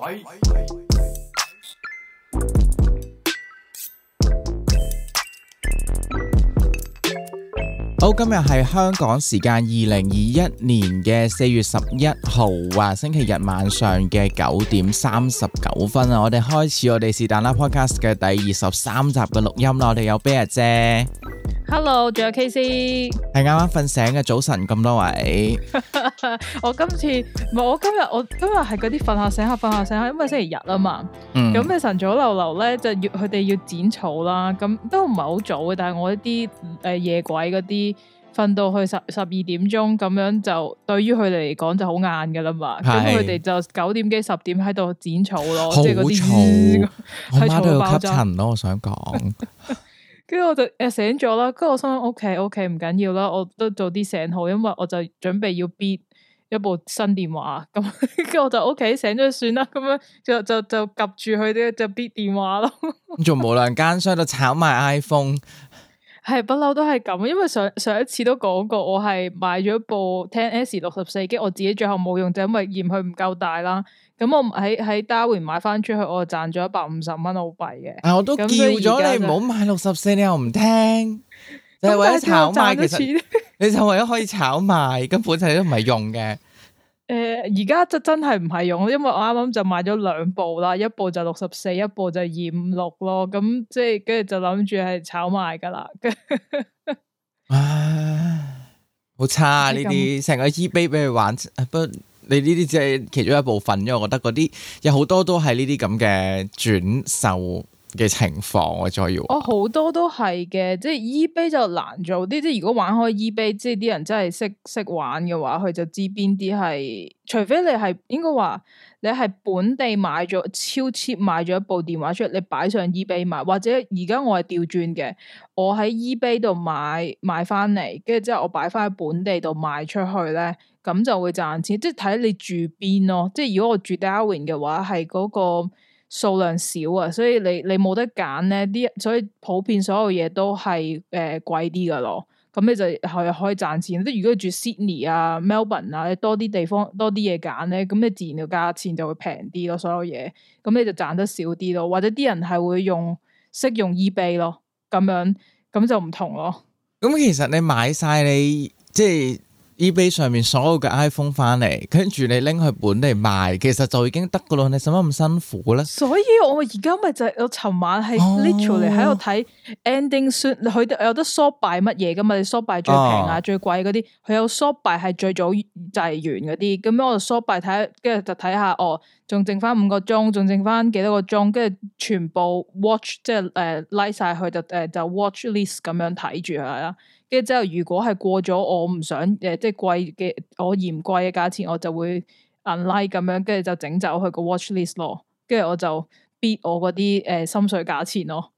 喂。好，今日係香港時間二零二一年嘅四月十一號啊，星期日晚上嘅九點三十九分啊，我哋開始我哋是但啦 Podcast 嘅第二十三集嘅錄音啦。我哋有 Jane 姐，Hello，仲有 KC，係啱啱瞓醒嘅早晨，咁多位。 我今次唔係我今日我今日係嗰啲瞓下醒下瞓下醒下，因為星期日啊嘛，咁你晨早流流咧就要佢哋要剪草啦，咁都唔係好早嘅，但係我一啲誒、呃、夜鬼嗰啲瞓到去十十二點鐘咁樣就，對於就對於佢哋嚟講就好晏噶啦嘛，咁佢哋就九點幾十點喺度剪草咯，即係嗰啲係喺度吸塵咯，包我想講。 跟住我就醒咗啦，跟住我心諗，OK OK 唔緊要啦，我都早啲醒好，因為我就準備要 bid 一部新電話，咁跟住我就 OK 醒咗算啦，咁樣就就就夾住佢啲就就 bid 電話咯，咁仲 無良奸商都炒埋 iPhone。係不嬲都係咁，因為上上一次都講過，我係買咗部 Ten S 六十四機，我自己最後冇用，就因為嫌佢唔夠大啦。咁我喺喺 Darwin 買翻出去，我賺咗一百五十蚊澳幣嘅。啊，我都叫咗你唔好買六十四，你又唔聽，就係、為咗炒賣。了錢其實你就為咗可以炒賣，根 本就都唔係用嘅。誒，而家、呃、就真係唔係用，因為我啱啱就買咗兩部啦，一部就六十四，一部就二五六咯，咁即係跟住就諗住係炒賣噶啦。唉、 啊，好差啊，呢啲這樣，成個 ebay，俾佢玩、啊，不，你呢啲只係其中一部分，因為我覺得嗰啲有好多都係呢啲咁嘅轉售。嘅情況我再要，我、哦、好多都係嘅，即係 eBay 就難做啲。即係如果玩開 eBay，即係啲人真係識識玩嘅話，佢就知邊啲係。除非你係應該話你係本地買咗超 cheap 買咗一部電話出嚟，你擺上 eBay 賣，或者而家我係調轉嘅，我喺 eBay 度買買翻嚟，跟住之後我擺翻喺本地度賣出去咧，咁就會賺錢。即係睇你住邊咯。即係如果我住 Darwin 嘅話，係嗰個。數量少啊，所以你你冇得揀咧，啲所以普遍所有嘢都係誒貴啲噶咯。咁你就係可以賺錢。即如果住 Sydney 啊、Melbourne 啊，你多啲地方多啲嘢揀咧，咁你自然嘅價錢就會平啲咯。所有嘢咁你就賺得少啲咯。或者啲人係會用識用 eBay 咯，咁樣咁就唔同咯。咁其實你買晒你即係。eBay 上面所有嘅 iPhone 翻嚟，跟住你拎去本地賣，其實就已經得噶啦。你使乜咁辛苦咧？所以我而家咪就係、是、我尋晚係 literally 喺度睇、哦、ending，佢有得 sort by 乜嘢噶嘛？你 sort by 最平啊、哦、最貴嗰啲，佢有 sort by 係最早就係完嗰啲。咁樣我就 sort by 睇，跟住就睇下哦，仲剩翻五個鐘，仲剩翻幾多個鐘，跟住全部 watch 即係誒、呃、拉晒佢就誒就 watch list 咁樣睇住佢啦。跟住之後，如果係過咗我唔想誒，即係貴嘅我嫌貴嘅價錢，我就會 unlike 咁樣，跟住就整走佢個 watchlist 咯。跟住我就 bid 我嗰啲誒心水價錢咯。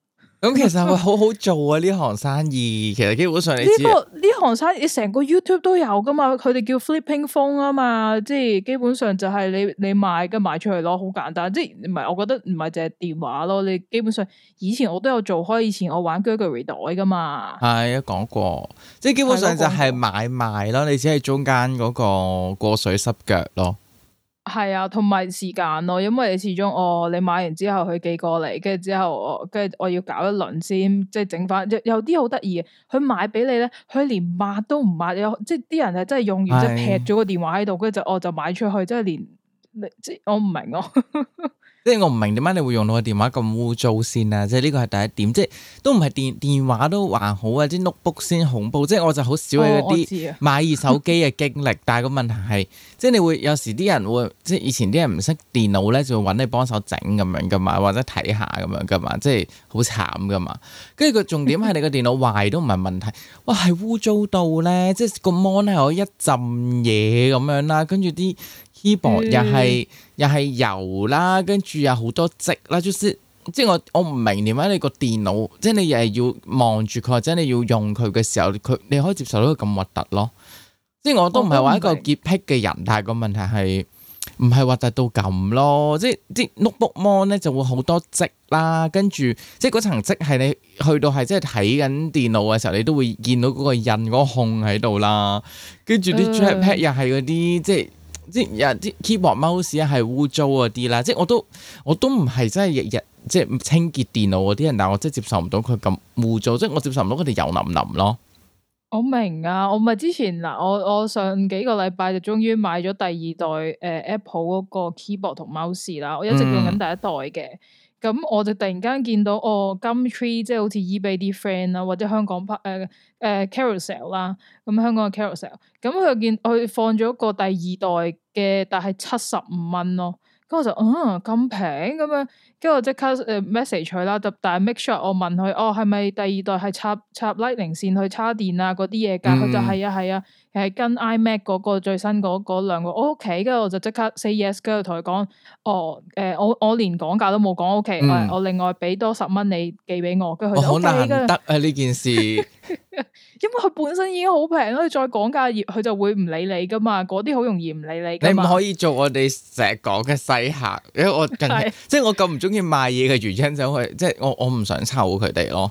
咁其實係咪好好做啊？呢行生意其實基本上你知呢、這個呢行生意成個 YouTube 都有噶嘛，佢哋叫 Flipping Phone 啊嘛，即係基本上就係你你賣嘅賣出去咯，好簡單。即係唔係？我覺得唔係淨係電話咯，你基本上以前我都有做開，以前我玩 Gucci o 袋噶嘛。係、哎，講過，即係基本上就係買賣咯，你只係中間嗰個過水濕腳咯。係啊，同埋時間咯，因為你始終哦，你買完之後佢寄過嚟，跟住之後我跟住我要搞一輪先，即係整翻。有有啲好得意，佢買俾你咧，佢連抹都唔抹，有，有即係啲人係真係用完是即係劈咗個電話喺度，跟住就我就買出去，即係連即係我唔明哦、啊。 即係我唔明點解你會用到個電話咁污糟先啊！即係呢個係第一點，即係都唔係電電話都還好啊，啲 notebook 先恐怖。即係我就好少有啲買二手機嘅經歷，哦、 但係個問題係，即係你會有時啲人會，即係以前啲人唔識電腦咧，就會揾你幫手整咁樣噶嘛，或者睇下咁樣噶嘛，即係好慘噶嘛。跟住個重點係你個電腦壞都唔係問題， 哇係污糟到咧，即係個 mon 咧有一浸嘢咁樣啦，跟住啲。keyboard 又係又係油啦，跟住又好多漬啦，就是即係我我唔明點解你個電腦，即係你又係要望住佢，或者你要用佢嘅時候，佢你可以接受到佢咁核突咯。即係我都唔係話一個潔癖嘅人，哦、但係個問題係唔係核突到咁咯。即係啲 notebook mon 咧就會好多漬啦，跟住即係嗰層漬係你去到係即係睇緊電腦嘅時候，你都會見到嗰個印嗰個孔喺度啦。跟住啲 trackpad 又係嗰啲即係。嗯即係有啲 keyboard、mouse 啊，係污糟嗰啲啦。即係我都我都唔係真係日日即係清潔電腦嗰啲人，但係我真係接受唔到佢咁污糟，即係我接受唔到佢哋油淋淋咯。我明啊，我咪之前嗱，我我上幾個禮拜就終於買咗第二代誒、呃、Apple 嗰個 keyboard 同 mouse 啦，我一直用緊第一代嘅。嗯咁我就突然間見到哦，金 tree 即係好似 ebay 啲 friend 啊，或者香港拍誒誒 Carousell 啦，咁、呃呃啊、香港嘅 Carousell，咁、嗯、佢見佢放咗個第二代嘅，但係七十五蚊咯。咁我就嗯咁平咁樣，跟、哦、住我即刻誒 message 佢啦，就但係 make sure 我問佢，哦係咪第二代係插插 Lightning 線去叉電啊嗰啲嘢㗎？佢、嗯、就係啊係啊，係、啊啊啊、跟 iMac 嗰、嗰個最新嗰嗰兩個，O K，跟住我就即刻 say yes，跟住同佢講，哦誒、呃，我我連講價都冇講，O K，我另外俾多十蚊你寄俾我，跟住佢 O K 我好難得啊呢件事。 因為佢本身已經好平啦，你再講價，佢就會唔理你噶嘛。嗰啲好容易唔理你噶嘛。你唔可以做我哋成日講嘅細客，因為我近是即係我咁唔中意賣嘢嘅原因，就係即係我我唔想湊佢哋咯。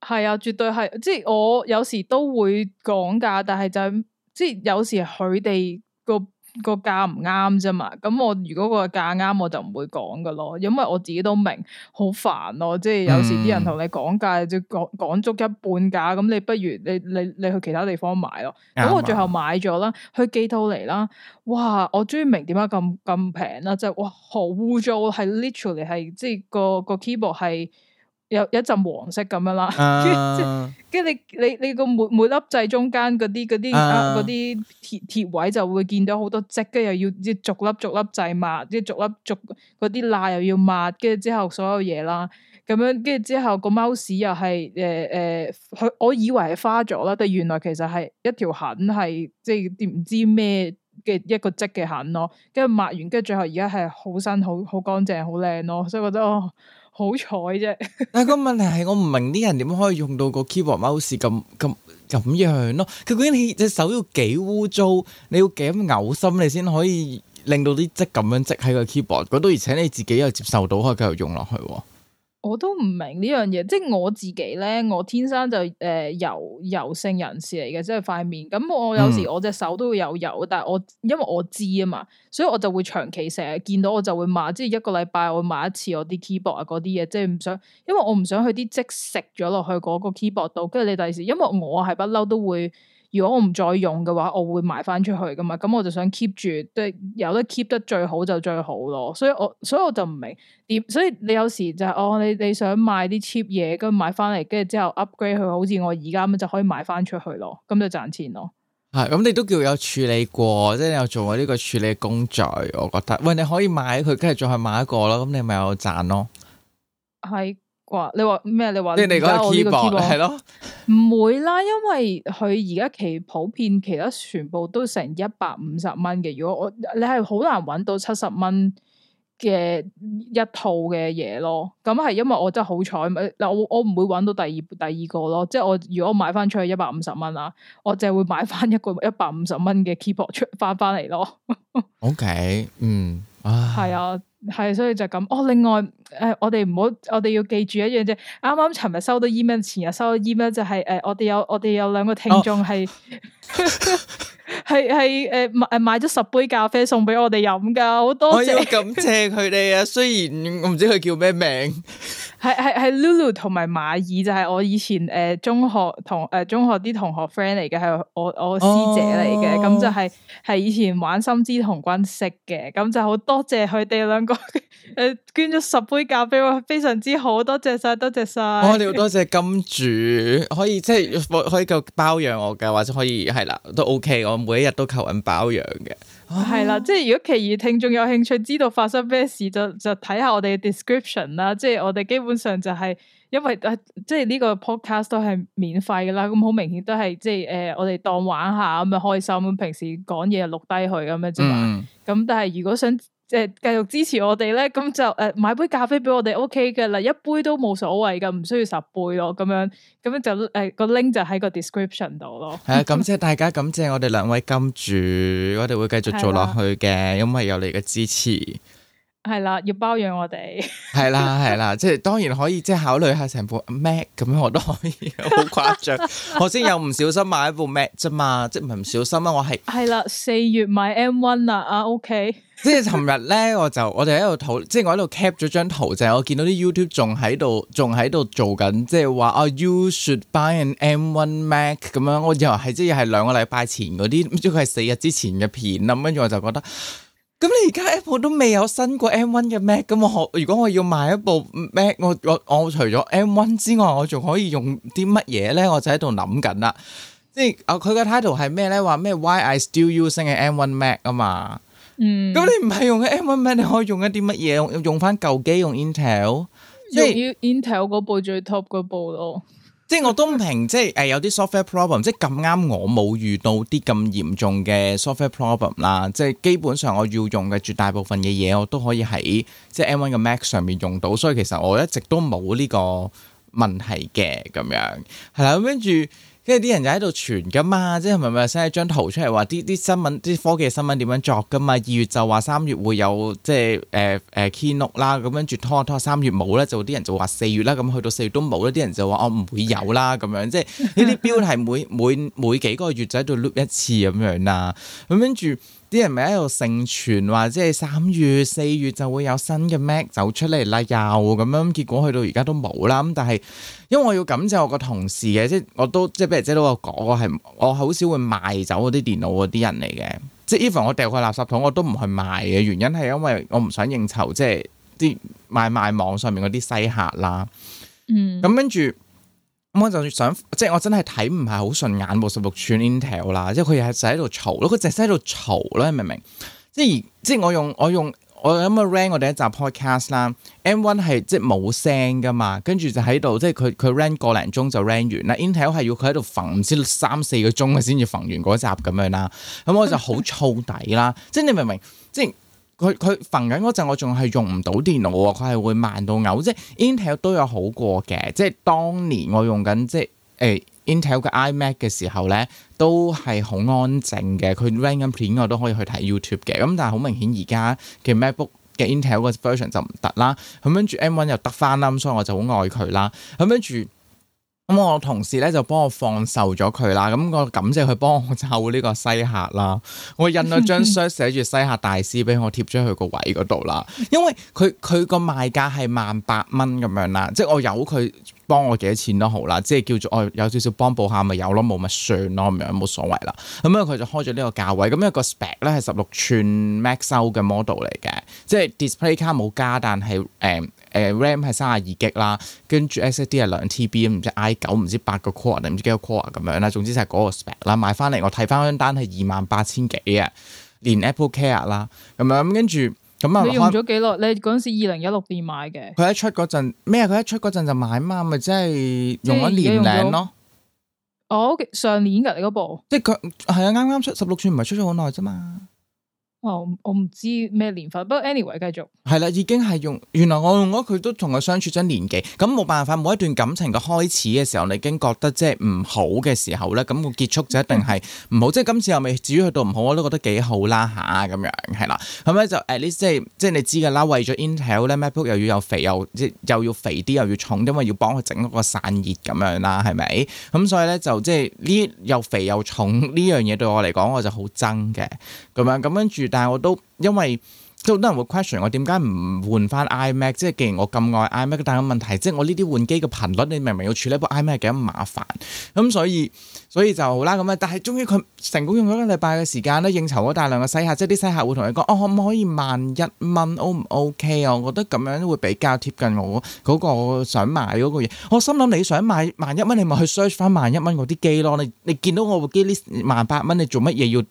係啊，絕對係，即係我有時都會講價，但係就是、即係有時佢哋個。個價唔啱啫嘛，咁我如果個價啱，我就唔會講噶咯，因為我自己都明，好煩咯，即係有時啲人同你講價，就係講講足一半價，咁你不如你你你，你去其他地方買咯，咁、嗯、我最後買咗啦，去寄套嚟啦，哇，我終於明點解咁咁平啦，就、啊、哇好污糟，係 literally 係即係個個 keyboard 係。有一陣黃色咁樣啦、uh， 跟住，跟住你你你個每每粒掣中間嗰啲啲啲鐵鐵位就會見到好多漬，跟住又要要逐粒逐粒掣抹，即係逐粒逐嗰啲罅又要抹，跟住之後所有嘢啦，咁樣跟住之後個貓屎又係誒誒，我、呃呃、我以為係花咗啦，但原來其實係一條痕，係即係唔知咩嘅一個漬嘅痕咯，跟住抹完，跟住最後而家係好新好好乾淨好靚咯，所以覺得。哦。好彩啫！ 但係個問題係，我唔明啲人點可以用到個 keyboard mouse 咁咁咁樣咯？佢究竟你隻手要幾污糟，你要幾嘔心，你先可以令到啲漬咁樣漬喺個 keyboard 嗰度？而且、啊、你自己又接受到，可以繼續用落去。我都唔明呢樣嘢，即係我自己咧，我天生就誒、呃、油油性人士嚟嘅，即係塊面。咁我有時我隻手都會有油，嗯、但係我因為我知啊嘛，所以我就會長期成日見到我就會抹，即係一個禮拜我抹一次我啲 keyboard 啊嗰啲嘢，即係唔想，因為我唔想去啲積食咗落去嗰個 keyboard 度，跟住你第時，因為我係不嬲都會。如果我唔再用嘅話，我會賣翻出去噶嘛，咁我就想 keep 住，即係有得 keep 得最好就最好咯。所以我所以我就唔明點，所以你有時就係、是、哦，你你想買啲 cheap 嘢，跟住買翻嚟，跟住之後 upgrade 佢，好似我而家咁就可以賣翻出去咯，咁就賺錢咯。係，咁你都叫有處理過，即係你有做過呢個處理工序。我覺得，喂，你可以買佢，跟住再去買一個咯，咁你咪有賺咯。係。哇！你話咩？你話即係你講係 keyboard 係咯？唔會啦，因為佢而家其普遍其他全部都成一百五十蚊嘅。如果我你係好難揾到七十蚊嘅一套嘅嘢咯。咁係因為我真係好彩咪嗱，我我唔會揾到第二第二個咯。即係我如果我買翻出去一百五十蚊啊，我就會買翻一個一百五十蚊嘅 keyboard 出翻翻嚟咯。OK，嗯，係啊。係，所以就咁。哦，另外，誒、呃，我哋唔好，我哋要記住一樣啫。啱啱尋日收到 email，前日收到 email，就係、是、誒、呃，我哋有我哋有兩個聽眾係，係係誒誒買咗十杯咖啡送俾我哋飲噶，好多謝，我要感謝佢哋啊。 雖然我唔知佢叫咩名。係係係 Lulu 同埋馬爾就係、是、我以前誒、呃、中學同誒、呃、中學啲同學 friend 嚟嘅係我我師姐嚟嘅咁就係、是、係以前玩心知同君識嘅咁就好多謝佢哋兩個誒 捐咗十杯咖啡我非常之好多謝晒多謝晒我哋好多謝金主 可以即係、就是、可以夠包養我㗎或者可以係啦都 OK 我每一日都求人包養嘅。係啦，即係、哦 哦、如果其餘聽眾有興趣知道發生咩事，就就睇下我哋嘅 description 啦。即係我哋基本上就係、是、因為、呃、即係呢個 podcast 都係免費噶啦，咁好明顯都係即係誒、呃，我哋當玩下咁啊開心，咁平時講嘢錄低佢咁樣啫嘛。咁、嗯嗯、但係如果想，即係繼續支持我哋咧，咁就誒、呃、買杯咖啡俾我哋，O K 嘅啦，一杯都冇所謂噶，唔需要十杯咯，咁樣，咁樣就誒、呃、個 link 就喺個 description 度咯。係 啊，感謝大家，感謝我哋兩位金主，我哋會繼續做落去嘅，因為有你嘅支持。係啦，要包養我哋。係啦， 係啦，即係當然可以，即係考慮下成部 Mac 咁樣，我都可以好誇張。我先 有唔小心買一部 Mac 啫嘛，即係唔係唔小心啊？我係係啦，四 月買 M One 啊，啊 OK。即係尋日咧，我就我哋喺度討，即係我喺度 cap 咗張圖，就係、是、我見到啲 YouTube 仲喺度，仲喺度做緊，即係話啊，You should buy an M One Mac 咁樣。我又係即係，又係兩個禮拜前嗰啲，即佢係四日之前嘅片啦。跟住我就覺得。咁你而家 Apple 都未有新過 M1 嘅 Mac，咁我學如果我要買一部 Mac，我我我除咗 M1 之外，我仲可以用啲乜嘢咧？我就喺度諗緊啦。即係啊佢嘅 title 係咩咧？話、哦、咩 Why I still using 嘅 M1 Mac 啊嘛。嗯。咁你唔係用嘅 M1 Mac，你可以用一啲乜嘢？用用翻舊機，用 Intel，即用 Intel 嗰部最 top 嗰部咯。 即係我都唔平，即係誒、哎、有啲 software problem，即係咁啱我冇遇到啲咁嚴重嘅 software problem 啦。即係基本上我要用嘅絕大部分嘅嘢，我都可以喺即係 M1 嘅 Mac 上面用到，所以其實我一直都冇呢個問題嘅咁樣，係啦，跟住。跟住啲人就喺度傳噶嘛，即係咪咪寫一張圖出嚟話啲啲新聞、啲科技新聞點樣作噶嘛？二月就話三月會有，即係誒誒、呃、keynote 啦，咁跟住拖拖三月冇咧，就啲人就話四月啦，咁去到四月都冇咧，啲人就話我唔會有啦咁樣，即係呢啲標題每每每，每幾個月就喺度 loop 一次咁樣啦，咁跟住。啲人咪喺度盛傳話，即係三月四月就會有新嘅 Mac 走出嚟啦，又咁樣。結果去到而家都冇啦。咁但係，因為我要感謝我個同事嘅，即係我都即係，比如 Jane 我話，我係我好少會賣走嗰啲電腦嗰啲人嚟嘅。即係 even 我掉去垃圾桶，我都唔去賣嘅。原因係因為我唔想應酬，即係啲賣賣網上面嗰啲西客啦。嗯，咁跟住。咁、嗯、我就想，即係我真係睇唔係好順眼部十六寸 Intel 啦，即係佢係就喺度嘈咯，佢淨係喺度嘈啦，你明唔明？即係即係我用我用我咁樣 run 我第一集 podcast 啦，M1 係即係冇聲噶嘛，跟住就喺度即係佢佢 run 個零鐘就 run 完啦，Intel 係要佢喺度馨唔知三四個鐘佢先至馨完嗰集咁樣啦，咁、嗯、我就好燥底啦， 即係你明唔明？即係。佢佢馮緊嗰陣，我仲係用唔到電腦喎，佢係會慢到嘔，即係 Intel 都有好過嘅，即係當年我用緊即係誒、欸、Intel 嘅 iMac 嘅時候咧，都係好安靜嘅，佢 run 緊片我都可以去睇 YouTube 嘅，咁但係好明顯而家嘅 MacBook 嘅 Intel 個 version 就唔得啦，咁跟住 M1 又得翻啦，咁所以我就好愛佢啦，咁跟住。咁我同事咧就幫我放售咗佢啦，咁我感謝佢幫我湊呢個西客啦，我印咗張相寫住西客大師俾我貼咗佢個位嗰度啦，因為佢佢個賣價係萬八蚊咁樣啦，即係我有佢幫我幾多錢都好啦，即係叫做我、哦、有少少幫補下咪有咯，冇乜算咯咁樣冇所謂啦。咁啊佢就開咗呢個價位，咁一個 spec 咧係十六寸 Max 嘅 model 嚟嘅，即係 display 卡冇加，但係誒。嗯誒 RAM 係三十二 G 啦，跟住 SSD 係兩 TB 唔知 I 九唔知八個 core 定唔知幾個 core 咁樣啦。總之就係嗰個 spec 啦。買翻嚟我睇翻張單係二萬八千幾啊，連 AppleCare 啦，咁樣跟住咁啊？你用咗幾耐？你嗰陣時二零一六年買嘅。佢一出嗰陣咩啊？佢一出嗰陣就買嘛，咪即係用咗年零咯。欸、哦，oh, okay. 上年噶你嗰部。即係佢係啊，啱啱出十六寸唔係出咗好耐啫嘛。我唔知咩年份，不過 anyway 繼續係啦，已經係用原來我用咗佢都同佢相處咗年幾，咁冇辦法，每一段感情嘅開始嘅時候，你已經覺得即係唔好嘅時候咧，咁、個結束就一定係唔好，即係 Yeah. 今次又未至於去到唔好，我都覺得幾好啦吓咁樣，係、嗯、啦，咁咧就 at least 即係即係你知噶啦，為咗 Intel 咧 MacBook 又要有肥又肥又即又要肥啲又要重，因為要幫佢整嗰個散熱咁樣啦，係咪？咁所以咧就即係呢又肥又重呢樣嘢對我嚟講我就好憎嘅咁樣，咁跟住。但係我都因為即係好多人都會 question 我點解唔換翻 iMac，即係既然我咁愛 iMac，但係個問題即係我呢啲換機嘅頻率，你明唔明要處理部 iMac 係幾咁麻煩？咁所以所以就好啦咁啊！但係終於佢成功用咗一個禮拜嘅時間咧，應酬咗大量嘅西客，即係啲西客會同你講：哦，可唔可以萬一蚊？O 唔 OK 啊？我覺得咁樣會比較貼近我嗰、嗰個想買嗰個嘢。我心諗你想買萬一蚊，你咪去 search 翻萬一蚊嗰啲機咯。你你見到我部機呢萬八蚊，你做乜嘢要？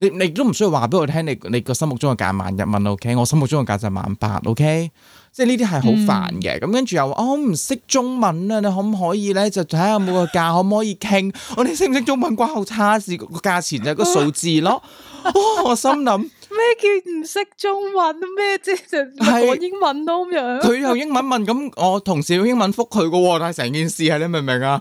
你你都唔需要話俾我聽，你你個心目中嘅價萬一蚊 OK？我心目中嘅價就萬八，OK？即係呢啲係好煩嘅。咁、嗯、跟住又話，我唔識中文啊，你可唔可以咧就睇下每個價 可唔可以傾？我哋識唔識中文關我差事，個價錢就係個數字咯。 哦、我心諗咩 叫唔識中文？咩即係就講英文都咁樣？佢 用英文問，咁我同事用英文覆佢噶喎，但係成件事係你明唔明啊？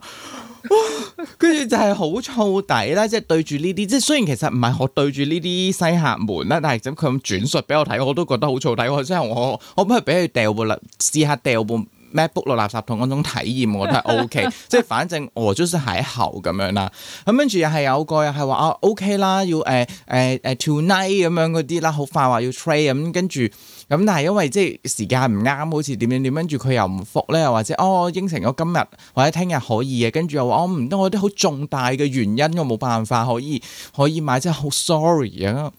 跟住就係好燥底啦，即係對住呢啲，即係雖然其實唔係我對住呢啲西客門啦，但係咁佢咁轉述俾我睇，我都覺得好燥底。即係我我唔係俾佢掉部垃，試下掉部 MacBook 落垃圾桶嗰種體驗，我覺得 O K。即係反正我 just 係咁樣啦。咁跟住又係有個又係話啊 O K 啦，okay，要誒誒誒 Tonight 咁樣嗰啲啦，好快話要 trade 咁跟住。咁但係因為即係時間唔啱，好似點點點，跟住佢又唔復咧，又或者哦應承咗今日或者聽日可以嘅，跟住又話哦唔得，我有啲好重大嘅原因，我冇辦法可以可以買，真係好 sorry 啊！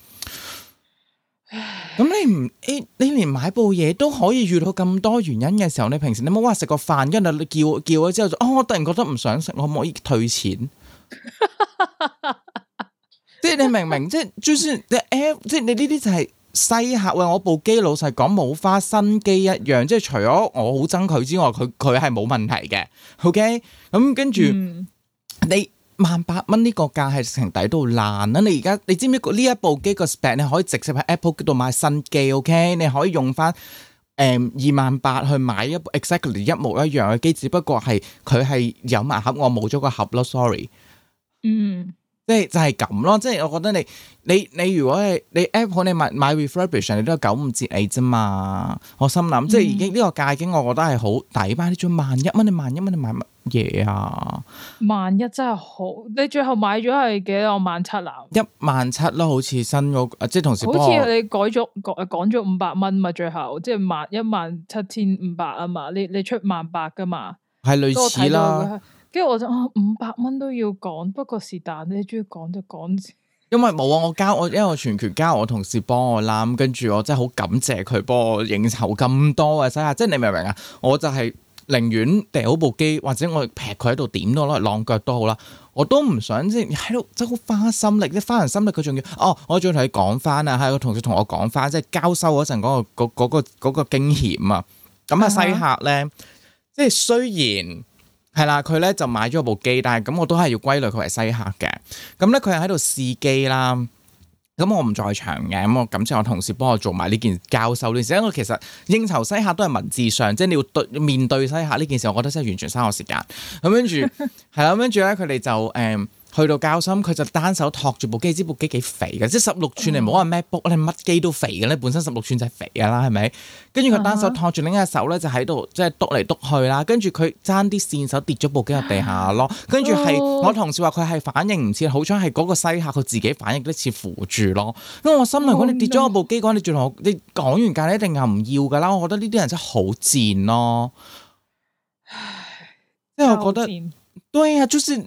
咁、 嗯、你唔誒、欸，你連買部嘢，都可以遇到咁多原因嘅時候，你平時你冇話食個飯，跟住叫叫咗之後就，哦我突然覺得唔想食，我可唔可以退錢？ 即係你明唔明？即係就算 F, 你誒，即係你呢啲就係、是。西客啊，我部機老實講冇花新機一樣，即係除咗我好憎佢之外，佢佢係冇問題嘅。OK，咁、嗯、跟住你萬八蚊呢個價係成底都爛啦。你而家你知唔知呢一部機個 spec 你可以直接喺 Apple 度買新機？OK，你可以用翻誒二萬八去買一部 exactly 一模一樣嘅機，只不過係佢係有埋盒，我冇咗個盒咯。Sorry，嗯。即係就係咁咯，即係我覺得你你你如果係你 Apple 你買你買 refurbish 你都係九五折你啫嘛。我心諗、嗯、即係已經呢個價錢，我覺得係好抵買。你做萬一蚊，你萬一蚊你買乜嘢啊？萬一真係好，你最後買咗係幾多萬七啊？一萬七啦，好似新嗰，即係同時好似你改咗講咗五百蚊嘛，最後即係萬一萬七千五百啊嘛。你你出萬八㗎嘛？係類似啦。跟住我就啊五百蚊都要講，不過是但你中意講就講。因為冇啊，我交我因為我全權交我同事幫我攬，跟住我真係好感謝佢幫我應酬咁多啊西客，即係你明唔明啊？我就係寧願掉好部機，或者我劈佢喺度點都好，攞嚟浪腳都好啦，我都唔想即係喺度，即好花心力，即係花人心力，佢仲要哦，我仲要你同佢講翻啊，喺個同事同我講翻，即係交收嗰陣個嗰嗰、個嗰個驚險啊，咁啊西客咧，即係雖然。係啦，佢咧、 嗯、就買咗部機，但係咁我都係要歸類佢係西客嘅。咁咧佢係喺度試機啦。咁我唔在場嘅，咁我咁先我同事幫我做埋呢件交收呢件事。因為其實應酬西客都係文字上，即係你要對面對西客呢件事，我覺得真係完全嘥我時間。咁跟住係啦，咁跟住咧佢哋就誒。嗯去到教心，佢就單手托住部機，支部機幾肥嘅，即係十六寸嚟、嗯、你唔好話 MacBook 你乜機都肥嘅咧。你本身十六寸就係肥嘅啦，係咪？跟住佢單手托住，另一隻手咧就喺度即係篤嚟篤去啦。跟住佢爭啲線，手跌咗部機入地下咯。跟住係我同事話佢係反應唔切，好彩係嗰個西客佢自己反應得似扶住咯。因為我心諗，嗯、如果你跌咗部機嘅話，你仲同我講完價，你一定又唔要嘅啦。我覺得呢啲人真係好賤咯。即係唉我覺得，賤對啊，就是對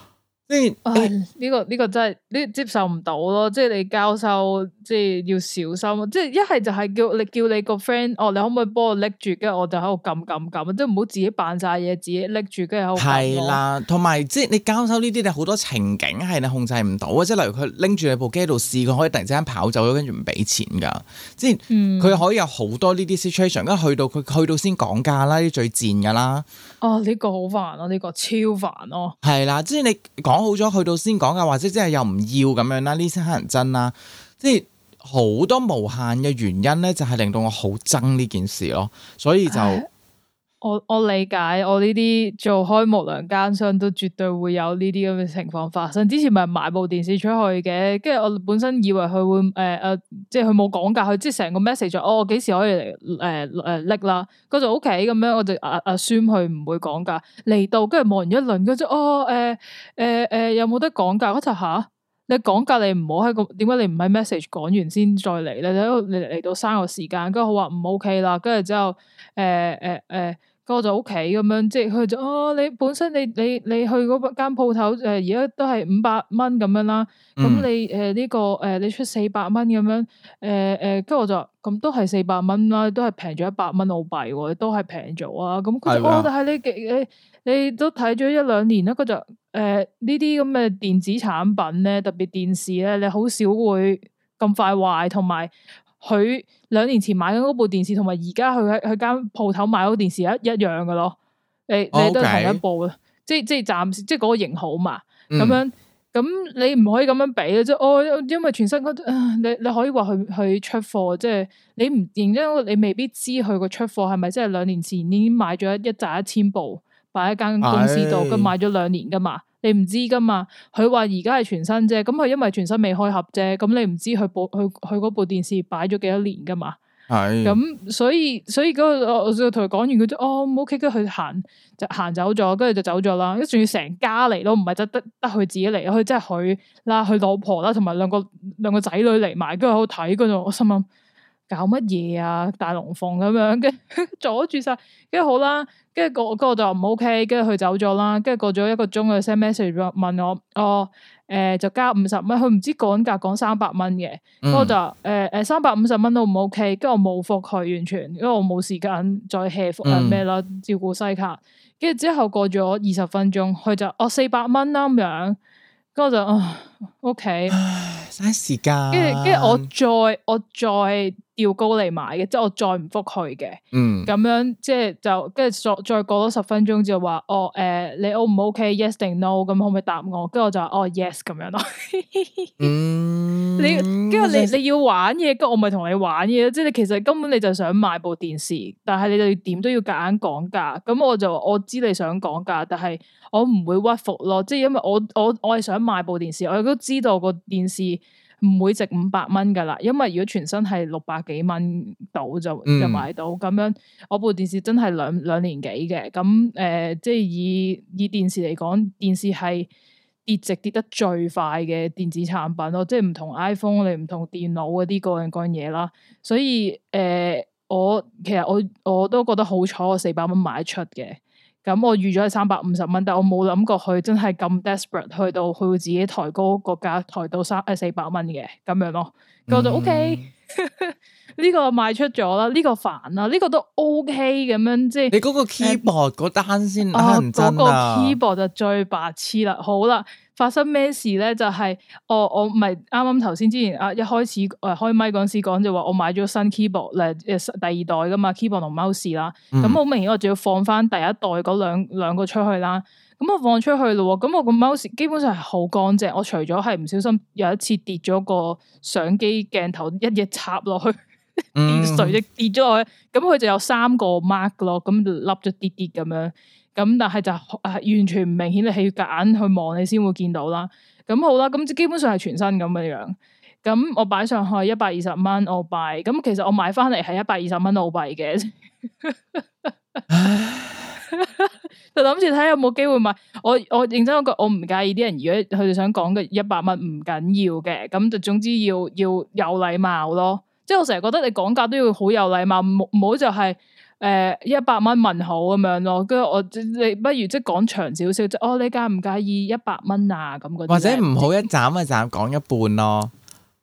呢、哎這個呢、這個真係呢、這個、接受唔到咯。即係你交收，即係要小心。即係一係就係叫你叫你個 friend，哦，你可唔可以幫我拎住？跟住我就喺度撳撳撳，即係唔好自己扮晒嘢，自己拎住跟住喺度撳。係啦，同埋即係你交收呢啲，係好多情景係你控制唔到。即係例如佢拎住你部機度試，佢可以突然之間跑走咗，跟住唔俾錢噶。即係佢可以有好多呢啲 situation。跟住去到佢去到先講價啦，啲最賤噶啦。哦，呢、這個好煩啊！呢、這個超煩咯、啊。係啦，即係你講。好咗去到先講㗎，或者即係又唔要咁樣啦，呢啲乞人憎啦，即係好多無限嘅原因呢，就係令到我好憎呢件事咯，所以就。我我理解，我呢啲做開幕良奸商都絕對會有呢啲咁嘅情況發生。之前咪賣部電視出去嘅，跟住我本身以為佢會誒誒，即係佢冇講價，佢即係成個 message 哦，幾時可以嚟誒誒拎啦？跟住 O K 咁樣，我就 assume 佢唔會講價嚟到，跟住望完一輪嗰陣，哦誒誒誒，有冇得講價？我就吓：「你講價，你唔好喺個點解你唔喺 message 講完先再嚟咧？嚟，嚟到三個時間，跟住我話唔 O K 啦，跟住之後誒誒誒。呃呃呃呃咁我就屋企咁樣，即係佢就哦，你本身你你你去嗰間鋪頭誒，而、呃、家都係五百蚊咁樣啦。咁、嗯、你誒呢、呃這個誒、呃，你出四百蚊咁樣誒誒，跟、呃、住、呃、我就咁都係四百蚊啦，都係平咗一百蚊澳幣，都係平咗啊。咁佢就哦，但係你嘅你你都睇咗一兩年啦。佢就誒呢啲咁嘅電子產品咧，特別電視咧，你好少會咁快壞，同埋佢。兩年前買緊嗰部電視，同埋而家佢喺佢間鋪頭買嗰電視一一樣嘅咯，你你都係同一部嘅 Okay.，即暫即係暫時即係嗰個型號嘛，咁樣咁、嗯、你唔可以咁樣比嘅啫。哦，因為全新、呃、你你可以話佢佢出貨，即係你唔認真，你未必知佢個出貨係咪真係兩年前已經買咗一集一,一千部擺喺間公司度，咁、哎、買咗兩年噶嘛。你唔知噶嘛？佢話而家係全新啫，咁佢因為全新未開盒啫，咁你唔知佢部佢佢嗰部電視擺咗幾多年噶嘛？係是的、嗯。咁所以所以嗰、嗰個我我同佢講完佢就哦，OK，唔跟住佢行就行走咗，跟住就走咗啦。跟住仲要成家嚟咯，唔係就得得佢自己嚟，佢即係佢啦，佢老婆啦，同埋兩個兩個仔女嚟埋，跟住去睇嗰度，我心諗。搞乜嘢啊？大龍鳳咁樣嘅 阻住晒，跟住好啦，跟住個個就唔 OK，跟住佢走咗啦，跟住過咗一個鐘，佢 send message 問我，哦，誒、呃、就加五十蚊，佢唔知講緊價，講三百蚊嘅，跟住我就誒誒，三百五十蚊都唔 OK，跟住我冇覆佢完全，因為我冇時間再吃覆佢咩啦，照顧西卡，跟住之後過咗二十分鐘，佢就哦四百蚊啦咁樣，跟住我就：「哦，OK。」嘥時間，跟住跟住我再我再調高嚟買嘅，即係我再唔覆佢嘅，嗯，咁樣即係就跟住再再過多十分鐘之後話，哦誒、呃，你 O、OK、唔 O K？Yes 定 No？咁可唔可以答我？跟住我就話哦，Yes 咁樣咯。 嗯嗯、你，跟住、嗯、你你要玩嘢，咁我咪同你玩嘢即係你其實你根本你就想買部電視，但係你哋點都要夾硬講價。咁我就我知你想講價，但係我唔會屈服咯。即係因為我我我係想賣部電視，我亦都知道個電視唔會值五百蚊噶啦。因為如果全新係六百幾蚊度就、嗯、就買到，咁樣我部電視真係兩兩年幾嘅。咁誒、呃，即係以以電視嚟講，電視係。跌值跌得最快嘅電子產品咯，即係唔同 iPhone，你唔同電腦嗰啲各樣各樣嘢啦。所以誒、呃，我其實我我都覺得好彩，我四百蚊買得出嘅。咁我預咗係三百五十蚊，但我冇諗過佢真係咁 desperate，去到佢會自己抬高個價，抬到三誒四百蚊嘅咁樣咯。咁、嗯、哼我就 O K。呢 個賣出咗啦，呢、呢個煩啦，呢、呢個都 OK 咁樣，即係你嗰個 keyboard 嗰、呃、單先係唔、哦嗰個、keyboard 就最白痴啦，好啦，發生咩事咧？就係、是哦、我唔咪啱啱頭先之前啊，一開始誒、呃、開麥嗰陣時講就話我買咗新 keyboard，誒第二代噶嘛，keyboard 同 mouse 啦，咁好、嗯、明顯我仲要放翻第一代嗰兩兩個出去啦。咁我、嗯、放出去咯，咁我個 mouse 基本上係好乾淨，我除咗係唔小心有一次跌咗個相機鏡頭一嘢插落去， 垂直跌咗落去，咁佢就有三個 mark 咯，咁凹咗啲啲咁樣，咁但係就啊完全唔明顯，你係要夾硬去望你先會見到啦。咁好啦，咁基本上係全新咁嘅樣，咁我擺上去一百二十蚊澳幣，咁其實我買翻嚟係一百二十蚊澳幣嘅。 就諗住睇有冇機會買我，我我認真我覺我唔介意啲人，如果佢哋想講嘅一百蚊唔緊要嘅，咁就總之要要有禮貌咯。即係我成日覺得你講價都要好有禮貌，唔好就係誒一百蚊問好咁樣咯。跟住我你不如即係講長少少，即哦你介唔介意一百蚊啊咁，啲，或者唔好一斬一斬講一,一半咯。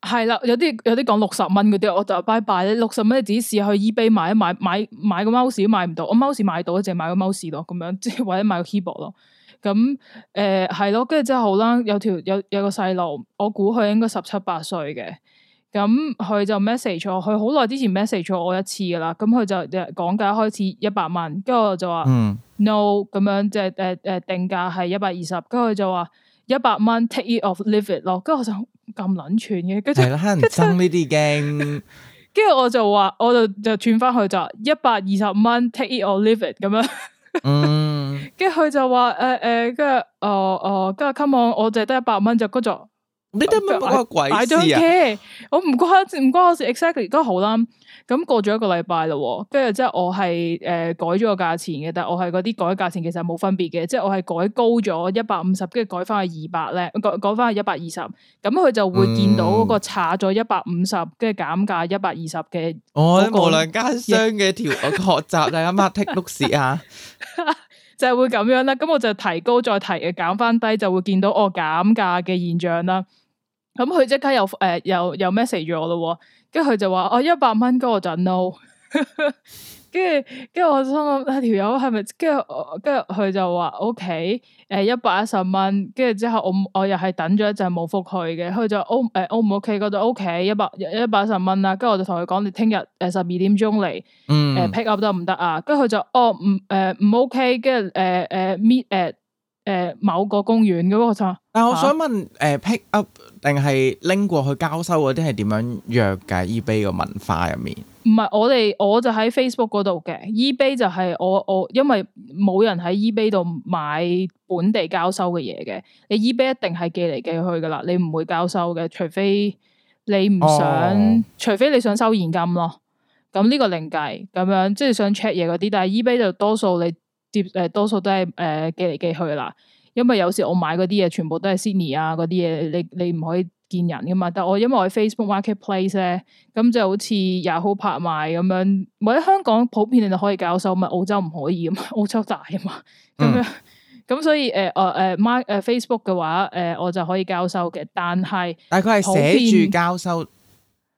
係啦，有啲有啲講六十蚊嗰啲，我就拜拜咧。六十蚊你自己試去 eBay 買，買，買買買個 mouse 都買唔到，我 mouse 買到一隻，買個 mouse 咯咁樣，即係或者買個 keyboard 咯。咁誒係咯，跟住之後好啦，有條有有個細路，我估佢應該十七八歲嘅。咁佢就 message 我，佢好耐之前 message 我一次噶啦。咁佢就講價開始一百蚊，跟住我就話，no 咁樣，即係誒誒定價係一百二十，跟住佢就話一百蚊 take it off，leave it 咯，跟住我就。咁捻串嘅，跟住，係啦，慳人爭呢啲驚，跟住 我就話，我就串就轉返去就一百二十蚊，take it or leave it 咁樣，嗯， 跟住佢就話，誒、呃、誒，跟住，哦哦，跟住 come on，我淨係得一百蚊就嗰座。你得唔得買張車？我唔關唔關我事，exactly 都好啦。咁過咗一個禮拜啦，跟住即係我係誒改咗個價錢嘅，但係我係嗰啲改價錢其實冇分別嘅，即係我係改高咗一百五十，跟住改翻去二百咧，改改翻去一百二十，咁佢就會見到嗰個差咗一百五十，跟住減價一百二十嘅。我、哦、無論奸商嘅條 學習啊，Martin Lucas 啊， 就係會咁樣啦。咁我就提高再提，減翻低就會見到我減價嘅現象啦。咁佢即刻又誒又又 message 我咯，跟住佢就話，哦，一百蚊嗰個就 no，跟住跟住我心諗條友係咪？跟住跟住佢就話 OK，誒一百一十蚊。跟住之後我我又係等咗一陣冇覆佢嘅，佢就 O 誒 O 唔 O K 嗰度 OK 一百一百一十蚊啦。跟住我就同佢講你聽日誒十二點鐘嚟，誒、嗯呃、pick up 得唔得啊？跟住佢就哦唔誒唔 OK，跟住誒誒 meet at。誒某個公園嗰個咋？但我想問誒、啊呃、pick up 定係拎過去交收嗰啲係點樣約㗎？eBay 個文化入面？唔係我哋，我就喺 Facebook 嗰度嘅。eBay 就係我我，因為冇人喺 eBay 度買本地交收嘅嘢嘅。你 eBay 一定係寄嚟寄去㗎喇，你唔會交收嘅，除非你唔想，哦、除非你想收現金咯。咁呢個另計，咁樣即係想 check 嘢嗰啲，但係 eBay 就多數你。接誒多數都係誒、呃、寄嚟寄去啦，因為有時我買嗰啲嘢全部都係 Sydney 啊嗰啲嘢，你你唔可以見人噶嘛。但我因為我喺 Facebook Marketplace 咧，咁就好似 Yahoo 拍賣咁樣，或者香港普遍你就可以交收，咪澳洲唔可以啊嘛？澳洲大啊嘛，咁樣咁、嗯、 所以誒誒誒 Mark 誒 Facebook 嘅話，誒、呃、我就可以交收嘅，但係但係佢係寫住交收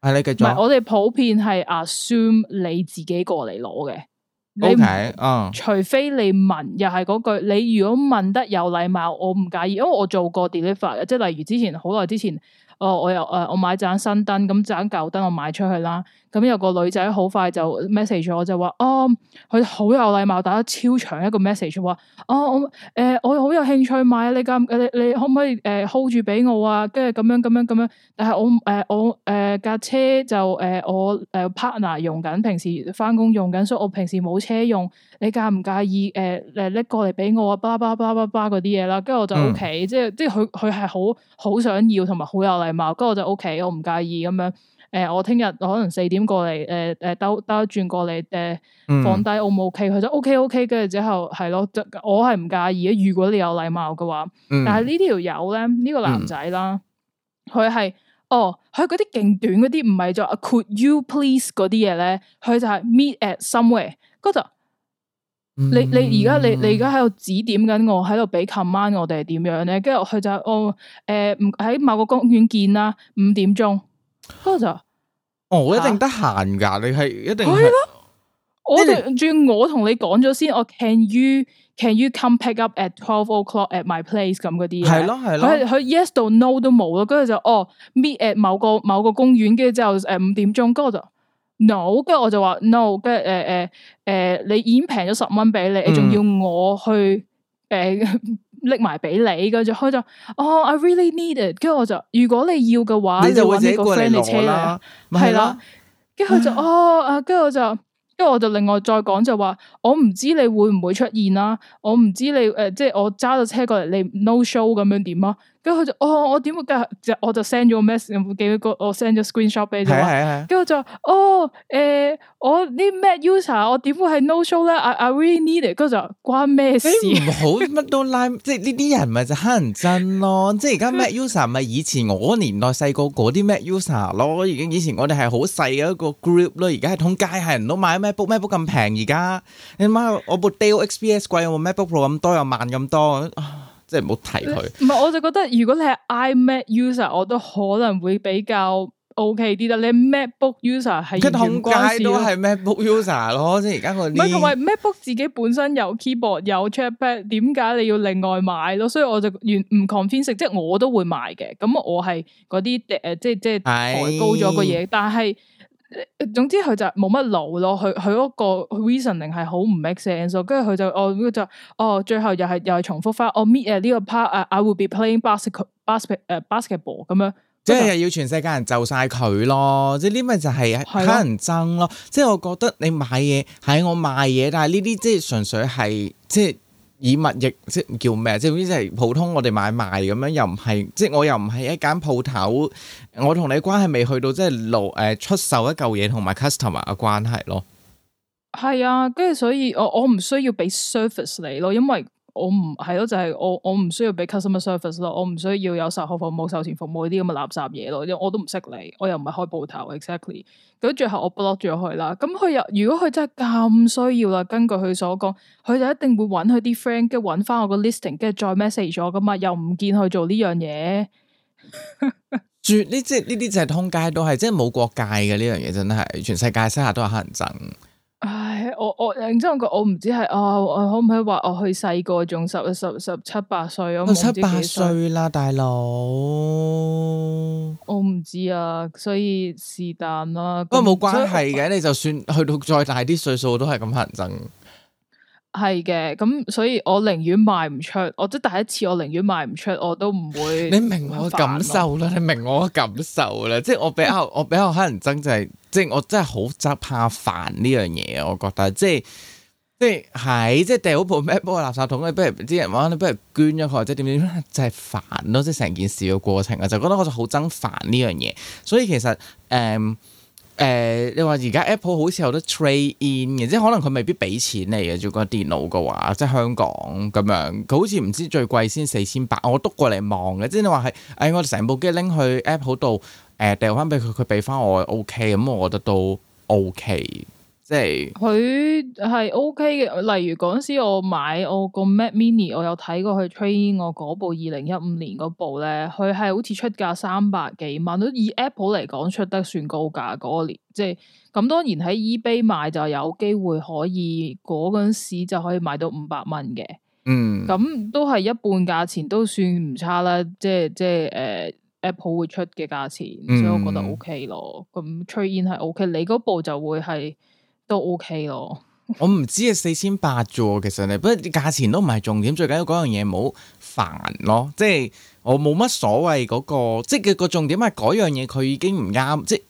係你繼續。唔係我哋普遍係 assume 你自己過嚟攞嘅。O K，啊，okay, uh. 除非你問，又係嗰句，你如果問得有禮貌，我唔介意，因為我做過 deliver 嘅、er，即係例如之前好耐之前，哦，我又誒、呃，我買盞新燈，咁盞舊燈我賣出去啦。咁有個女仔好快就 message 我，就話、嗯：哦、嗯，佢好有禮貌，打超長一個 message 話：哦，我誒我好有興趣買你架，你你可唔可以誒 hold 住俾我啊？跟住咁樣咁樣咁樣。但係我誒我誒架車就誒我誒 partner 用緊，平時返工用緊，所以我平時冇車用。你介唔介意誒誒拎過嚟俾我啊？巴拉巴拉巴拉嗰啲嘢啦，跟住我就 OK，即係即係佢佢係好好想要同埋好有禮貌，跟住我就 OK，我唔介意咁樣。誒、呃，我聽日可能四點過嚟，誒誒兜兜一轉過嚟，誒、呃、放低 O 唔 OK？佢就 OK OK，跟住之後係咯，我係唔介意啊。如果你有禮貌嘅話，嗯、但係呢條友咧，呢、呢個男仔啦，佢係、嗯，哦，佢嗰啲勁短嗰啲，唔係就 Could you please 嗰啲嘢咧？佢就係 meet at somewhere，跟住、嗯、你你而家你你而家喺度指點緊我，喺度俾 command 我哋係點樣咧？跟住佢就係、哦，誒唔喺某個公園見啦，五點鐘。嗰個就、哦，我一定得閒噶，你係一定係，我哋，仲要我同你講咗先，哦 can you can you come pick up at twelve o'clock at my place 咁嗰啲，係咯係咯，佢 yes 到 no 都冇咯，跟住就哦 meet at 某個某個公園，跟住之後誒五點鐘，嗰個就 no，跟住我就話 no，跟住誒誒誒你已經平咗十蚊俾你，仲、嗯、要我去誒。呃拎埋俾你，跟住佢就。哦，oh，I really need it。跟住我就，如果你要嘅話，你就你自己過嚟攞啦，係啦來。跟住佢就哦，啊，跟住我就，跟住我就另外再講就話，我唔知你會唔會出現啦，我唔知你誒、呃，即係我揸咗車過嚟，你 no show 咁樣點啊？跟住佢就，哦，我點會就我就 send 咗個 message，有冇記到個？我 send 咗 screen shot 俾你。係係係。跟住我就，哦，誒、呃，我啲 Mac User，我點會係 no show 咧？I, I really need it。跟住就關咩事？唔好乜都 line，即係呢啲人咪就乞人憎咯。即係而家 Mac User 咪以前我年代細個嗰啲 Mac User 咯。已經以前我哋係好細嘅一個 group 咯。而家係通街係人都買 MacBook，MacBook 咁平而家。你媽，我部 Dell XPS 貴過 MacBook Pro 咁多又慢咁多。即係唔好提佢。唔係，我就覺得如果你係 iMac user，我都可能會比較 OK 啲。但你 MacBook user 係用慣，即都係 MacBook user 咯。 即係而家個唔係同埋 MacBook 自己本身有 keyboard 有 trackpad 點解你要另外買咯？所以我就完唔 confirm，即係我都會買嘅。咁我係嗰啲誒，即係即係抬高咗個嘢，唉但係。總之佢就冇乜腦咯，佢佢嗰個 reasoning 係好唔 make sense，跟住佢就我就哦，最後又係又係重複翻，我、哦、meet 啊呢個 part 啊、uh,，I would be playing basketball、basket、uh, 誒，basketball 咁樣，即係又要全世界人就晒佢咯，即係呢咪就係乞人憎咯，是的 即係我覺得你買嘢喺我賣嘢，但係呢啲即係純粹係即係。以物易即叫咩？即係好似係普通我哋買賣咁樣，又唔係，即係我又唔係一間鋪頭，我同你關係未去到即係落，誒，出售一舊嘢，同埋 customer 嘅關係咯。係啊，跟住所以我我唔需要畀 service 你咯，因為。我唔係咯，就係我我唔需要俾 customer service 咯，我唔需要有售後服務、售前服務呢啲咁嘅垃圾嘢咯，因為我都唔識你，我又唔係開鋪頭，exactly。咁最後我 block 咗佢啦，咁佢又如果佢真係咁需要啦，根據佢所講，佢就一定會揾佢啲 friend，跟住揾翻我個 listing，跟住再 message 咗噶嘛，又唔見佢做呢樣嘢。 絕呢，即係呢啲就係通街都係，即係冇國界嘅呢樣嘢，真係全世界西下都有黑人憎。唉，我我認真講，我唔知係，我我，、啊、我可唔可以話我去細個仲十十十,十七八歲，我唔知幾歲啦，大佬。我唔知啊，所以是但啦。不過冇關係嘅，你就算不去到再大啲歲數，都係咁乞人憎。係嘅，咁所以我寧願賣唔出，我即係第一次，我寧願賣唔出，我都唔會。你明我感受啦， 你明我感受啦，即係我比較， 我比較乞人憎，就係即係我真係好憎怕煩呢樣嘢，我覺得即係即係係，即係掉部 Mac 嗰個垃圾桶，你不如啲人話你不如捐咗佢，或者點點，就係煩咯，即係成件事嘅過程啊，就覺得我就好憎煩呢樣嘢，所以其實，誒。嗯誒、呃，你話而家 Apple 好似有得 trade in 嘅，即係可能佢未必俾錢你嘅做個電腦嘅話，即係香港咁樣，佢好似唔知最貴先四千八，我篤過嚟望嘅，即係你話係，誒，我哋成部機拎去 Apple 度，誒，掉翻俾佢，佢俾翻我，OK，咁我覺得都 OK。佢係 O K 嘅，例如嗰時我買我個 Mac Mini，我有睇過佢 Trade in 我嗰部二零一五年嗰部咧，佢係好似出價三百幾蚊，都以 Apple 嚟講出得算高價嗰、那個年，即係咁當然喺 eBay 賣就有機會可以嗰陣時就可以賣到五百蚊嘅，嗯，咁都係一半價錢都算唔差啦，即係即係誒、呃、Apple 會出嘅價錢，所以我覺得 O、OK、K 咯，咁 Trade in 係 O、OK, K，你嗰部就會係。都 OK 咯，我唔知啊四千八啫喎，其實你，不過啲價錢都唔係重點，最緊要嗰樣嘢冇煩咯，即係我冇乜所謂嗰個，即係個重點係嗰樣嘢佢已經唔啱，即係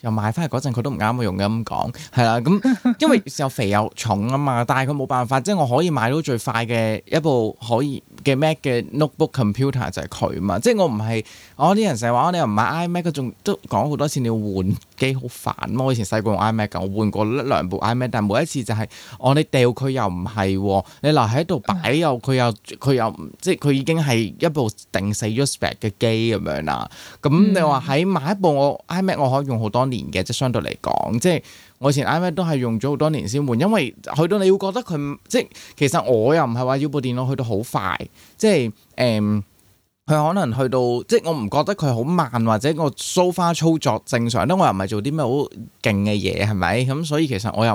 又買翻嚟嗰陣佢都唔啱我用嘅咁講，係啦，咁因為又肥又重啊嘛，但係佢冇辦法，即係我可以買到最快嘅一部可以嘅 Mac 嘅 notebook computer 就係佢嘛，即係我唔係我啲人成日話我你又唔買 iMac，佢仲都講好多次你要換機好煩咯！我以前細個用 iMac，我換過兩部 iMac，但係每一次就係、是，哦你掉佢又唔係、哦，你留喺度擺又佢又佢又即係佢已經係一部定死咗 spec 嘅機咁樣啦。咁你話喺買一部我、嗯、iMac 我可以用好多年嘅，即係相對嚟講，即係我以前 iMac 都係用咗好多年先換，因為去到你會覺得佢即係其實我又唔係話要部電腦去到好快，即係誒。嗯佢可能去到，即係我唔覺得佢好慢，或者個 so far 操作正常因為，我又唔係做啲咩好勁嘅嘢，係咪？咁、嗯、所以其實我又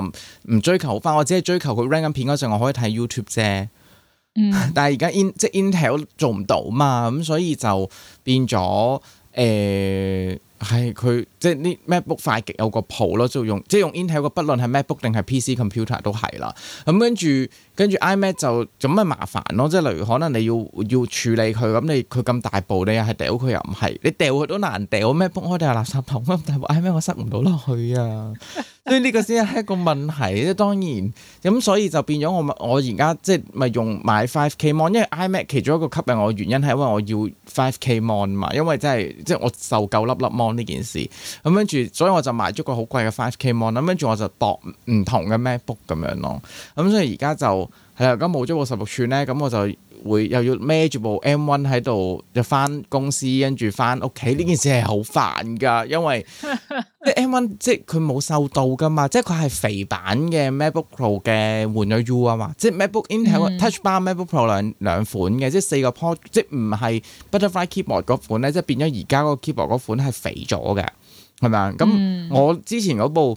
唔追求快，我只係追求佢 render 片嗰陣我可以睇 YouTube 啫。嗯、但係而家 in 即係 Intel 做唔到嘛，咁、嗯、所以就變咗誒係佢即係呢 MacBook 快極有個譜咯，就用即係用 Intel，不論係 MacBook 定係 PC computer 都係啦。咁、嗯、跟住。跟住 iMac 就咁咪麻煩咯，即係例如可能你要要處理佢，咁你佢咁大部，你又係掉佢又唔係，你掉佢都難掉 MacBook 開定係垃圾桶啊，但係 iMac 我塞唔到落去啊， 所以呢個先係一個問題，即當然咁，所以就變咗我我而家即係咪用買 five k Mon，因為 iMac 其中一個吸引我嘅原因係因為我要 five k Mon 嘛，因為真係即係我受夠粒粒 Mon 呢件事，咁跟住所以我就買咗個好貴嘅 five k Mon，咁跟住我就駁唔同嘅 MacBook 咁樣咯，咁所以而家就。係啦，咁冇咗部十六寸咧，咁我就會又要孭住部 M1 喺度，就翻公司，跟住翻屋企。呢件事係好煩噶，因為 即係 M1，即係佢冇瘦到噶嘛，即係佢係肥版嘅 MacBook Pro 嘅換咗 U 啊嘛，即係 MacBook Intel、嗯、Touch Bar MacBook Pro 兩兩款嘅，即係四個 Port，即唔係 Butterfly Keyboard 嗰款咧，即係變咗而家嗰個 Keyboard 嗰款係肥咗嘅，係咪啊？咁、嗯、我之前嗰部。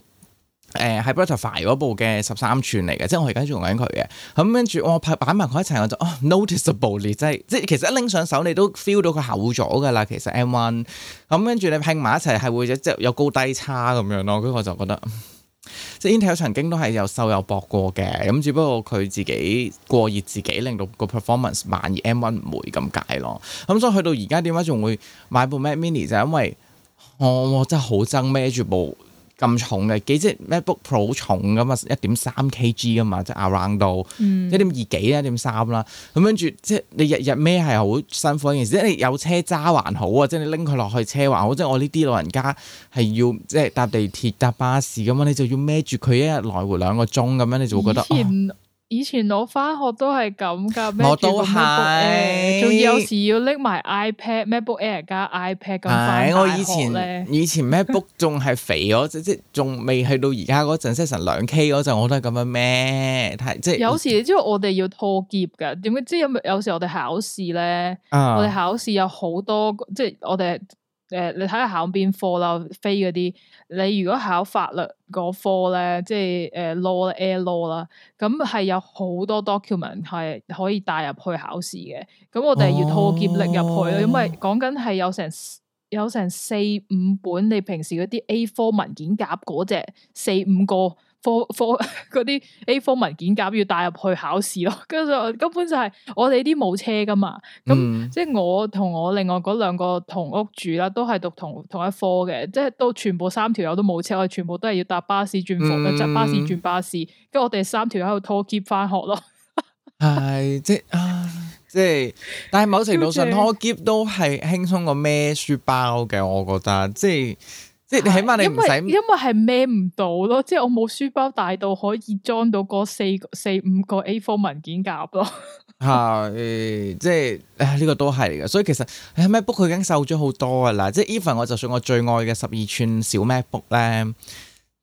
誒喺 Butterfly 嗰部嘅十三寸嚟嘅，即係我而家用緊佢嘅。咁跟住我拍擺埋佢一齊，我就啊、哦、noticeable 即係即係其實一拎上手你都 feel 到佢厚咗噶啦。其實 M1 咁、嗯、跟住你拼埋一齊係會有即係有高低差咁樣咯。咁我就覺得即係 Intel 曾經都係又瘦又薄過嘅，咁只不過佢自己過熱自己令到個 performance 慢，而 M1 唔會咁解咯。咁、嗯、所以去到而家點解仲會買部 Mac Mini 就因為我、哦、我真係好憎孭住部咁重嘅，幾即係 MacBook Pro 好重噶嘛，一點三 KG 噶嘛，即係 around 到一點二幾一點三啦。咁跟住即係你日日孭係好辛苦一件事，即係你有車揸還好啊，即係你拎佢落去車還好。即係我呢啲老人家係要即係搭地鐵搭巴士咁樣，你就要孭住佢一日來回兩個鐘咁樣，你就會覺得前以前我翻學都係咁噶，孭住個 MacBook，仲有時要拎埋 iPad、MacBook Air 加 iPad 咁的翻我以前，以前 MacBook 仲係肥我，即即仲未去到而家嗰陣即成兩 K 嗰陣，我都係咁樣咩？太即、就是、有時，你知道我哋要拖 gear 噶，點解？即有有時我哋考試咧，嗯、我哋考試有好多，即、就是、我哋。誒、呃，你睇下考邊科啦，飛嗰啲，你如果考法律嗰科咧，即係誒、呃、law、air law 啦，咁係有好多 document 係可以帶入去考試嘅，咁我哋要套勁力入去咯，因為講緊係有成有成四五本，你平時嗰啲 A4 文件夾嗰隻四五個。科科嗰啲 A4 文件夾要帶入去考試咯，跟 住根本就係我哋啲冇車噶嘛，咁、嗯、即係我同我另外嗰兩個同屋住啦，都係讀同同一科嘅，即係都全部三條友都冇車，我哋全部都係要搭巴士轉房，又搭、嗯、巴士轉巴士，跟住我哋三條友喺度拖篋翻學咯。係即係，即係、啊，但係某程度上 拖篋都係輕鬆過孭書包嘅，我覺得即係。即係你起碼你唔使，因為係孭唔到咯，即係我冇書包大到可以裝到嗰四四五個 A4 文件夾咯。係，即係，呢個都係嘅。所以其實 MacBook 佢已經瘦咗好多噶啦，即係 even 我就算我最愛嘅十二寸小 MacBook 咧，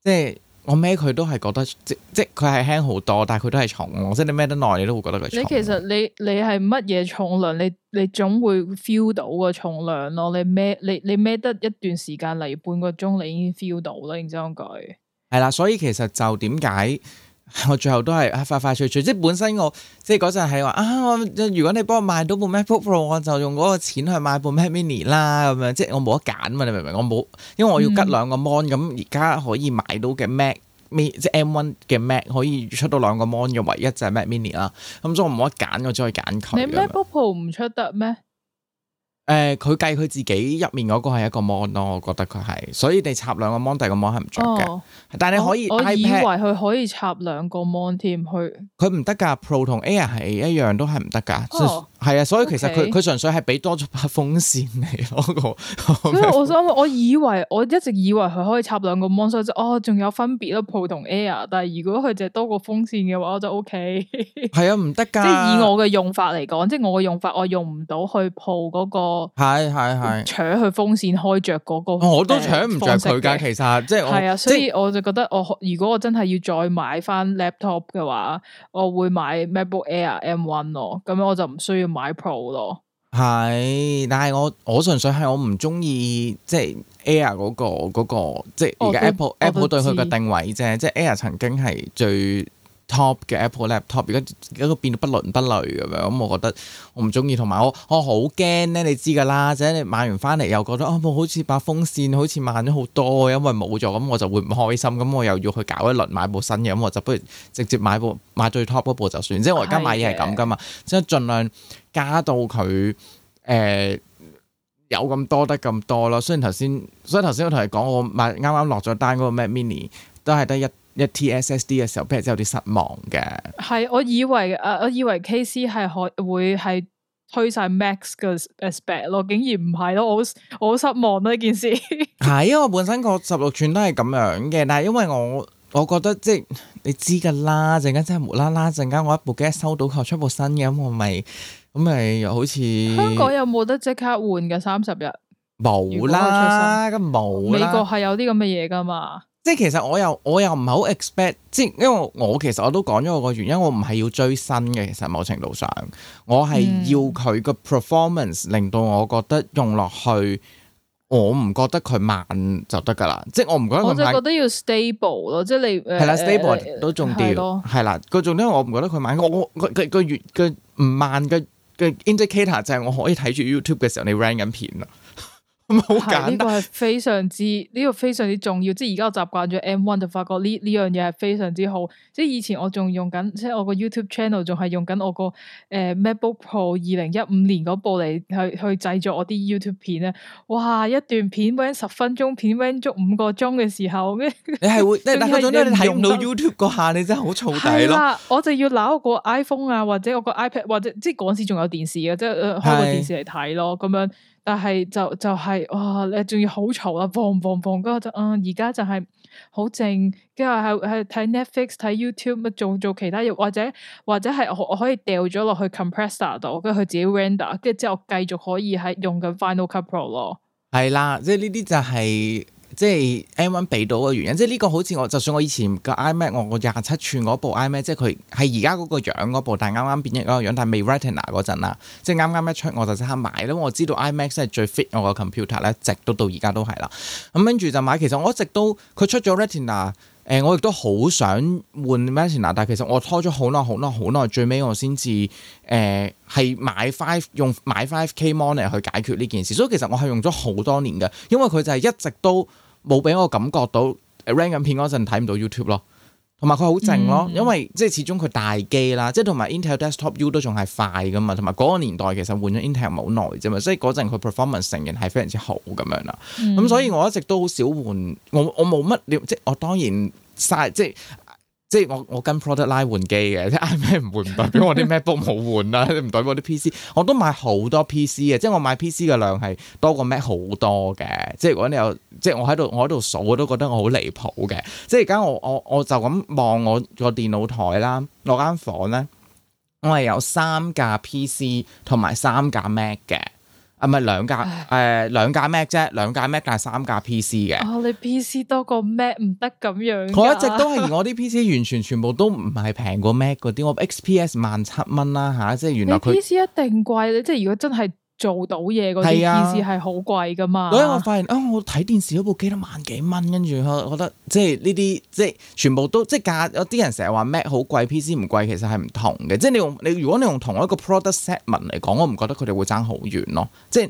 即係。我孭佢都係覺得，即即佢係輕好多，但係佢都係重咯。即係你孭得耐，你都會覺得佢重。你其實你你係乜嘢重量？你你總會 feel 到個重量咯。你孭你你孭得一段時間，例如半個鐘，你已經 feel 到啦。然之後佢係啦，所以其實就點解？我最後都係快快脆脆，即係本身我即係嗰陣係話啊，我如果你幫我買到部 MacBook Pro, Pro，我就用嗰個錢去買部 Mac Mini 啦，咁樣即係我冇得揀嘛，你明唔明？我冇，因為我要吉兩個 mon，咁而家可以買到嘅 Mac Mini 即係 M1 嘅 Mac 可以出到兩個 mon 嘅唯一就係 Mac Mini 啦，咁所以我冇得揀，我只可以揀佢。MacBook Pro 唔出得咩？誒，佢計佢自己入面嗰個係一個 mon 咯，我覺得佢係，所以你插兩個 mon，第二個 mon 係唔着嘅。哦、但你可以，我以為佢可以插兩個 mon 添，佢佢唔得㗎，Pro 同 Air 係一樣都係唔得㗎。哦係啊，所以其實佢佢純粹係俾多咗把風扇嚟嗰、那個。 所以我想，我以為我一直以為佢可以插兩個 mon 就哦仲有分別咯 pro 同 air。但係如果佢就多個風扇嘅話，我就 OK。係 啊，唔得㗎。即係以我嘅用法嚟講，即係我嘅用法，我用唔到去 pro 嗰、那個。係係係。搶佢風扇開着嗰個。我都搶唔着佢㗎，其實即係。係啊，所以我就覺得我如果我真係要再買翻 laptop 嘅話，我會買 MacBook Air M1 咯。咁樣我就唔需要。買 Pro 咯，係，但係我我純粹係我唔中意即係 Air 嗰、嗰個、嗰個，即係而家 Apple Apple 對佢嘅定位啫，即係 Air 曾經係最。Top 嘅 Apple laptop 而家而家都變到不倫不類咁樣，咁我覺得我唔中意，同埋我我好驚咧，你知噶啦，即係你買完翻嚟又覺得、哦、好似把風扇好似慢咗好多，因為冇咗，咁我就會唔開心，咁我又要去搞一輪買部新嘅，咁我就不如直接買部買最 top 嗰部就算，的即係我而家買嘢係咁噶嘛，即係儘量加到佢誒、呃、有咁多得咁多咯。雖然頭先，所以頭先我同你講，我買啱啱落咗單嗰個 Mac Mini 都係得一。一 TSSD 嘅時候，expect 有啲失望嘅。係，我以為誒，我以為 KC 係可會係推晒 Max 嘅 aspect 咯，竟然唔係咯，我我好失望咯呢件事。係、哎，因為我本身個十六寸都係咁樣嘅，但係因為我我覺得即係你知㗎啦，陣間真係無啦啦，陣間我一部機收到佢出部新嘅，咁、嗯、我咪咁咪又好似香港有冇得即刻換嘅三十日冇啦，咁冇美國係有啲咁嘅嘢㗎嘛。即係其實我又我又唔係好 expect，即係因為我其實我都講咗我個原因，我唔係要追新嘅。其實某程度上，我係要佢個 performance 令到我覺得用落去，我唔覺得佢慢就得噶啦。即係我唔覺得佢慢，我就覺得要 stable、嗯、stable 咯。即係你係啦，stable 都仲跌，係啦，個重點我唔覺得佢慢，我個個月嘅唔慢嘅嘅 indicator 就係我可以睇住 YouTube 嘅時候你 rank 緊片。平係呢、這個係非常之呢、這個非常之重要，即係而家我習慣咗 M1 就發覺呢呢樣嘢係非常之好。即係以前我仲用緊，即係我個 YouTube channel 仲係用緊我個誒、呃、MacBook Pro 二零一五年嗰部嚟去去製作我啲 YouTube 片咧。哇，一段片搵十分鐘片搵足五個鐘嘅時候，你係會即係但係用到 YouTube 個下，你真係好燥底咯。我就要攞個 iPhone 啊，或者我個 iPad，或者即係嗰時仲有電視嘅，即係開個電視嚟睇咯，咁的樣。但係就就係、是、哇，你仲要好嘈啊，忙忙忙，跟、嗯、住就嗯而家就係好靜，跟住係係睇 Netflix 睇 YouTube 乜做做其他嘢，或者或者係我我可以掉咗落去 compressor 度，跟住佢自己 render，跟住之後繼續可以喺用緊 Final Cut Pro 咯。係啦，即係呢啲就係、是。即係 M1 俾到嘅原因，即係呢個好似我，就算我以前個 iMac，我個廿七寸嗰部 iMac，即係佢係而家嗰個樣嗰部，但係啱啱變形嗰個樣，但係未 Retina 嗰陣啦，即係啱啱一出我就即刻買咯。因為我知道 iMac 真係最 fit 我個 computer 咧，直都到而家都係啦。咁跟住就買。其實我一直都佢出咗 Retina，誒、呃、我亦都好想換 Retina，但係其實我拖咗好耐、好耐、好耐，最尾我先至誒係買 five 用買 five K monitor 去解決呢件事。所以其實我係用咗好多年嘅，因為佢就係一直都。冇俾我感覺到 run 緊片嗰陣，睇唔到 YouTube 咯，同埋佢好靜咯，mm. 因為即係始終佢大機啦，即係同埋 Intel Desktop U 都仲係快噶嘛，同埋嗰個年代其實換咗 Intel 冇耐啫嘛，所以嗰陣佢 performance 成日係非常之好咁樣啦，咁、mm. 嗯、所以我一直都好少換，我我冇乜料，即係我當然嘥即係。即係我我跟 product line 換機嘅，即係 iPad 唔換唔代表我啲 MacBook 冇換啦，唔代表我啲 PC，我都買好多 PC 嘅，即係我買 PC 嘅量係多過 Mac 好多嘅，即係如果你有，即係我喺度我喺度數，我都覺得我好離譜嘅，即係而家我我我就咁望我個電腦台啦，落間房咧，我係有三架 PC 同埋三架 Mac 嘅。係咪兩架？誒兩唉、呃、架 Mac 啫，兩架 Mac 但係三架 PC 嘅。哦，你 PC 多過 Mac 唔得咁樣。我 一直都係我啲 PC 完全全部都唔係平過 Mac 嗰啲，我 XPS 萬七蚊啦、啊、吓？即係原來佢、欸。PC 一定貴咧，即係如果真係。做到嘢嗰啲電視係好貴㗎嘛？嗰日、啊、我發現啊，我睇電視嗰部機都萬幾蚊，跟住我覺得即係呢啲即係全部都即係價，有啲人成日話 Mac 好貴，PC 唔貴，其實係唔同嘅。即係你用你，如果你用同一個 product segment 嚟講，我唔覺得佢哋會爭好遠咯。即係。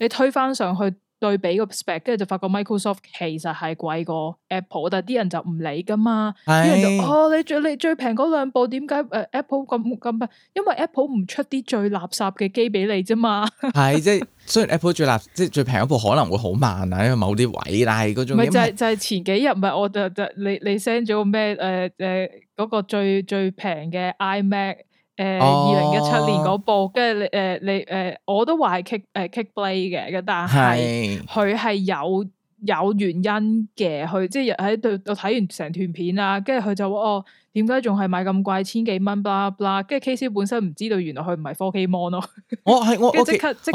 你推翻上去對比個 spec，跟住就發覺 Microsoft 其實係貴過 Apple，但啲人就唔理噶嘛。啲是人就哦，你最你最平嗰兩部點解誒 Apple 咁咁？因為 Apple 唔出啲最垃圾嘅機俾你啫嘛。係 即係雖然 Apple 最垃即係最平一部可能會好慢啊，因為某啲位。但係嗰種就係、是、就係、是、前幾日，唔係我就就你你 send 咗個咩誒誒嗰個最最平嘅 iMac。誒二零一七年嗰部，跟住、呃、你誒你誒，我都話係 kick 誒、呃、kick blade 嘅，但係佢係有有原因嘅，佢即係喺度我睇完成段片啦，跟住佢就話哦，點解仲係買咁貴千幾蚊？blah blah，跟住 KC 本身唔知道原來佢唔係 4K mon 咯。我係我我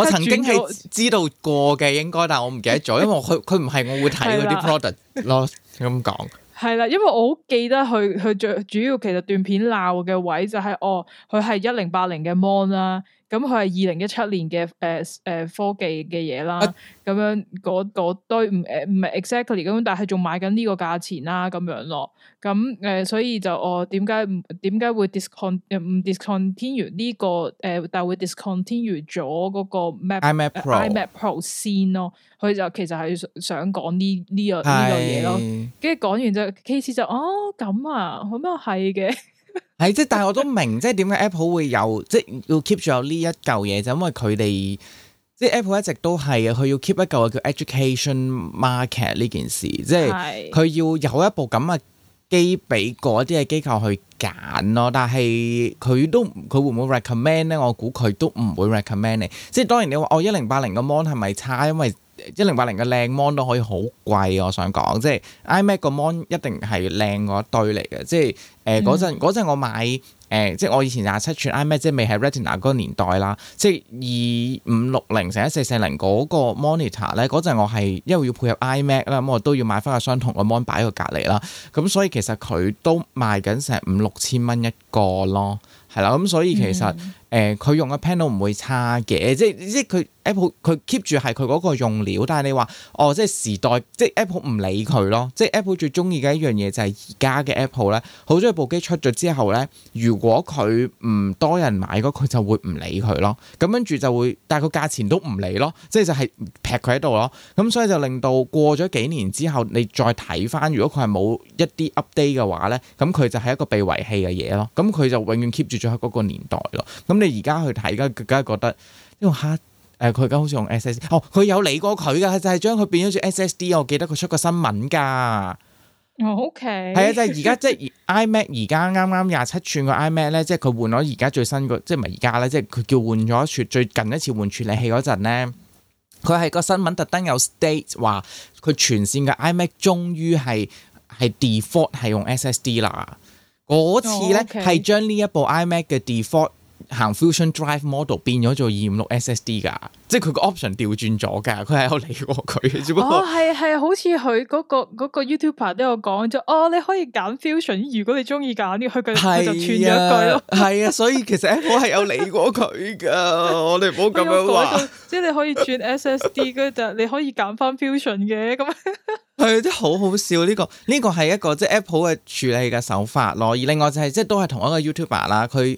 我曾經係知道過嘅，應該，但我唔記得咗，因為佢佢唔係我會睇嗰啲 product 咯咁講。 對的 係啦，因為我好記得佢佢最主要其實段片鬧嘅位就係、是、哦，佢係一零八零嘅 mon 啦。咁佢係二零一七年嘅誒誒科技嘅嘢啦，咁、啊、樣嗰堆唔誒唔係 exactly 咁，但係仲買緊呢個價錢啦，咁樣咯。咁、嗯、誒、呃，所以就我點解點解會 discon 唔 discontinue 呢、呢個誒、呃，但會 discontinue 咗嗰個 iMac Pro、呃、iMac Pro 先咯。佢就其實係想講呢呢個呢、呢個嘢咯。跟住講完就 KC 就哦咁啊，咁啊係嘅。係即， 但係我都明，即係點解 Apple 會有即係要 keep 住有呢一嚿嘢就，因為佢哋即係 Apple 一直都係啊，佢要 keep 一嚿啊叫 education market 呢件事，即係佢是的 要有一部咁嘅機俾嗰啲嘅機構去揀咯。但係佢都佢會唔會 recommend 咧？我估佢都唔會 recommend 你。即係當然你話哦，一零八零嘅 mon 係咪差？因為一零八零嘅靚 mon 都可以好貴，我想講，即係 iMac 個 mon 一定係靚嗰一堆嚟嘅，即係誒嗰陣嗰陣我買誒、呃，即係我以前廿七寸 iMac，即係未係 Retina 嗰個年代啦，即係二五六零乘一四四零嗰個 monitor 咧，嗰陣我係因為要配合 iMac 啦，咁我都要買翻個相同個 mon 擺喺個隔離啦，咁所以其實佢都賣緊成五六千蚊一個咯，係啦，咁所以其實誒佢、嗯呃、用嘅 panel 唔會差嘅，即係即係佢。Apple 佢 keep 住係佢嗰個用料，但係你話哦，即係時代，即係 Apple 唔理佢咯。即係 Apple 最中意嘅一樣嘢就係而家嘅 Apple 咧，好中意部機出咗之後咧，如果佢唔多人買，嗰，佢就會唔理佢咯。咁跟住就會，但係個價錢都唔理咯，即係就係劈佢喺度咯。咁所以就令到過咗幾年之後，你再睇翻，如果佢係冇一啲 update 嘅話咧，咁佢就係一個被遺棄嘅嘢咯。咁佢就永遠 keep 住咗喺嗰個年代咯。咁你而家去睇，梗家更加覺得呢個誒，佢而家好似用 SSD，哦，佢有理過佢噶，就係將佢變咗做 SSD。我記得佢出個新聞噶，OK，係啊，就係而家即係 iMac 而家啱啱廿七吋個 iMac 咧，即係佢換咗而家最新個，即係唔係而家咧，即係佢叫換咗最近一次換處理器嗰陣咧，佢係個新聞特登有 state 話佢全線嘅 iMac 終於係係 default 係用 SSD 啦。嗰次咧係將呢、oh, okay. 一部 iMac 嘅 default。行 Fusion Drive Model 變咗做二五六 SSD 噶，即係佢個 option 調轉咗噶。佢係有理過佢，只不過哦係係好似佢嗰個、嗰個、YouTuber 都有講咗哦，你可以揀 Fusion，如果你中意揀嘅，佢佢、啊、就串咗一句咯。係啊，啊，所以其實 Apple 係有理過佢噶，我哋唔好咁樣話、嗰個。即係你可以轉 SSD，跟住你可以揀翻 Fusion 嘅咁。係真好好笑呢、呢個呢、呢個係一個即係 Apple 嘅處理嘅手法咯。而另外就係、係、即係都係同一個 YouTuber 啦，佢。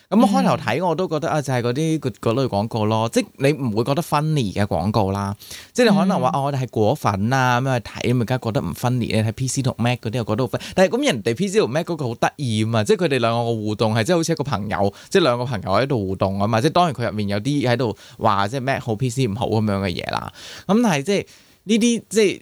咁開頭睇我都覺得啊，就係嗰啲嗰嗰類廣告咯，即係你唔會覺得分裂嘅廣告啦。即係你可能話、嗯啊、我哋係果粉啊咁去睇，咁而家覺得唔分裂咧，睇 PC 同 Mac 嗰啲又覺得好分。但係咁人哋 PC 同 Mac 嗰個好得意啊嘛，即係佢哋兩個嘅互動係即係好似一個朋友，即係兩個朋友喺度互動啊嘛。即係當然佢入面有啲喺度話即係 Mac 好 PC 唔好咁樣嘅嘢啦。咁但係即係呢啲即係。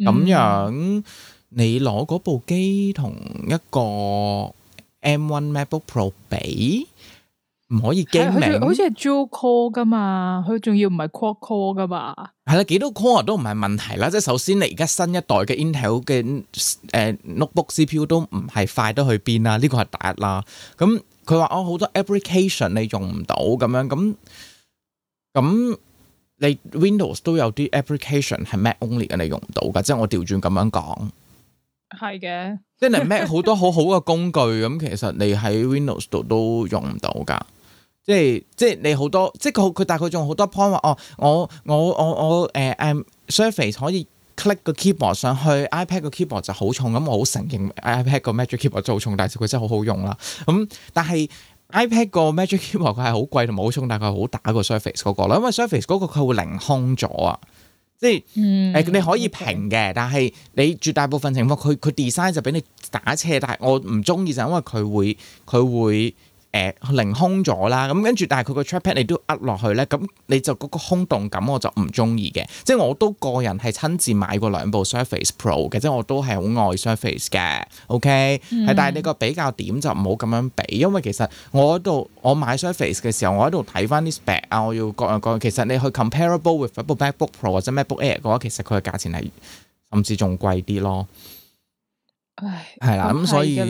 咁樣，你攞嗰部機同一個 M1 MacBook Pro 比，唔可以驚咩？好似係 Dual call 噶嘛？佢仲要唔係 Quad call 噶嘛？係啦，幾多 call 都唔係問題啦。即係首先，你而家新一代嘅 Intel 嘅誒 Notebook CPU 都唔係快得去邊啦。呢個係第一啦。咁佢話哦，好多 application 你用唔到咁樣咁咁。你 Windows 都有啲 application 係 Mac only 嘅，你用唔到噶。即係我調轉咁樣講，係嘅。即係你 Mac 好多好好嘅工具，咁 其實你喺 Windows 度都用唔到噶。即係即係你好多，即係佢佢大概仲有好多 point 話哦，我我我我誒、uh，Surface 可以 click 個 keyboard 上去，iPad 個 keyboard 就好重。咁我好承認 iPad 個 Magic Keyboard 就好重，但係佢真係好好用啦。咁、嗯、但係。iPad 個 Magic Keyboard 佢係好貴同好重，但係佢好打過 Surface 嗰個囉，因為 Surface 嗰、那個佢會凌空咗啊，即係誒你可以平嘅，嗯、但係你絕大部分情況佢佢 design 就俾你打斜，但係我唔中意就因為佢會佢會。誒凌、呃、空咗啦，咁跟住，但係佢個 trackpad 你都壓落去咧，咁你就嗰個空洞感我就唔中意嘅。即係我都個人係親自買過兩部 Surface Pro 嘅，即係我都係好愛 Surface 嘅。OK，係、嗯，但係你個比較點就唔好咁樣比，因為其實我喺度，我買 Surface 嘅時候，我喺度睇翻啲 spec 啊，我要各樣各樣。其實你去 comparable with 部 MacBook Pro 或者 MacBook Air 嘅話，其實佢嘅價錢係甚至仲貴啲咯。唉，係啦的，咁、嗯、所以，即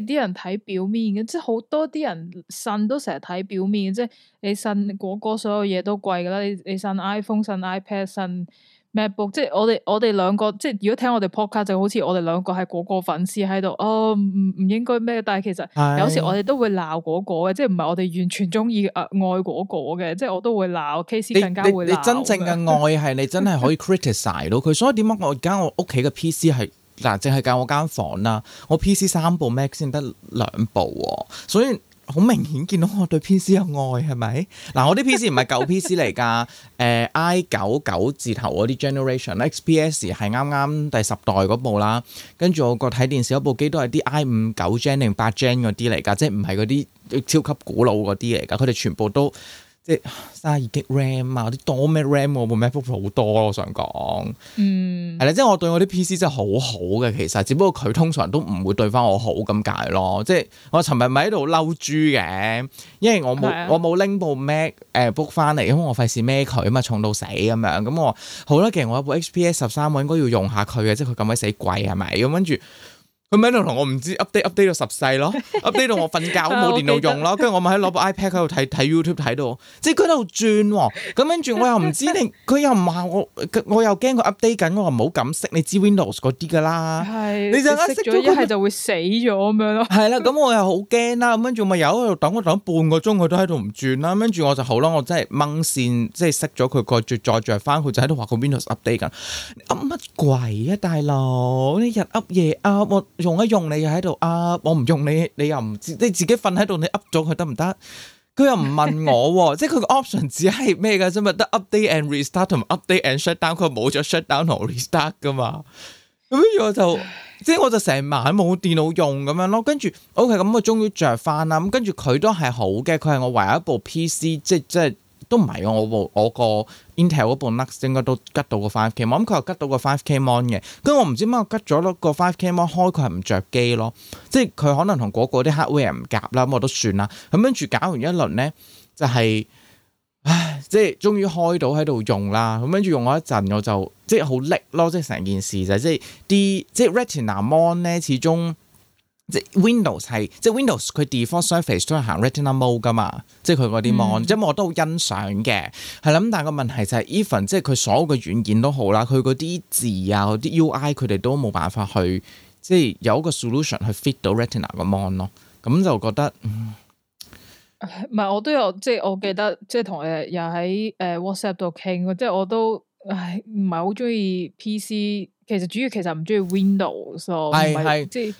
係啲人睇表面嘅，即係好多啲人信都成日睇表面，即係你信嗰個所有嘢都貴噶啦。你你信 iPhone、信 iPad、信 MacBook，即係我哋我哋兩個，即係如果聽我哋 podcast，就好似我哋兩個係嗰個粉絲喺度。哦，唔唔應該咩？但係其實有時我哋都會鬧嗰個嘅，即係唔係我哋完全中意誒愛嗰個嘅，即係我都會鬧。case 你更加會鬧你，你真正嘅愛係 你真係可以 criticize 到佢，所以點解我而家我屋企嘅 PC 係？嗱，淨係教我間房啦，我 P C 三部 Mac 先得兩部喎，所以好明顯見到我對 P C 有愛係咪？嗱， 我啲 P C 唔係舊 P C 嚟㗎，誒 I 九九字頭嗰啲 generation X P S 係啱啱第十代嗰部啦，跟住我個睇電視嗰部機都係啲 I 五九 Gen 定八 Gen 嗰啲嚟㗎，即係唔係嗰啲超級古老嗰啲嚟㗎，佢哋全部都。即係卅二 G RAM 啊，啲多咩 RAM 我部 MacBook 好多咯，我想講，係啦、嗯，即係我對我啲 PC 真係好好嘅，其實，只不過佢通常都唔會對翻我好咁解咯。即係我尋日咪喺度嬲豬嘅，因為我冇、啊、我冇拎部 Mac 呃 Book 翻嚟，因為我費事孭佢啊嘛，重到死咁樣。咁我好啦，其實我有部 HP S 十三我應該要用下佢嘅，即係佢咁鬼死貴係咪？咁跟住。咁 Windows 同我唔知 update update 到十世咯，update 到我瞓覺冇電腦用咯。跟住、 啊、我咪喺攞部 iPad 喺度睇睇 YouTube 睇到，即係佢喺度轉喎。咁跟住我又唔知你，佢又唔問我，我又驚佢 update 緊。我話唔好咁識你知 Windows 嗰啲噶啦。係是，你就啱識咗一係就會死咗咁樣咯。係啦，咁我又好驚啦。咁跟住咪又喺度等我等半個鐘，佢都喺度唔轉啦。跟住我就好啦，我真係掹線，即係熄咗佢個再再再著翻，佢就喺度話個 Windows update 緊。up 乜鬼啊，大佬？你日 up 夜 up 用一用你又喺度啊！我唔用你，你又唔，你自己瞓喺度，你 up 咗佢得唔得？佢又唔問我， 即係佢個 option 只係咩嘅啫？咪得 update and restart 同 update and shut down，佢冇咗 shut down 同 restart 噶嘛？咁跟住我就即係我就成晚冇電腦用咁樣咯。跟住，ok 咁我終於着翻啦。咁跟住佢都係好嘅，佢係我唯一一部 PC，即即係。都唔係啊！我，我部我個 Intel 嗰部 Nexus 應該都吉到個 5K mon，咁佢又吉到個 5K mon 嘅。咁我唔知點解我吉咗個 5K mon 開佢係唔着機咯。即係佢可能同嗰個啲 hardware 唔夾啦，咁我都算啦。咁跟住搞完一輪咧，就係、是、唉，即係終於開到喺度用啦。咁跟住用咗一陣，我就即係好叻咯。即係成件事就係、即係啲即係 Retina Mon 咧，始終。即 Windows 係，即係 Windows 佢 default surface 都係行 retina mode 噶嘛，即係佢嗰啲 mon，即係我都好欣賞嘅，係啦。咁但係個問題就係，even 即係佢所有嘅軟件都好啦，佢嗰啲字啊，嗰啲 UI 佢哋都冇辦法去，即係有一個 solution 去 fit 到 retina 個 mon 咯。咁就覺得，唔、嗯、係、嗯、我都有，即係我記得，即係同誒又喺誒 WhatsApp 度傾，即係我都，唉，唔係好中意 PC，其實主要其實唔中意 Windows 咯，係係即係。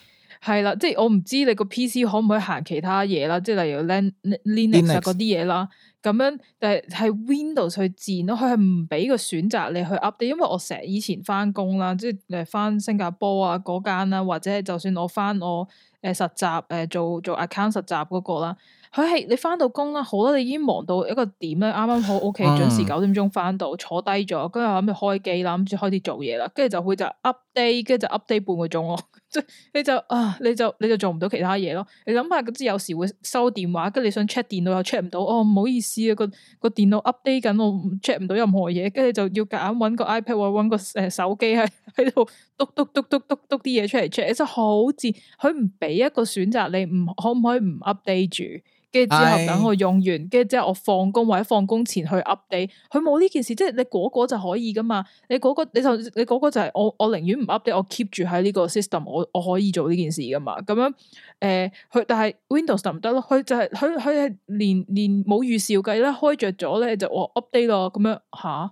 係啦，即係我唔知你個 PC 可唔可以行其他嘢啦，即係例如 Lin, Linux n 嗰啲嘢啦，咁樣但係喺 Windows 去自然咯，佢係唔俾個選擇你去 update，因為我成日以前返工啦，即係誒返新加坡啊嗰間啦，或者就算我返我誒、呃、實習誒、呃、做做 account 實習嗰個啦，佢係你返到工啦，好啦，你已經忙到一個點咧，啱啱好 OK，準時九點鐘返到、嗯、坐低咗，跟住諗住開機啦，諗住開始做嘢啦，跟住就會就 update，跟住就 update 半個鐘咯。即你就啊，你就你就做唔到其他嘢咯。你諗下嗰啲有時會收電話，跟住你想 check 電腦又 check 唔到。哦，唔好意思啊，個個電腦 update 緊，我 check 唔到任何嘢。跟住就要夾硬搵個 iPad 或搵個誒、呃、手機喺喺度督督督督督篤啲嘢出嚟 check。真係好賤，佢唔俾一個選擇，你唔可唔可以唔 update 住？跟住之後，等我用完，跟住之後我放工或者放工前去 update，佢冇呢件事，即係你嗰個，個就可以噶嘛。你嗰個，個你就你嗰個，個就係、是、我我寧願唔 update，我 keep 住喺呢個 system，我我可以做呢件事噶嘛。咁樣誒，佢、呃、但係 Windows 就唔得咯，佢就係佢佢係連連冇預兆計咧，開着咗咧就我 update 咯，咁樣吓，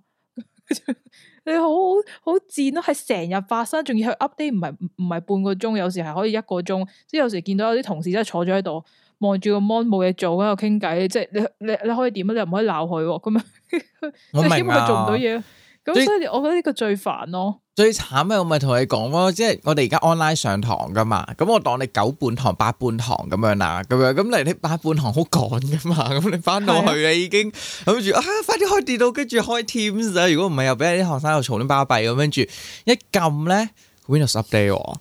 你好好好賤咯，係成日發生，仲要，係 update 唔係唔係半個鐘，有時係可以一個鐘，即係有時見到有啲同事真係坐咗喺度。望住個 mon 冇嘢做，喺度傾偈，即係你你你可以點啊？你又唔可以鬧佢咁啊，即 係 希望佢做唔到嘢。咁最所以我覺得呢個最煩咯，最慘咩？我咪同你講咯，即係我哋而家 online 上堂噶嘛，咁我當你九半堂八半堂咁樣啦，咁樣咁你啲八半堂好趕噶嘛，咁你翻到去啊已經諗住的啊，快啲開電腦，跟住開 Teams 啊！如果唔係又俾你啲學生又嘈亂巴閉咁跟住一撳咧。Windows update 喎，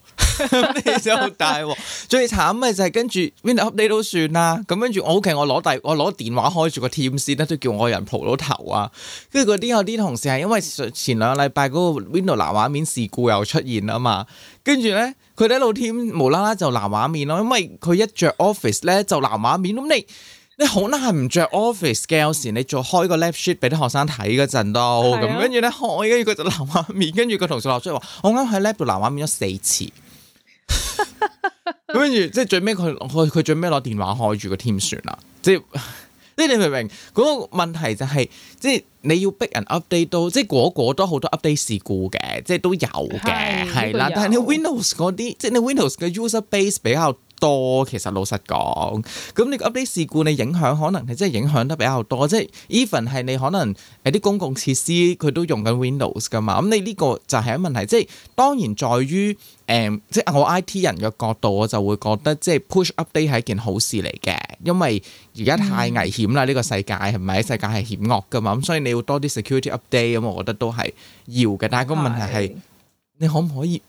咁你好大喎！最慘嘅就係跟住 Windows update 都算啦，咁跟住我屋企我攞第我攞電話開住個 team 咧，都叫我人蒲到頭啊！跟住嗰啲有啲同事係因為前兩個禮拜嗰個 Windows 藍畫面事故又出現啊嘛，跟住咧佢哋一路 team 無啦啦就藍畫面咯，因為佢一着 Office 咧就藍畫面咁你。你好難唔着 office 嘅有時，你做開個 lab sheet 俾啲學生睇嗰陣都咁，跟住咧我跟住家要個藍畫面，跟住個同事落出嚟話，我啱喺 lab 度藍畫面咗四次，跟住即係最尾佢佢最尾攞電話開住個 Team 線啦，即係、即係、 你明唔明？嗰、那個問題就係即係你要逼人 update 到，即係果果都好多 update 事故嘅，即係都有嘅，係啦。但係你 Windows 嗰啲，即係 你 Windows 嘅 user base 比較。多其實老實講，咁你 update 事故你影響可能係真係影響得比較多，即係 even 係你可能誒啲公共設施佢都用緊 Windows 噶嘛，咁、嗯、你呢個就係一個問題。即係當然在於誒、嗯，即係我 IT 人嘅角度，我就會覺得即係 push update 係一件好事嚟嘅，因為而家太危險啦，呢、嗯、個世界係咪？世界係險惡噶嘛，咁、嗯、所以你要多啲 security update，咁我覺得都係要嘅。但係個問題係是你可唔可以？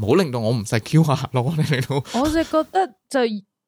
唔好令到我唔使 Q 下咯， 我哋令到我就覺得就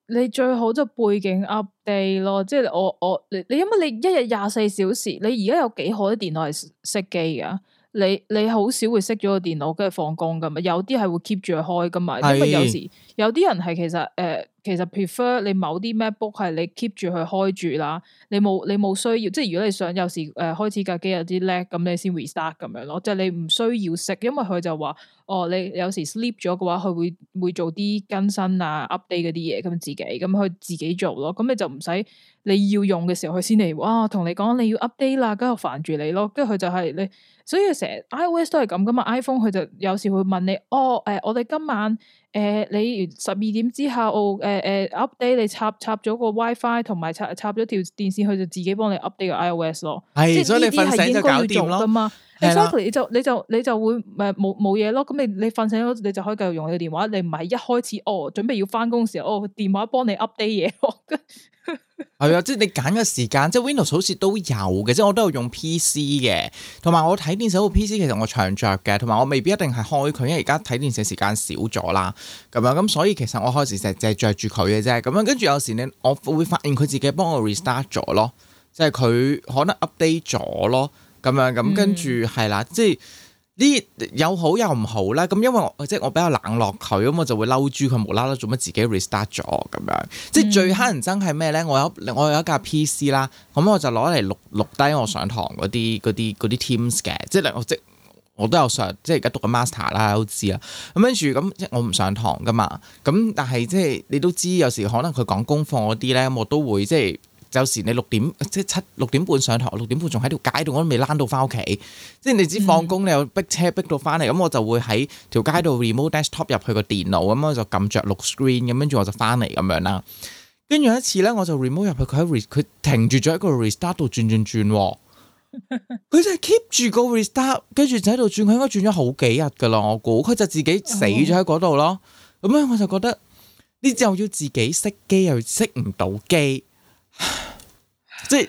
你最好就背景 update 咯，即係我我你你，因為你一日廿四小時，你而家有幾可啲電腦係熄機嘅？你你好少會熄咗個電腦跟住放工噶嘛？有啲係會 keep 住開噶嘛？是因為有時有啲人係其實誒。呃其實 prefer 你某啲 MacBook 係你 keep 住佢開住啦，你冇你冇需要，即係如果你想有時誒、呃、開始架機有啲 lag，a 咁你先 restart 咁樣咯，即、就、係、是、你唔需要識，因為佢就話哦，你有時 sleep 咗嘅話，佢會會做啲更新啊 update 嗰啲嘢咁自己，咁佢自己做咯，咁你就唔使你要用嘅時候佢先嚟，哇，同你講你要 update 啦，咁煩住你咯，跟住佢就係、是、你，所以成日 iOS 都係咁噶嘛，iPhone 佢就有時會問你，哦，誒、呃，我哋今晚。誒、呃，你十二點之後，誒誒 update 你插插咗個 WiFi 同埋插插咗條電線，佢就自己幫你 update 個 iOS 咯。係，所以呢啲係應該要做噶嘛。所以你就 exactly，你就你就，你就會誒冇冇嘢咯。咁你你瞓醒咗，你就可以繼續用你嘅電話。你唔係一開始哦，準備要翻工時候哦，電話幫你 update 嘢咯。係 啊，即係你揀嘅時間，即係 Windows 好似都有嘅，即係我都有用 P C 嘅，同埋我睇電視嗰部 P C，其實我長着嘅，同埋我未必一定係開佢，因為而家睇電視時間少咗啦，咁樣咁，所以其實我開始有時成日着住佢嘅啫，咁樣跟住有時咧，我會發現佢自己幫我 restart 咗咯、嗯，即係佢可能 update 咗咯，咁樣咁跟住係啦，即係。呢有好有唔好啦，咁因為我即係我比較冷落佢，咁我就會嬲豬佢無啦啦做乜自己 restart 咗咁樣，即係最乞人憎係咩咧？我有我有一架 PC 啦，咁我就攞嚟錄錄低我上堂嗰啲嗰啲嗰啲 Teams 嘅，即係我即我都有上，即係而家讀緊 master 啦，都知啊，咁跟住咁即我唔上堂㗎嘛，咁但係即係你都知有時可能佢講功課嗰啲咧，我都會即係。就時你六點即係七六點半上堂，六點半仲喺條街度，我都未躝到翻屋企。即係你知放工，嗯、你又逼車逼到翻嚟，咁我就會喺條街度 remote desktop 入去個電腦咁樣就撳着綠 screen 咁樣，就我就翻嚟咁樣啦。跟住有一次咧，我就 remote 入去，佢喺佢停住咗喺個 restart 度轉轉轉，佢就 keep 住個 restart，跟住就喺度轉，佢應該轉咗好幾日噶啦，我估佢就自己死咗喺嗰度咯。咁樣我就覺得呢又要自己熄機，又熄唔到機。即係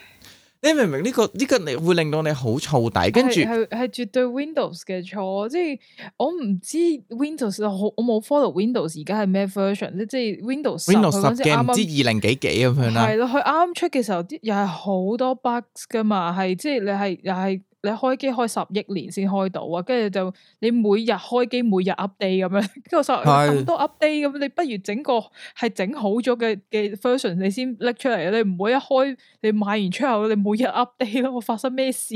你明唔明呢、呢個呢、呢個你會令到你好燥底，跟住係係絕對 Windows 嘅錯，即係我唔知 Windows, 我我 Windows 我我冇 follow Windows 而家係咩 version 即係 Windows Windows 十十唔知二零幾幾咁樣啦，係咯，佢啱出嘅時候啲又係好多 bugs 噶嘛，係即係你係又係。你開機開十億年先開到啊，跟住就你每日開機每日 update 咁樣，跟住十咁多 update 咁，你不如整個係整好咗嘅嘅 version 你先拎出嚟啊！你唔好一開你買完之後你每日 update 咯，發生咩事？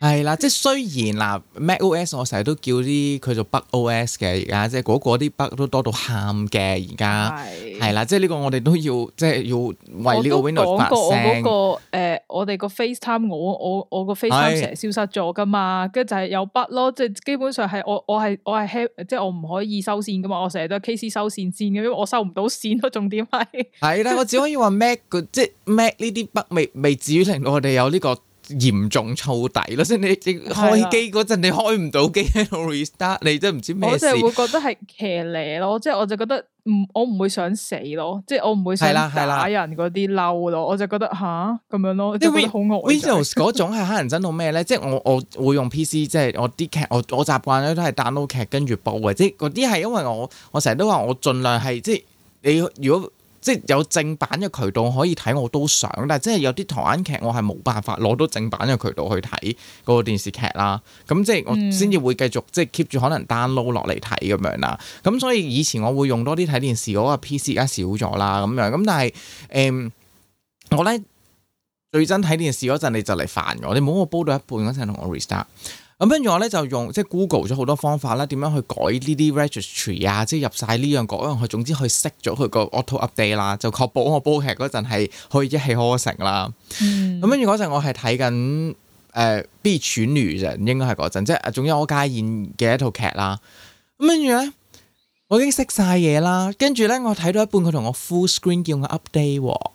係啦，即係雖然啦，MacOS 我成日都叫啲佢做 BugOS 嘅而家，即係嗰個啲 bug 都多到喊嘅而家，係啦，即係呢個我哋都要即係要為呢個。我都講過我嗰個誒，我哋個 FaceTime 我我我個 FaceTime 成。消失咗噶嘛，跟住就係有筆咯，即係基本上係我我係我係即係我唔可以收線噶嘛，我成日都係 K C 收線先嘅，因為我收唔到線咯，重點係。係啦，我只可以話 Mac 個， 即係 Mac 呢啲筆未未至於令到我哋有呢、這個嚴重燥底的 咯，即係你你開機嗰陣你開唔到機，restart 你都唔知咩事。我就會覺得係騎呢咯，即係我就覺得唔，我唔會想死咯，即係我唔會想打人嗰啲嬲咯，我就覺得吓，咁樣咯，即係好惡。Windows 嗰種係乞人憎到咩咧？即係我我會用 PC，即係我啲劇，我我習慣咧都係 download 劇跟住播嘅，即係嗰啲係因為我我成日都話我盡量係即係你如果。如果即係有正版嘅渠道可以睇，我都想。但係即係有啲台灣劇，我係冇辦法攞到正版嘅渠道去睇嗰個電視劇啦。咁即係我先至會繼續、嗯、即係 keep 住可能 download 落嚟睇咁樣啦。咁所以以前我會用多啲睇電視嗰個 PC，而家少咗啦咁樣。咁但係誒、嗯，我咧最憎睇電視嗰陣，你就嚟煩我。你冇我煲到一半嗰陣同我 restart。咁跟住我咧就用即係、就是、Google 咗好多方法啦，點樣去改呢啲 registry 啊，即係入晒呢樣嗰樣去，總之去熄咗佢個 Auto update 啦，就確保我煲劇嗰陣係可以一氣呵成啦。咁跟住嗰陣我係睇緊誒《B、呃、犬如人》，應該係嗰陣，即係啊，總之我家演嘅一套劇啦。咁跟住咧，我已經熄晒嘢啦。跟住咧，我睇到一半，佢同我 full screen 叫我 update 喎、哦。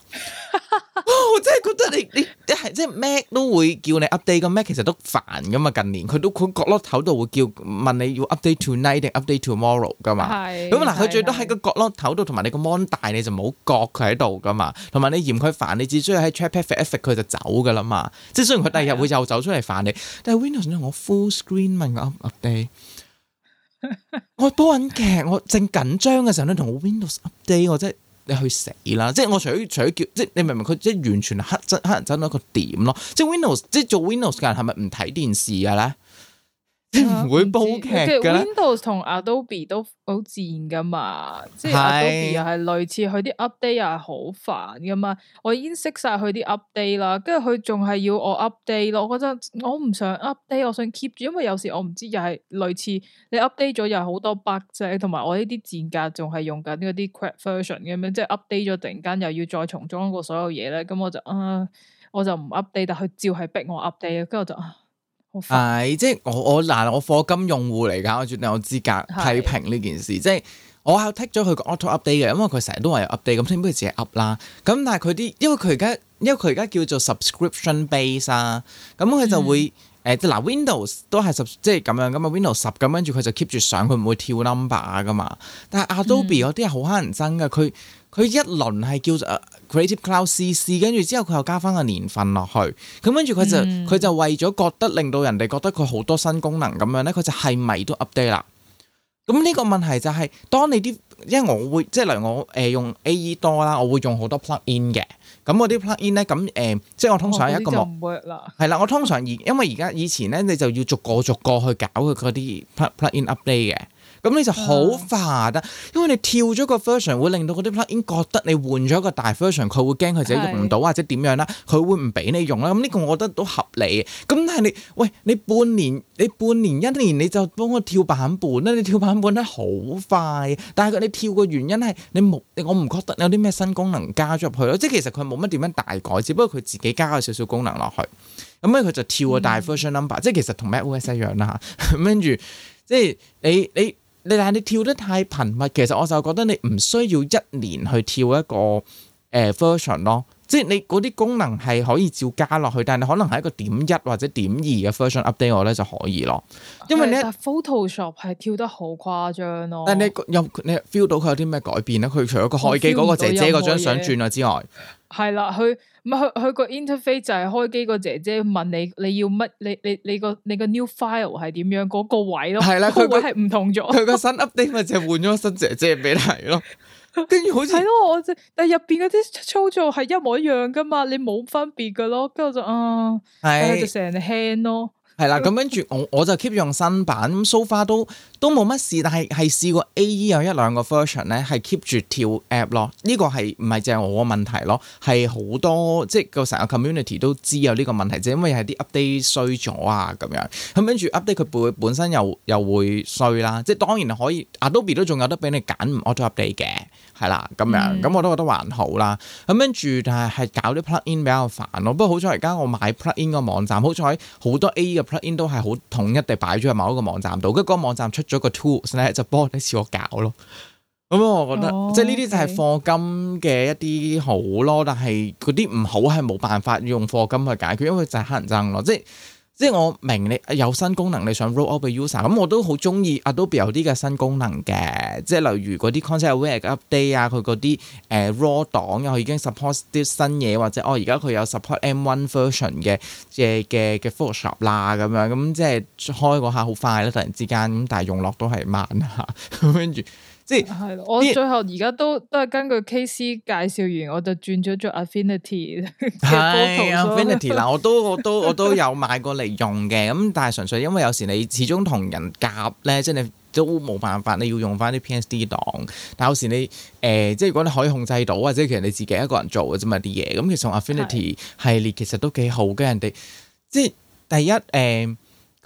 我真係覺得你你即係 Mac 都會叫你 update Mac 其實都煩噶嘛。近年佢都佢角落頭度會叫問你要 update tonight 定 update tomorrow 噶嘛。咁嗱，佢最多喺個角落頭度，同埋你個 mon 大你就冇覺佢喺度噶嘛。同埋你嫌佢煩，你只需要喺 trap effect 佢就走噶啦嘛。即係雖然佢第二日會又走出嚟煩你，但係 Windows 我 full screen 問 update，我播緊劇，我正緊張嘅時候咧，同我 Windows update，我真係。你去死啦！即係我除咗除咗叫，即係你明唔明？佢即係完全黑黑人憎到一個點咯！即係 Windows，即係做 Windows 嘅人係咪唔睇電視㗎咧？唔會煲劇、啊、Windows 同 Adobe 都好賤噶嘛，是即係 Adobe 又係類似佢啲 update 又係好煩噶嘛。我已經熄晒佢啲 update 啦，跟住佢仲係要我 update 咯。我覺得我唔想 update，我想 keep 住，因為有時我唔知又係類似你 update 咗又係好多 bug 同埋我呢啲字格仲係用緊嗰啲舊 version 咁樣，即係 update 咗突然間又要再重裝過所有嘢咧。咁我就啊、呃，我就唔 update，但佢照係逼我 update，跟住我就。呃係，uh, 即係我我嗱我課金用戶嚟噶，我絕對有資格批評呢件事。是的 即係我係剔咗佢個 auto update 嘅，因為佢成日都話有 update，咁所以不如自己 up 啦。咁但係佢啲，因為佢而家因為佢而家叫做 subscription base 啊，咁佢就會誒，即嗱、嗯 uh, Windows 都係十，即係咁樣咁啊 Windows 十咁，跟住佢就 keep 住上，佢唔會跳 number 啊噶嘛。但係 Adobe 嗰啲係好乞人憎噶，佢佢一輪係叫做。Creative Cloud CC，跟住之後佢又加翻個年份落去，咁跟住佢就佢、嗯、就為咗覺得令到人哋覺得佢好多新功能咁樣咧，佢就係咪都 update 啦？咁呢個問題就係、是，當你啲因為我會即係例如我誒用 AE 多啦，我會用好多 plug in 嘅 pl，咁我啲 plug in 咧咁誒，即係我通常一個 mode 係啦，我通常而因為而家以前咧，你就要逐個逐個去搞佢嗰啲 plug plug in update 嘅。咁你就好煩得，因為你跳咗個 version 會令到嗰啲 plugin 覺得你換咗一個大 version，佢會驚佢自己用唔到或者點樣啦，佢會唔俾你用啦。咁呢個我覺得都合理。咁但係你，喂，你半年、你半年、一年你就幫我跳版本咧？你跳版本咧好快。但係你跳嘅原因係你我唔覺得有啲咩新功能加咗入去咯。即係其實佢冇乜點樣大改，只不過佢自己加咗少少功能落去。咁佢就跳個大 version number、嗯、即係其實同 MacOS 一樣啦。咁跟住，即係你你。你你但係你跳得太頻密，其實我就覺得你唔需要一年去跳一個誒、呃、version 咯，即係你嗰啲功能係可以照加落去，但係你可能係一個點一或者點二嘅 version update 我咧就可以咯，因為你 Photoshop 係跳得好誇張咯。但係你，你有你 feel 到佢有啲咩改變咧？佢除咗個開機嗰個姐姐嗰張相轉啊之外。係啦，佢唔係佢佢個 interface 就係開機個姐姐問你你要乜，你你你個你個 new file 係點樣嗰、嗰個位咯，係啦的，佢個位係唔同咗，佢個新 update 咪就係換咗新姐姐俾你咯，跟住 好似係咯，我就但入邊嗰啲操作係一模一樣噶嘛，你冇分別噶咯，跟住就啊，嗯、的就成日 hand 咯。係啦，咁跟住我我就 keep 用新版，咁 so far 都都冇乜事，但係係試過 A.E 有一兩個 version 咧，係 keep 住跳 app 咯。呢個係唔係淨係我嘅問題咯？係好多即係個成個 community 都知有呢個問題就因為係啲 update 衰咗啊咁樣。咁跟住 update 佢本身又又會衰啦。即係當然可以，Adobe 都仲有得俾你揀唔 auto update 嘅，係啦咁樣。咁我都覺得還好啦。咁跟住但係係搞啲 plug-in 比較煩咯。不過好彩而家我買 plug-in 個網站，好彩好多 A.E Plug-in 都係好統一地擺咗喺某一個網站度，跟住個網站出咗個 tools 咧，就幫你試我搞咯。咁我覺得、oh, okay. 即係呢啲就係課金嘅一啲好咯，但係嗰啲唔好係冇辦法用課金去解決，因為就係黑人憎咯，即係。即係我明你有新功能你想 roll over user，咁我都好中意 Adobe 有啲嘅新功能嘅，即係例如嗰啲 concept work update 啊，佢嗰啲誒 raw 檔佢已經 support 啲新嘢，或者哦而家佢有 support M1 version 嘅嘅嘅嘅 Photoshop 啦咁樣，咁即係開嗰下好快啦，突然之間，咁但係用落都係慢下，跟住。即係我最後而家都都係根據 KC 介紹完，我就轉咗做 Affinity。是 Affinity 嗱，我都我都我都有買過嚟用嘅。咁但係純粹因為有時你始終同人夾咧，即係你都冇辦法，你要用翻啲 PSD 檔。但有時你誒、呃，即係如果你可以控制到，或者其實你自己一個人做嘅啫嘛啲嘢。咁其實 Affinity 系列其實都幾好嘅。是人哋即係第一，誒、呃，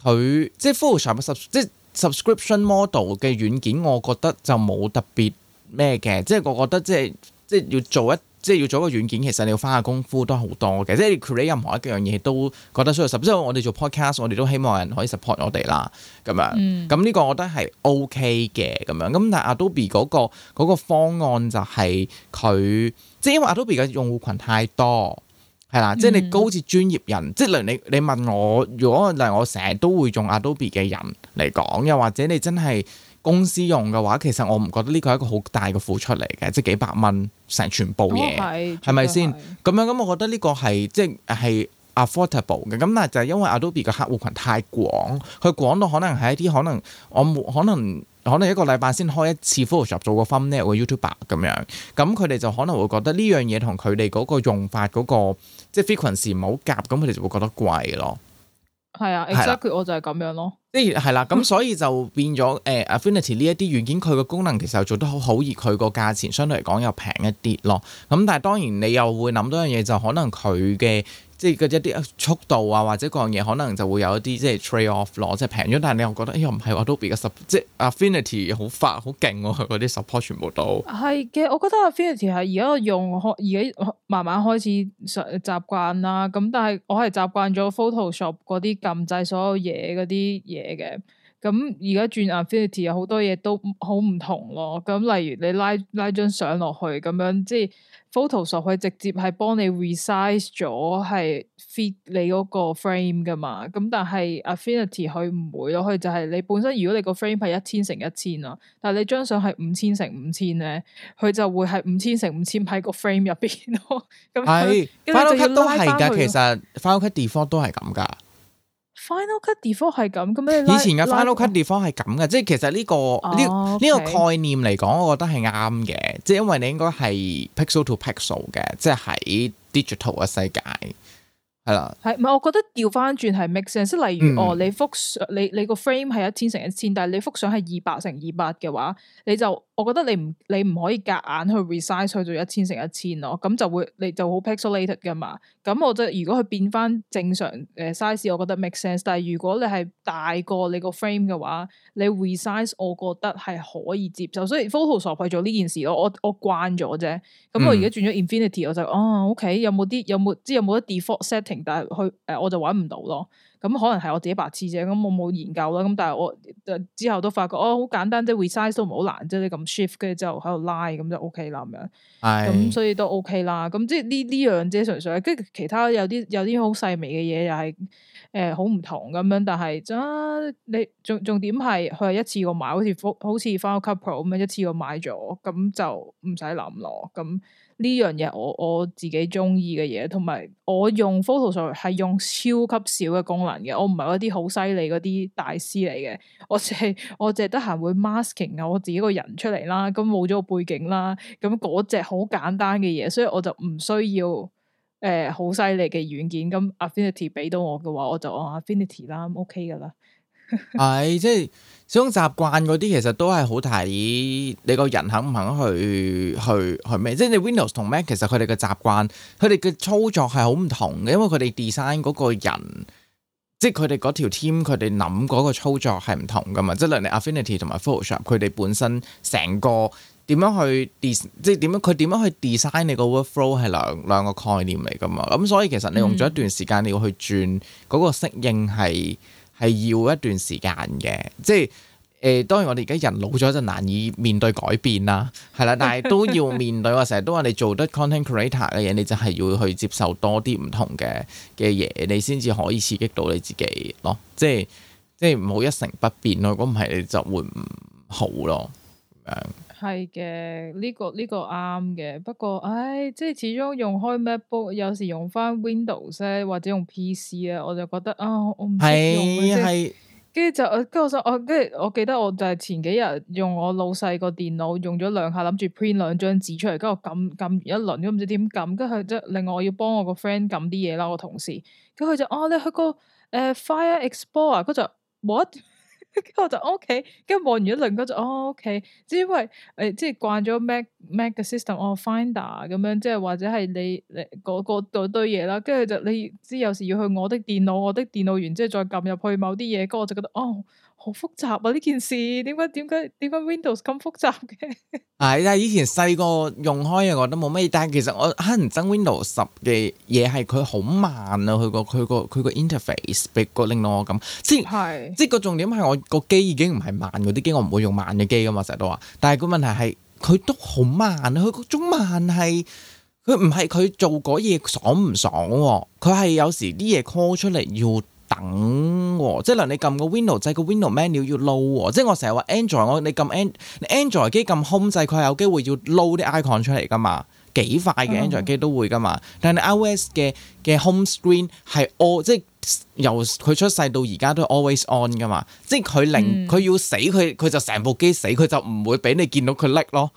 佢即係 Photoshop 十即 subscription model 嘅軟件，我覺得就冇特別咩嘅，即係我覺得即係即係要做一即係要做一個軟件，其實你要花下功夫都好多嘅。即係你 create 任何一樣嘢都覺得需要十足。即係我哋做 podcast，我哋都希望人可以 support 我哋啦，咁樣，咁呢個我覺得係 OK 嘅，咁樣，咁、mm. 但係 Adobe 嗰個嗰個方案就係佢，即係因為 Adobe 嘅用戶群太多。係啦，即係你好似專業人，即係例如你你問我，如果例如我成日都會用 Adobe 嘅人嚟講，又或者你真係公司用嘅話，其實我唔覺得呢個係一個好大嘅付出嚟嘅，即係幾百蚊成全，全部嘢，係咪先？咁樣咁，我覺得呢個係即係。affordable 嘅咁，但係就係因為 Adobe 嘅客戶群太廣，佢廣到可能係一啲可能我可能可能一個禮拜先開一次 Photoshop 做個分咧，我 YouTuber 咁樣咁，佢哋就可能會覺得呢樣嘢同佢哋嗰個用法嗰、那個即係 frequency 唔好夾，咁佢哋就會覺得貴咯。係啊，exactly 我就係咁樣咯，即係係啦，咁、啊、所以就變咗誒、呃、Affinity 呢一啲軟件，佢個功能其實做得好好，而佢個價錢相對嚟講又平一啲咯。咁但係當然你又會諗到樣嘢，就是、可能佢嘅。即係嗰一啲速度啊，或者各樣嘢，可能就會有一啲即係 trade off 咯，即係平咗，但係你又覺得，哎誒唔係我都比較即係 Affinity 好快好勁喎，嗰啲、啊、support 全部都係嘅。我覺得 Affinity 係而家用開，而家慢慢開始習慣啦。咁但係我係習慣咗 Photoshop 嗰啲撳掣所有嘢嗰啲嘢嘅。咁而家轉 Affinity 好多嘢都好唔同咯。咁例如你拉拉張相落去咁樣，即係。Photoshop 佢直接係幫你 resize 咗，係 fit 你嗰個 frame 噶嘛。咁但係 Affinity 佢唔會咯，佢就係你本身如果你個 frame 係一千乘一千啊，但、 嗯、是你張相係五千乘五千咧，佢就會係五千乘五千喺個 frame 入邊咯。係 Photoshop 都係㗎，其實返屋企地方都係咁噶。Final cut default 係咁，咁咩？以前嘅 Final cut default 係咁嘅，嗯、即係其實呢、呢個呢呢個概念嚟講，我覺得係啱嘅，即係因為你應該係 pixel to pixel 嘅，即係喺 digital 嘅世界，係啦。係，唔係我覺得調翻轉係 make sense 即係例如、嗯、哦，你幅你你個 frame 係一千乘一千，但係你幅相係二百乘二百嘅話，你就。我覺得你唔你唔可以夾硬，硬去 resize 去做一千乘一千咯，咁就會你就好 pixelated 㗎嘛。咁我覺得如果佢變翻正常誒 size，我覺得 make sense。但係如果你係大過你個 frame 嘅話，你 resize 我覺得係可以接受。所以 Photoshop 去做呢件事，我我慣我慣咗啫。咁我而家轉咗 Infinity，我就哦 OK，有冇啲有冇即係有冇啲 default setting？但係去誒、呃、我就揾唔到咯。咁可能係我自己白痴啫，咁我冇研究啦。咁但係我之後都發覺，哦，好簡單啫，resize 都唔好難啫，你咁 shift 跟住之後喺度拉咁就 OK 啦咁樣。咁係所以都 OK 啦。咁即係呢呢樣啫，純粹跟住其他有啲有啲好細微嘅嘢又係誒好唔同咁樣。但係啊，你重重點係佢係一次過買，好似復好似 Final Cut Pro 咁樣一次過買咗，咁就唔使諗咯。咁。呢樣嘢我我自己中意嘅嘢，同埋我用 Photoshop 係用超級少嘅功能嘅，我唔係嗰啲好犀利嗰啲大師嚟嘅，我淨係我淨係得閒會 masking 啊，我自己個人出嚟啦，咁冇咗個背景啦，咁嗰隻好簡單嘅嘢，所以我就唔需要誒好犀利嘅軟件，咁 Affinity 俾到我嘅話，我就用 Affinity 啦，OK 噶啦。係、 哎，即係，始終習慣嗰啲其實都係好睇你個人肯唔肯去去去咩？即係你 Windows 同 Mac 其實佢哋嘅習慣，佢哋嘅操作係好唔同嘅，因為佢哋 design 嗰個人，即係佢哋嗰條 team，佢哋諗嗰個操作係唔同噶嘛。即係兩，你 Affinity 同埋 Photoshop，佢哋本身成個點樣去 des，即係點樣佢點樣去 design 你個 workflow 係兩兩個概念嚟噶嘛。咁所以其實你用咗一段時間你要去轉嗰個適應係。嗯係要一段時間嘅，即係誒、呃，當然我哋而家人老咗就難以面對改變啦，係啦，但係都要面對喎。成日都話你做得 content creator 嘅嘢，你就係要去接受多啲唔同嘅嘅嘢，你先至可以刺激到你自己咯。即係即係唔好一成不變咯。如果唔係，你就會唔好咯。咁樣。係嘅，呢個呢個啱嘅。不過，唉，即係始終用開 MacBook，有時用翻 Windows 咧，或者用 PC 啊，我就覺得啊，我唔識用嘅。係係，跟住就，跟住我想，跟住、啊、跟住我記得，我就係前幾日用我老細個電腦用咗兩下，諗住 print 兩張紙出嚟，跟住我撳撳一輪，都唔知點撳。跟住佢就另外我要幫我個 friend 撳啲嘢啦，我同事。跟住佢就啊，你去個誒、呃、Fire Explorer，佢就冇。what？跟住我就 OK，跟住望完一輪嗰就哦 OK，因為誒、呃、即係慣咗 Mac Mac 嘅 system，哦 Finder 咁樣，即係或者係你你嗰個嗰堆嘢啦，跟住就你知有時要去我的電腦，我的電腦完之後再撳入去某啲嘢，跟住我就覺得哦。好複雜啊！呢件事點解點解點解 Windows 咁複雜嘅？係但係以前細個用開啊，我都冇乜。但係其實我黑人憎 Windows 十嘅嘢係佢好慢啊！佢個佢個佢個 interface 俾個令到我咁是即係即係個重點係我個機已經唔係慢嗰啲機，我唔會用慢嘅機噶嘛，成日都話。但係個問題係佢都好慢啊，種慢爽爽啊。佢種慢係佢唔係佢做嗰嘢爽唔爽？佢係有時啲嘢 call 出嚟要。等喎、喔，即係例你撳個 window 掣，個 window menu 要 load 喎、喔，即係我成日話 android，我你撳 An, android 機撳 home 掣，佢係有機會要 load 啲 icon 出嚟噶嘛，幾快嘅 android 機都會噶嘛。嗯、但係 iOS 嘅嘅 home screen 係，a 即係由佢出世到而家都係 always on 噶嘛，即係佢令佢要死佢，佢就成部機死，佢就唔會俾你見到佢甩、like、咯。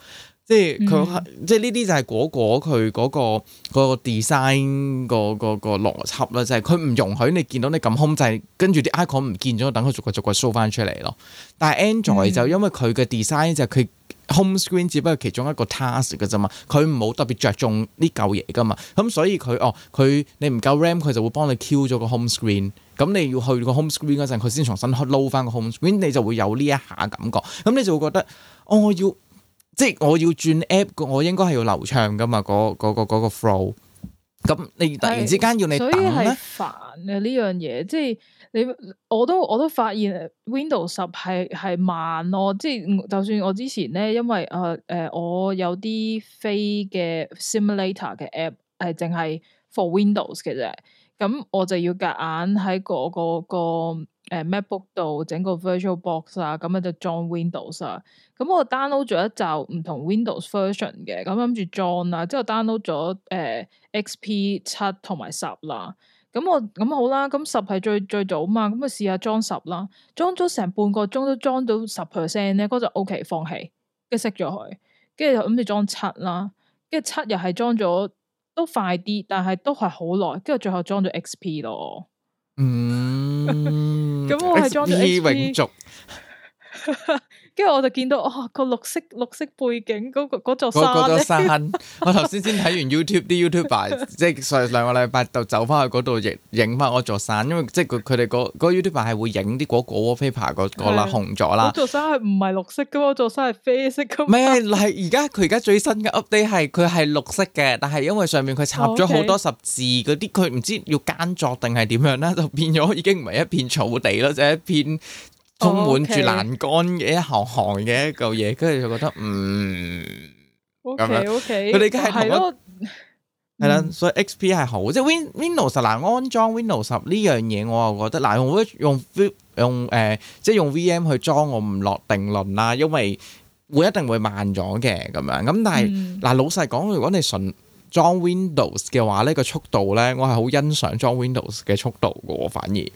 即係佢、嗯、即係呢啲就係嗰、嗰個佢嗰、嗰個嗰、嗰個 design、嗰個個個邏輯啦，就係佢唔容許你見到你撳 home 制，跟住啲 icon 唔見咗，等佢逐個逐個 show 翻出嚟咯。但係 Android、嗯、就因為佢嘅 design 就係佢 home screen 只不過其中一個 task 噶啫嘛，佢唔好特別着重呢舊嘢噶嘛，咁所以佢哦，佢你唔夠 RAM 佢就會幫你 kill 咗個 home screen，咁你要去個 home screen 嗰陣，佢先重新 load 翻個 home screen，你就會有呢一下感覺，咁你就會覺得、哦、我要。即係我要轉 app，我應該係要流暢噶嘛？嗰、嗰、嗰個、嗰個 flow，咁你突然之間要你等咧，所以煩啊！呢樣嘢，即係你我都我都發現 Windows 10係係慢咯。即係就算我之前咧，因為誒誒、呃，我有啲飛嘅 simulator 嘅 app 係淨係 for Windows 嘅啫，咁我就要夾硬喺嗰個個。誒、呃、MacBook 度整個 VirtualBox 啊，咁咪就裝 Windows 啊。咁、嗯、我 download 咗一集唔同 Windows version 嘅，咁諗住裝啦。之後 download 咗誒 XP 七同埋十啦。咁、啊、我咁、啊、好啦，咁十係最最早啊嘛。咁咪試下裝十啦。裝咗成半個鐘都裝到十 percent 咧，嗰就 OK 放棄，跟住熄咗佢。跟住諗住裝七啦，跟住七又係裝咗都快啲，但係都係好耐。跟住最後裝咗 XP 咯。嗯，咁我係裝住永續。跟住我就見到，哇、哦！個綠色綠色背景嗰座山座山， 我頭先先睇完 YouTube 啲 YouTuber，即 係上兩個禮拜就走翻去嗰度影影翻座山，因為即係佢佢哋嗰、那、嗰、個、YouTuber 係會影啲果果窩飛爬嗰嗰粒紅咗啦。嗰座山係唔係綠色噶？嗰座山係啡色噶。唔係，嗱係而家佢而家最新嘅 update 係佢係綠色嘅，但係因為上面佢插咗好多十字嗰啲，佢唔、oh, okay. 知要耕作定係點樣咧，就變咗已經唔係一片草地啦，就係一片。充滿住欄杆嘅一行行嘅一嚿嘢，跟住就覺得嗯，咁樣佢哋而家係同，係啦，所以 X P 係好，即係 Windows 嗱，安裝 Windows 十呢樣嘢，我又覺得嗱，用用用誒，即係用 V M 去裝我唔落定論啦，因為會一定會慢咗嘅咁樣，咁但係嗱老實講，如果你純裝 Windows 嘅話咧，個速度咧，我係好欣賞裝 Windows 嘅速度噶，反而。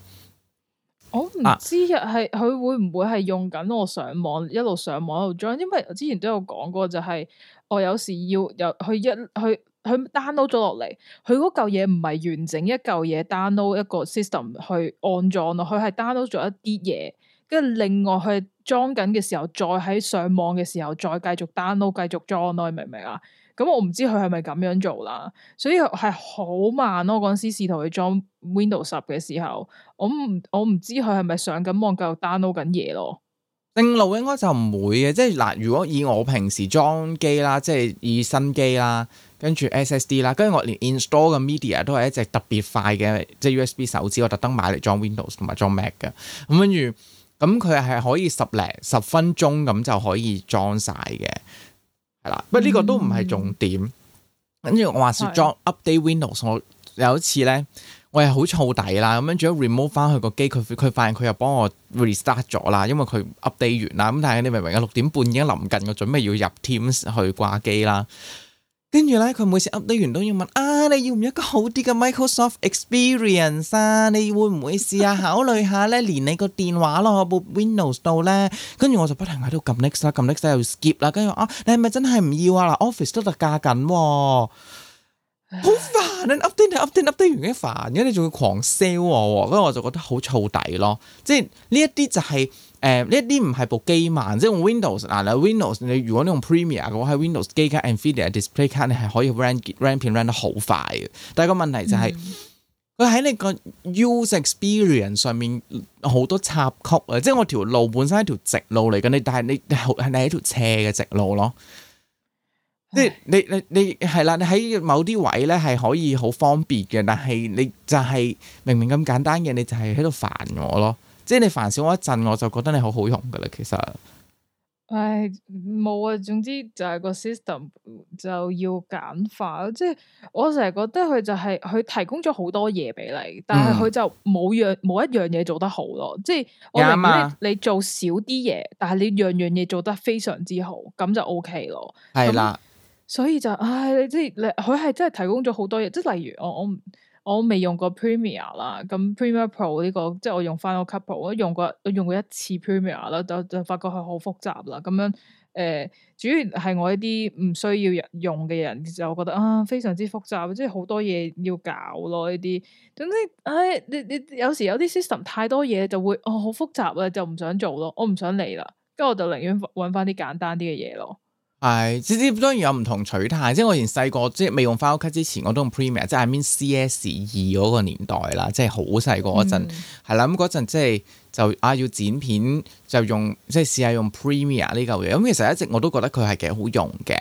我唔知係佢會唔會係用緊我上網，一路上網一度裝，因為我之前都有講過就係、是，我有時要入佢一佢佢 download 咗落嚟，佢嗰嚿嘢唔係完整一嚿嘢 download 一個 system 去安裝咯，佢係 download 咗一啲嘢，跟住另外去裝緊嘅時候，再喺上網嘅時候再繼續 download 繼續裝咯，明唔明啊？咁我唔知佢係咪咁樣做啦，所以係好慢咯。嗰時試圖去裝 Windows 十嘅時候，我唔我唔知佢係咪上緊網，繼續 download 緊嘢咯。正路應該就唔會嘅。即係嗱，如果以我平時裝機啦，即係以新機啦，跟住 SSD 啦，跟住我連 install 嘅 media 都係一隻特別快嘅，即係 USB 手指，我特登買嚟裝 Windows 同埋裝 Mac 嘅。咁跟住，咁佢係可以十零十分鐘咁就可以裝曬嘅。係啦，不過呢個都唔係重點。跟住、嗯、我話說裝是 update Windows，我有一次咧，我係好燥底啦，咁樣仲要 remove 翻佢個機，佢佢發現佢又幫我 restart 咗啦，因為佢 update 完啦。咁但係你明唔明啊？六點半已經臨近，我準備要入 Teams 去掛機啦。跟住咧，佢每次 update 完都要問啊，你要唔要一個好啲嘅 Microsoft Experience 啊？你會唔會試下考慮下咧，連你個電話咯部 Windows 都咧。跟住我就不停喺度撳 Next 啦、啊，撳 Next 又 skip 啦。跟住啊，你係咪真係唔要啊？Office 都仲加緊喎，好煩啊！update 啊 update update 完嘅煩嘅，你仲要狂 sell 我，跟住我就覺得好燥底咯。即係呢一啲就係、是。誒，呢啲唔係部機慢，即係用 Windows、啊、Windows 嗱，你 Windows 你如果你用 Premiere 嘅話喺 Windows 機卡 Nvidia Display 卡，你係可以 run run 片 run 得好快嘅。但係個問題就係、是，佢喺、嗯、你個 Use Experience 上面好多插曲啊，即係我條路本身係條直路嚟嘅，但是你但係你你係你喺條斜嘅直路咯，嗯、即係你你你係啦，你喺某啲位咧係可以好方便嘅，但係你就係、是、明明咁簡單嘅，你就係喺度煩我咯。即係你煩少我一陣，我就覺得你好好用㗎喇。其實，唉、哎，冇啊，總之就係個 system 就要簡化。即係我成日覺得佢就係、是、佢提供咗好多嘢俾你，但係佢就冇樣冇一樣嘢做得好咯。即係我寧願你，吧你做少啲嘢，但係你樣樣嘢做得非常之好，咁就 OK 咯。係啦的，所以就唉、哎，你即係佢係真係提供咗好多嘢，即係例如我我。我未用過 Premier 啦、這個，咁 Premier Pro 呢個即係我用翻個 Final Cut Pro，我用過用過一次 Premier 啦，就就發覺佢好複雜啦。咁樣誒、呃，主要係我一啲唔需要用人用嘅人就覺得啊非常之複雜，即係好多嘢要搞咯呢啲。總之唉、哎，你你有時有啲 system 太多嘢就會哦好複雜啊，就唔想做咯，我唔想嚟啦，跟住我就寧願揾翻啲簡單啲嘅嘢咯。係，直接當然有唔同取態。即係我以前細個，即係未用 Final Cut 之前，我都用 Premiere 即係 I mean CS 二嗰個年代啦，即係好細個嗰陣，係啦、嗯。咁嗰陣即係就啊，要剪片就用，即係試下用 Premiere 呢嚿嘢。咁其實一直我都覺得佢係幾好用嘅，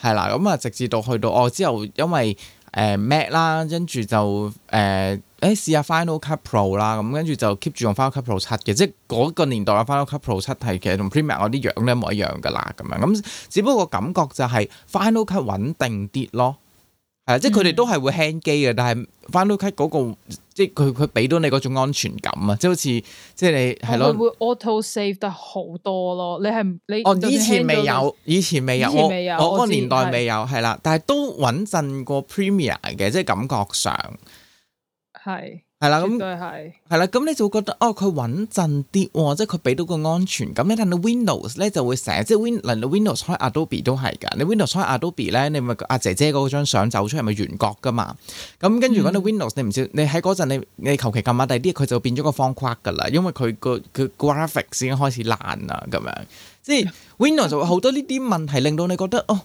係啦。咁啊，直至到去到我、哦、之後，因為。誒、呃、Mac 啦，跟住就誒，誒試下 Final Cut Pro 啦，咁跟住就 keep 住用 Final Cut Pro 七嘅，即係嗰個年代嘅 Final Cut Pro 七係其實同 Premiere 嗰啲樣一模一樣噶啦，咁樣咁，只不過感覺就係 Final Cut 穩定啲咯，係、呃、啊，即係佢哋都係會輕機嘅，但係 Final Cut 嗰、嗰個。即係佢佢俾到你嗰種安全感啊，即係好似即係你係咯，佢、哦、的會 auto save 得好多咯。你係你以前未有，以前未有，有有我我，我，我，我個年代未有，係啦的，但係都穩陣過 Premier 嘅，即係感覺上係。係啦，咁絕對係。係、嗯、啦，咁你就會覺得哦，佢穩陣啲，即係佢俾到個安全感。咧，但係你 Windows 咧就會成日，即係 Win，令到 Windows 開 Adobe 都係噶。你 Windows 開 Adobe 咧，你咪阿姐姐嗰張相走出係咪圓角噶嘛？咁跟住如果你 Windows、嗯、你唔知，你喺嗰陣你你求其撳下，第係呢佢就變咗個方框噶啦，因為佢個個 graphics 先開始爛啊，咁樣。即係、嗯、Windows 就會好多呢啲問題，令到你覺得哦，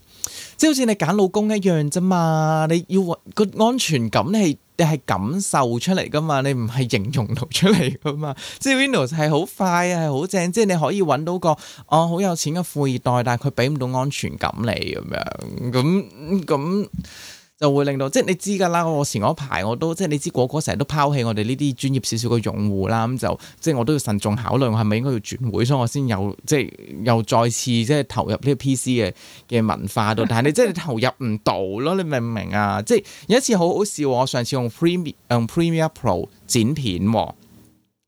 即係好似你揀老公一樣啫嘛。你要個安全感係。你係感受出嚟㗎嘛？你唔係形容到出嚟㗎嘛？即係 Windows 係好快呀，係好正。即係你可以搵到個哦，好有錢嘅富二代，但係佢俾唔到安全感你咁樣咁咁。就會令到即係你知㗎啦，我前嗰排我都即係你知果果成日都拋棄我哋呢啲專業少少嘅用戶啦，咁就即係我都要慎重考慮，我係咪應該要轉會，所以我先又即係又再次即係投入呢個 PC 嘅嘅文化度，但係你即係投入唔到咯，你明唔明啊？即係有一次好好笑，我上次用 Premier Premier Pro 剪片喎，咁、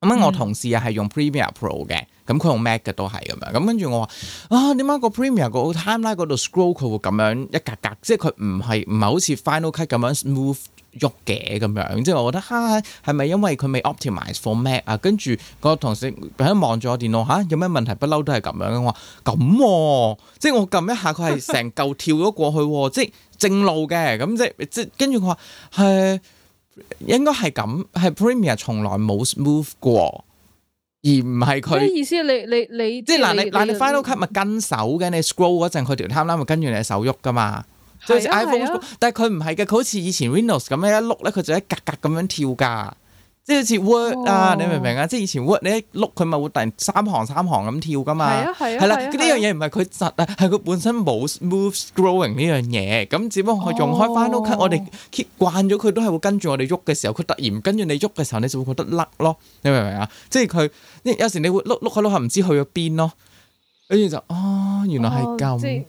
嗯、我同事又係用 Premier Pro 嘅。咁佢用 Mac 嘅都係咁樣，咁跟住我話啊，點解個 Premiere 個 Timeline 嗰度 scroll 佢會咁樣一格格，即係佢唔係唔係好似 Final Cut 咁樣 smooth 喐嘅咁樣？即係我覺得嚇係咪因為佢未 Optimize for Mac 啊？跟住個同事喺度望住我電腦吓、啊，有咩問題不嬲都係咁樣嘅嘛？咁、啊、即係我撳一下佢係成嚿跳咗過去， 即係正路嘅咁、嗯、即即跟住佢話係應該係咁，係 Premiere 從來冇 smooth 過。而唔係佢。咩意思你你你？即係嗱你嗱你 final cut 咪跟手嘅，你 scroll 嗰陣佢條 timeline，咪跟住你手喐噶嘛，即係 iPhone，但係佢唔係嘅，佢好似以前 Windows 咁樣一碌咧，佢就一格格咁樣跳㗎。即係似 Word 啊，你明唔明啊？即係以前 Word 你一碌佢咪會突然三行三行咁跳噶嘛？係 啊係啊係啦！呢、啊、樣嘢唔係佢窒，係佢 本身冇 smooth scrolling 呢樣嘢。咁只不過 card，我用開翻 Cut，我哋 keep 慣咗佢都係會跟住我哋喐嘅時候，佢突然跟住你喐嘅時候，你就會覺得甩咯。你明唔明啊？即係佢有時你會碌碌下碌下唔知去咗邊咯，跟住就啊、哦、原來係咁。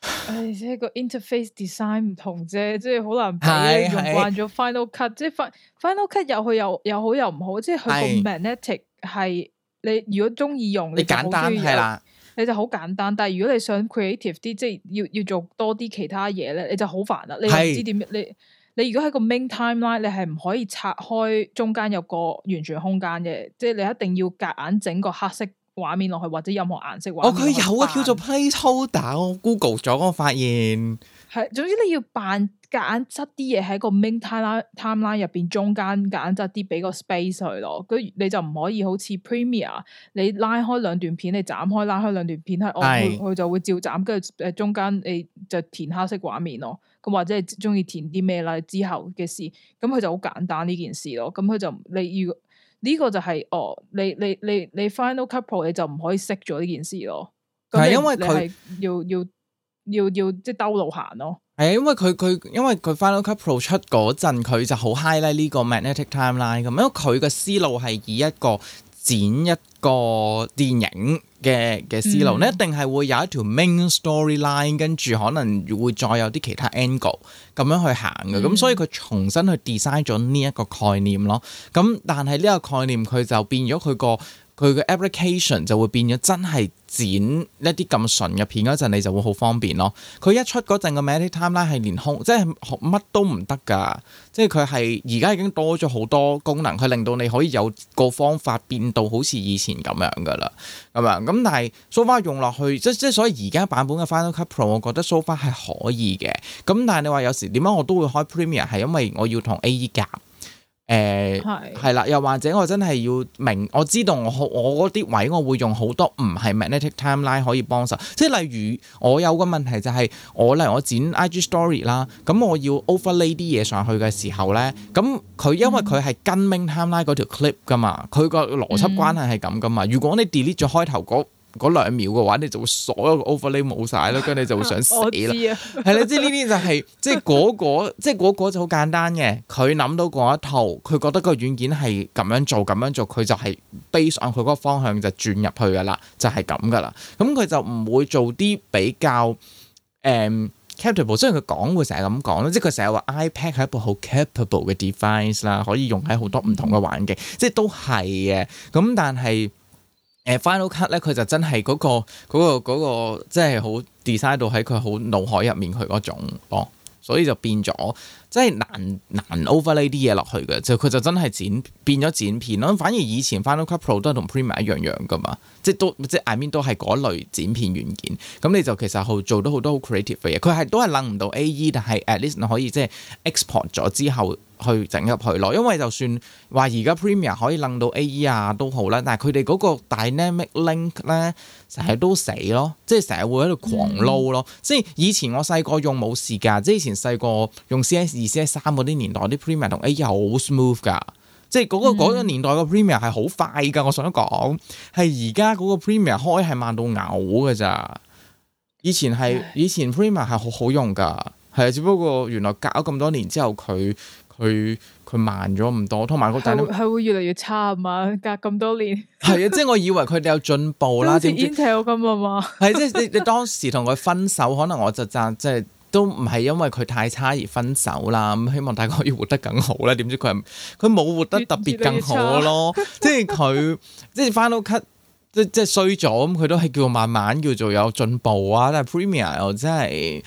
誒，即係個 interface design 唔同啫，即係好難比。是是用慣咗 Final Cut，即係 Final Cut 又去又又好又唔好，即係佢個 magnetic 係是 你如果中意用，你簡單係啦，就是啊、你就好簡單。但係如果你想 creative 啲，即係要要做多啲其他嘢咧，你就好煩啦。你唔知點，是 你你如果喺個 main timeline，你係唔可以拆開中間有個完全空間嘅，即係你一定要夾硬整個黑色。畫面落去，或者任何顏色畫哦，佢有啊，扮叫做 placeholder，我 Google 咗，我發現係。總之你要扮隔硬塞啲嘢喺個 main time timeline 入邊中間，隔硬塞啲俾個 space 佢咯。佢你就唔可以好似 Premiere 你拉開兩段片，你斬開拉開兩段片，佢我佢就會照斬。跟住誒中間你就填黑色畫面咯。咁或者係中意填啲咩啦？之後嘅事，咁佢就好簡單呢件事咯。咁佢就你如呢個就係、是、哦，你你你你 final couple 你，你就唔可以識咗呢件事咯。係因為佢要要要要即係兜路行咯。係啊，因為佢佢因為佢 final couple 出嗰陣，佢就好 high 咧呢個 magnetic timeline 咁，因為佢嘅思路係以一個。剪一個電影嘅嘅思路咧，嗯、一定係會有一條 main storyline，跟住可能會再有啲其他 angle 咁樣去行嘅。咁、嗯、所以佢重新去 design 咗呢一個概念咯。咁但係呢個概念佢就變咗佢個。佢嘅 application 就會變咗，真係剪一啲咁純嘅片嗰陣，你就會好方便咯。佢一出嗰陣嘅 media timeline 係連空，即係乜都唔得㗎。即係佢係而家已經多咗好多功能，佢令到你可以有個方法變到好似以前咁樣㗎啦。咁啊，咁但係 so far 用落去，即即係所以而家版本嘅 Final Cut Pro，我覺得 so far 係可以嘅。咁但係你話有時點解我都會開 Premiere，係因為我要同 AE 夾。誒係係啦，呃、的又或者我真係要明，我知道我我嗰啲位，我會用好多唔係 magnetic timeline 可以幫手。即係例如我有個問題就係、是，我例我剪 IG story 啦，咁我要 overlay 啲嘢上去嘅時候咧，咁佢因為佢係跟 main timeline 嗰條 clip 噶嘛，佢個邏輯關係係咁噶嘛。如果你 delete 咗開頭嗰，嗰兩秒嘅話，你就會所有嘅 overlay 冇晒咯，跟住你就會想死啦。係啦 道、啊，即係呢啲就係即係嗰個，即係嗰個就好簡單嘅。佢諗到嗰一套，佢覺得個軟件係咁樣做，咁樣做，佢就係 base 上佢嗰個方向就轉入去噶啦，就係咁噶啦。咁、嗯、佢就唔會做啲比較誒 capable。嗯、ca able，雖然佢講會成日咁講啦，即係佢成日話 iPad 係一部好 capable 嘅 device 啦，可以用喺好多唔同嘅環境，即係都係嘅。咁、嗯、但係。誒 Final Cut 咧，佢就真係嗰個嗰個嗰個，即係好 design 到喺佢好腦海入面佢嗰種，哦，所以就變咗，即係難難 overlay 啲嘢落去嘅，就佢就真係剪變咗剪片咯。反而以前 Final Cut Pro 都係同 Premier 一樣樣噶嘛，即係都即係 I mean, 都係嗰類剪片軟件。咁你就其實好做多好多好 creative 嘅嘢，佢係都係諗唔到 AE，但係 at least 可以即係 export 咗之後。去整入去咯，因為就算話而家 Premier 可以掟到 AE 啊都好啦，但係佢哋嗰個 Dynamic Link 咧成日都死咯，即係成日會喺度狂撈咯。嗯、即係以前我細個用冇事㗎，即係以前細個用 CS 二、CS 三嗰啲年代，啲 Premier 同 AE 好 smooth 㗎，即係嗰、嗰個嗰個年代個 Premier 係好快㗎。我想講係而家嗰個 Premier 開係慢到嘔㗎咋。以前係以前 Premier 係好好用㗎，係啊，只不過原來隔咗咁多年之後佢。佢佢慢咗唔多，同埋佢但係會越嚟越差啊嘛！隔咁多年，係 啊，即係我以為佢哋有進步啦， 即係 Intel 咁啊嘛，係即係你你當時同佢分手，可能我就就即係都唔係因為佢太差而分手啦。咁希望大家可以活得更好咧，點知佢佢冇活得特別更好咯， 即係佢即係 Final Cut，即即係衰咗咁，佢都係叫慢慢叫做有進步啊。但係 Premiere 又真係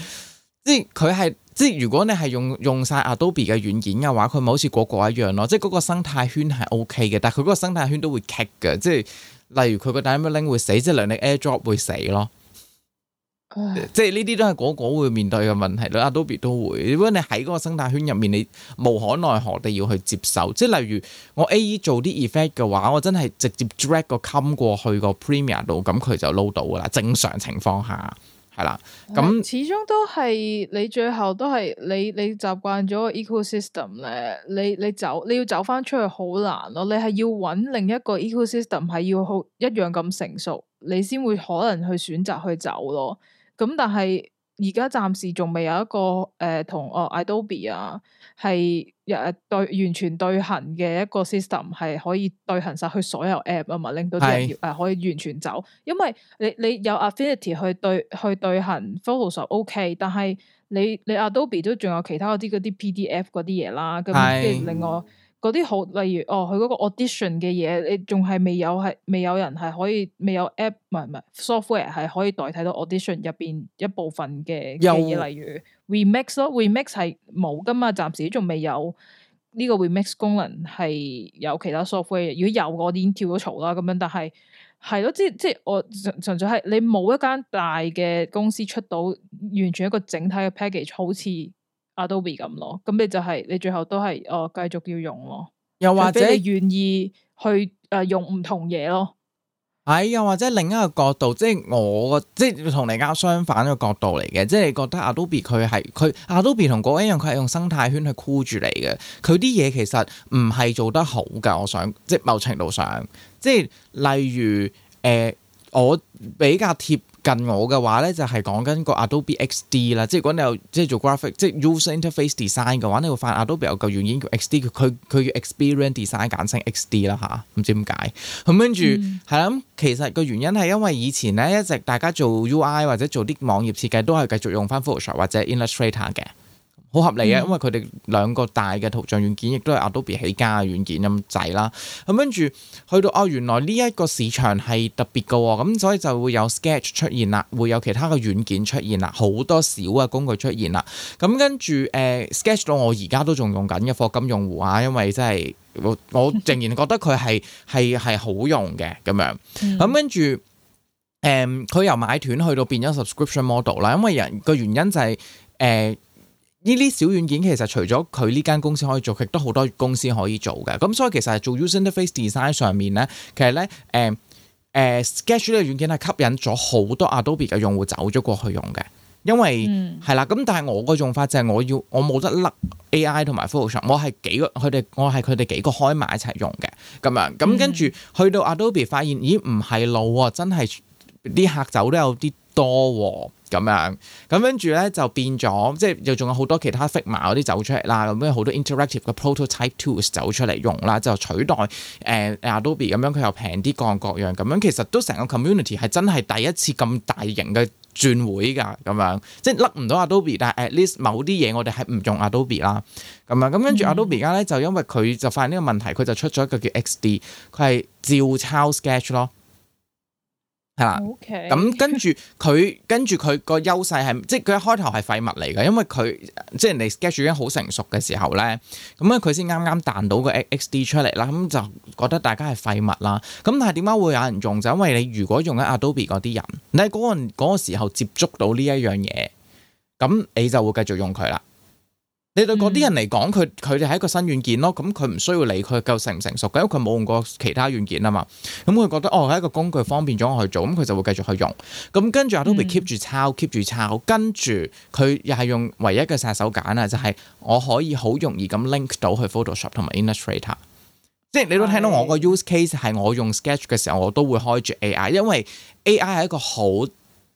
即係佢係。即係如果你係用用曬 Adobe 嘅軟件嘅話，佢咪好似嗰個一樣咯。即係嗰個生態圈係 OK 嘅，但係佢嗰個生態圈都會 kick 嘅。即係例如佢個 Dynamic Link 會死，即係兩粒 AirDrop 會死咯。Uh. 即係呢啲都係嗰個，個會面對嘅問題，Adobe 都會。如果你喺嗰個生態圈入面，你無可奈何地要去接受。即係例如我 AE 做啲 effect 嘅話，我真係直接 drag 個 comp 過去個 Premiere 度，咁佢就 load 到噶啦。正常情況下。係啦，咁、嗯、始終都係你最後都係你你習慣咗個 ecosystem 咧，你你走你要走翻出去好難咯，你係要揾另一個 ecosystem 係要好一樣咁成熟，你先會可能去選擇去走咯，咁但係。而家暫時仲未有一個誒同、呃、哦 Adobe 啊，係誒對完全對行嘅一個 system 係可以對行曬佢所有 app 啊嘛，令到啲誒可以完全走。因為你你有 Affinity 去對去對行 Photoshop OK，但係你你 Adobe 都仲有其他嗰啲啲 PDF 嗰啲嘢啦，咁即係另外。嗰啲好，例如哦，佢嗰個 audition 嘅嘢，你仲係未有係未有人係可以未有 app 唔係唔係 software 係可以代替到 audition 入邊一部分嘅嘢有，例如 remix 咯，remix 係冇㗎嘛，暫時仲未有呢個 remix 功能係有其他 software。如果有我已經跳咗槽啦咁樣，但係，係咯，即即我純粹係你冇一間大嘅公司出到完全一個整體嘅 package，好似。Adobe 咁咯，咁你就係、是、你最後都係哦繼續要用咯，又或者願意去誒、呃、用唔同嘢咯，係、哎、又或者另一個角度，即係我即係同你家相反嘅角度嚟嘅，即係你覺得 Adobe 佢係佢 Adobe 同嗰一樣，佢係用生態圈去箍住你嘅，佢啲嘢其實唔係做得好噶，我想即係某程度上，即係例如誒、呃、我比較貼。近我嘅話咧，就係講緊個 Adobe XD 啦。即係如果你有即係做 graphic，即係 user interface design 嘅話，你會發現 Adobe 有個原因叫 XD，佢佢叫 experience design，簡稱 XD 啦嚇。唔知點解。咁跟住係啦。啊嗯、其實個原因係因為以前咧一直大家做 UI 或者做啲網頁設計都係繼續用翻 Photoshop 或者 Illustrator 嘅。好合理嘅，因為佢哋兩個大嘅圖像軟件亦都係 Adobe 起家嘅軟件咁滯啦。咁跟住去到哦，原來呢一個市場係特別嘅喎，咁所以就會有 Sketch 出現啦，會有其他嘅軟件出現啦，好多小嘅工具出現啦。咁跟住誒、呃、Sketch 到我而家都仲用緊嘅，課金用戶啊，因為真係我，我仍然覺得佢係係係好用嘅咁樣。咁跟住誒，佢、呃、由買斷去到變咗 subscription model 啦，因為人個原因就係、是、誒。呃呢啲小軟件其實除咗佢呢間公司可以做，亦都好多公司可以做嘅。咁所以其實做 user interface design 上面咧，其實咧誒誒 Sketch 呢個軟件係吸引咗好多 Adobe 嘅用戶走咗過去用嘅，因為係啦。咁、嗯、但係我個用法就係我要我冇得甩 AI 同埋 Photoshop，我係幾個佢哋我係佢哋幾個開埋一齊用嘅咁樣。咁跟住去到 Adobe 發現，咦唔係路喎，真係啲客走得有啲多喎、哦。咁樣，咁跟住咧就變咗，即係又仲有好多其他 figma 嗰啲走出嚟啦，咁樣好多 interactive 嘅 prototype tools 走出嚟用啦，就取代誒、呃、Adobe 咁樣，佢又平啲，各樣各樣咁樣，其實都成個 community 係真係第一次咁大型嘅轉會㗎，咁樣即係甩唔到 Adobe，但係 at least 某啲嘢我哋係唔用 Adobe 啦，咁啊咁跟住 Adobe 而家咧就因為佢就發現呢個問題，佢就出咗一個叫 XD，佢係照抄 Sketch 咯。係啦，咁跟住佢，跟住佢個優勢係，即係佢一開頭係廢物嚟嘅，因為佢即係人哋 Sketch 已經好成熟嘅時候咧，咁樣佢先啱啱彈到個 XD 出嚟啦，咁就覺得大家係廢物啦。咁但係點解會有人用？就因為你如果用緊 Adobe 嗰啲人，你喺嗰個嗰個時候接觸到呢一樣嘢，咁你就會繼續用佢啦。你對嗰啲人嚟講，佢佢哋係一個新軟件咯，咁佢唔需要理佢夠成唔成熟，因為佢冇用過其他軟件啊嘛，咁佢覺得哦係一個工具，方便咗我去做，咁佢就會繼續去用。咁跟住，Adobe keep 住抄，keep 住抄。跟住佢又係用唯一嘅殺手鐧啦，就係、是、我可以好容易咁 link 到去 Photoshop 同埋 Illustrator，Okay. 即係你都聽到我個 use case 係我用 Sketch 嘅時候，我都會開住 AI，因為 AI 係一個好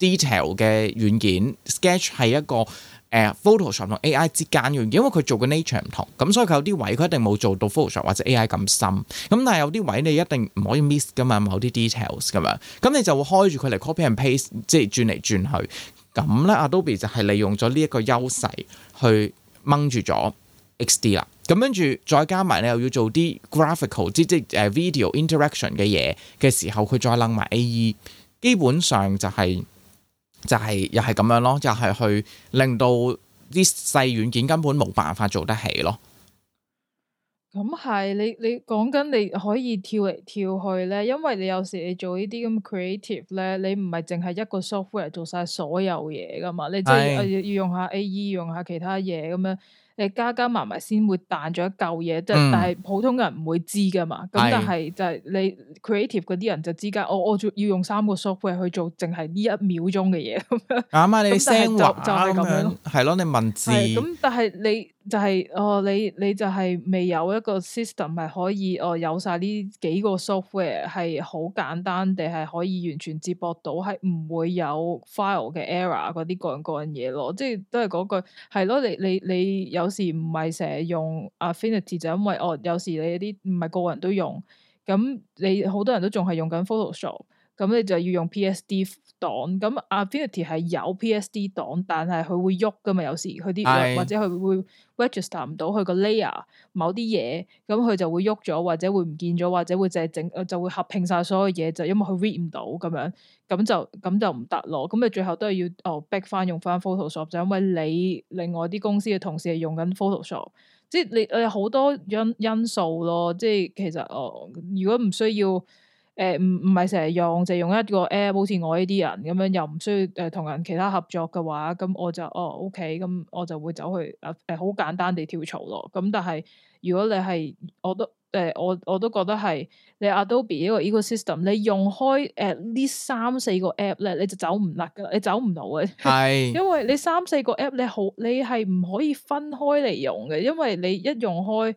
detail 嘅軟件，Sketch 係一個。誒、uh, Photoshop 同 AI 之間嘅，因為佢做嘅 nature 唔同，咁所以佢有啲位佢一定冇做到 Photoshop 或者 AI 咁深，咁但係有啲位你一定唔可以 miss 噶嘛，某啲 details 咁樣，咁你就會開住佢嚟 copy and paste，即係轉嚟轉去，咁咧 Adobe 就係利用咗呢一個優勢去掹住咗 XD 啦，咁跟住再加埋你又要做啲 graphical 即係誒 video interaction 嘅嘢嘅時候，佢再掹埋 AE，基本上就係、是。就係、是、又係咁樣咯，就係去令到啲細軟件根本冇辦法做得起咯。咁係、嗯、你你講緊你可以跳嚟跳去咧，因為你有時你做呢啲咁 creative 咧，你唔係淨係一個 software 做晒所有嘢噶嘛，你即係要用下 AE，用下其他嘢咁樣。你加加埋埋先會彈咗一嚿嘢，嗯、但但係普通人唔會知㗎嘛。咁是 但係就係你 creative 嗰啲人就知㗎。我是的 我要用三個 software 去做，淨係呢一秒鐘嘅嘢咁樣。啱啊，你聲就係咁樣，係咯，你文字。咁但係你。就係、是、哦，你你就係未有一個 system 係可以哦，有晒呢幾個 software 係好簡單地係可以完全接駁到，係唔會有 file 嘅 error 嗰啲各人各人嘢咯。即係都係嗰句係咯，你你你有時唔係成日用 Affinity，就因為哦有時你啲唔係個個人都用，咁你好多人都仲係用緊 Photoshop。咁你就要用 PSD 檔，咁 Affinity 係有 PSD 檔，但係佢會喐㗎嘛，有時佢啲、哎、或者佢會 register 唔到佢個 layer 某啲嘢，咁佢就會喐咗，或者會唔見咗，或者會淨係整就會合拼晒所有嘢，就係、因為佢 read 唔到咁樣，咁就咁就唔得咯。咁你最後都係要哦逼翻用翻 Photoshop，就因為你另外啲公司嘅同事係用緊 Photoshop，即係你有好多因因素咯。即係其實哦，如果唔需要。誒唔唔係成日用，就用一個 app，好似我呢啲人咁樣，又唔需要誒同、呃、人其他合作嘅話，咁我就哦 OK，咁我就會走去誒誒好簡單地跳槽咯。咁但係如果你係我都誒、呃、我我都覺得係你 Adobe 呢個 ecosystem，你用開誒呢三四個 app 咧，你就走唔甩㗎啦，你走唔到嘅。係是 因為你三四個 app 你好，你係唔可以分開嚟用嘅，因為你一用開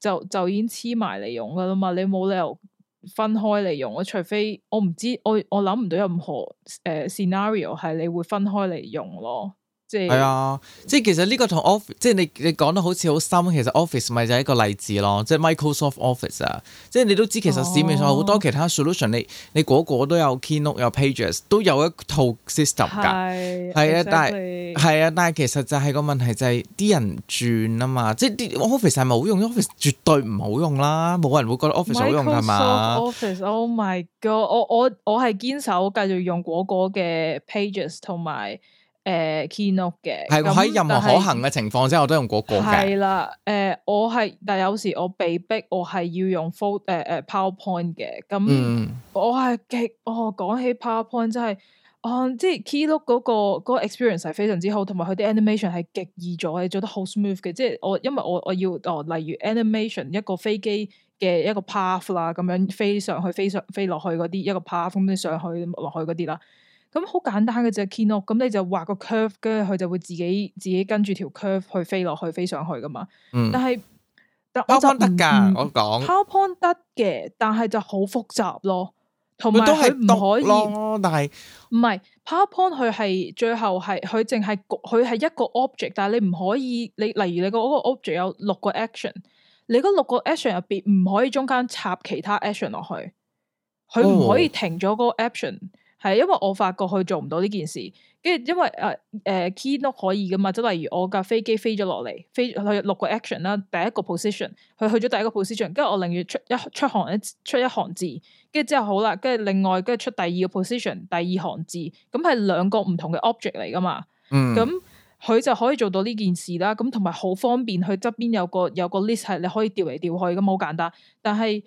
就就已經黐埋嚟用㗎啦嘛，你冇理由，分開嚟用，我除非我唔知，我我諗唔到任何誒、呃、scenario 係你會分開嚟用咯。係啊，即係是、嗯、其實呢個同 office，即係你你講得好似好深。其實 office 咪就係一個例子咯，即係 Microsoft Office 啊。即係你都知，其實市面上好多其他 solution，、哦、你你個個都有 Keynote 有 Pages，都有一套 system 噶。係啊，但係係啊，但係其實就係個問題就係、是、啲人轉啊嘛。即係啲 Office 係咪好用，Office 絕對唔好用啦。冇人會覺得 Office 好用噶嘛。Microsoft Office，Oh my God！我我我係堅守繼續用嗰個嘅 Pages 同埋。誒，Keynote 嘅係我喺任何是可行嘅情況之下，我都用嗰個嘅。係啦，誒、呃，我係但有時我被逼，我係要用誒誒、uh, uh, PowerPoint 嘅。咁、嗯、我係極哦，講起 PowerPoint 真係哦，即係 Keynote 嗰個個 experience 係非常之好，同埋佢啲 animation 係極易做，係做得好 smooth 嘅。即係我因為我我要哦，例如 animation 一個飛機嘅一個 path 啦，咁樣飛上去，飛上飛落去嗰啲，一個 path 咁樣上去落去嗰啲啦。咁好簡單嘅啫 Keynote 咁你就畫個 curve，跟住佢就會自己自己跟住條 curve 去飛落去，飛上去噶嘛。嗯、但係是，但我就得噶，嗯、我講說 PowerPoint 得嘅，但係就好複雜咯。同埋都係唔可以，但係唔係 PowerPoint，佢係最後係佢淨係佢係一個 object，但係你唔可以，你例如你嗰個 object 有六個 action，你嗰六個 action 入邊唔可以中間插其他 action 落去，佢唔可以停咗嗰個 action、哦。係，因為我發覺佢做唔到呢件事，跟住因為誒誒、呃呃、Keynote 可以噶嘛，即例如我架飛機飛咗落嚟，飛去六個 action 啦，第一個 position 佢去咗第一個 position，跟住我寧願出一出一行一出一行字，跟住之後好啦，跟住另外跟住出第二個 position，第二行字，咁係兩個唔同嘅 object 嚟噶嘛，咁佢、嗯、就可以做到呢件事啦，咁同埋好方便，佢側邊有個有個 list 係你可以調嚟調去，咁好簡單，但係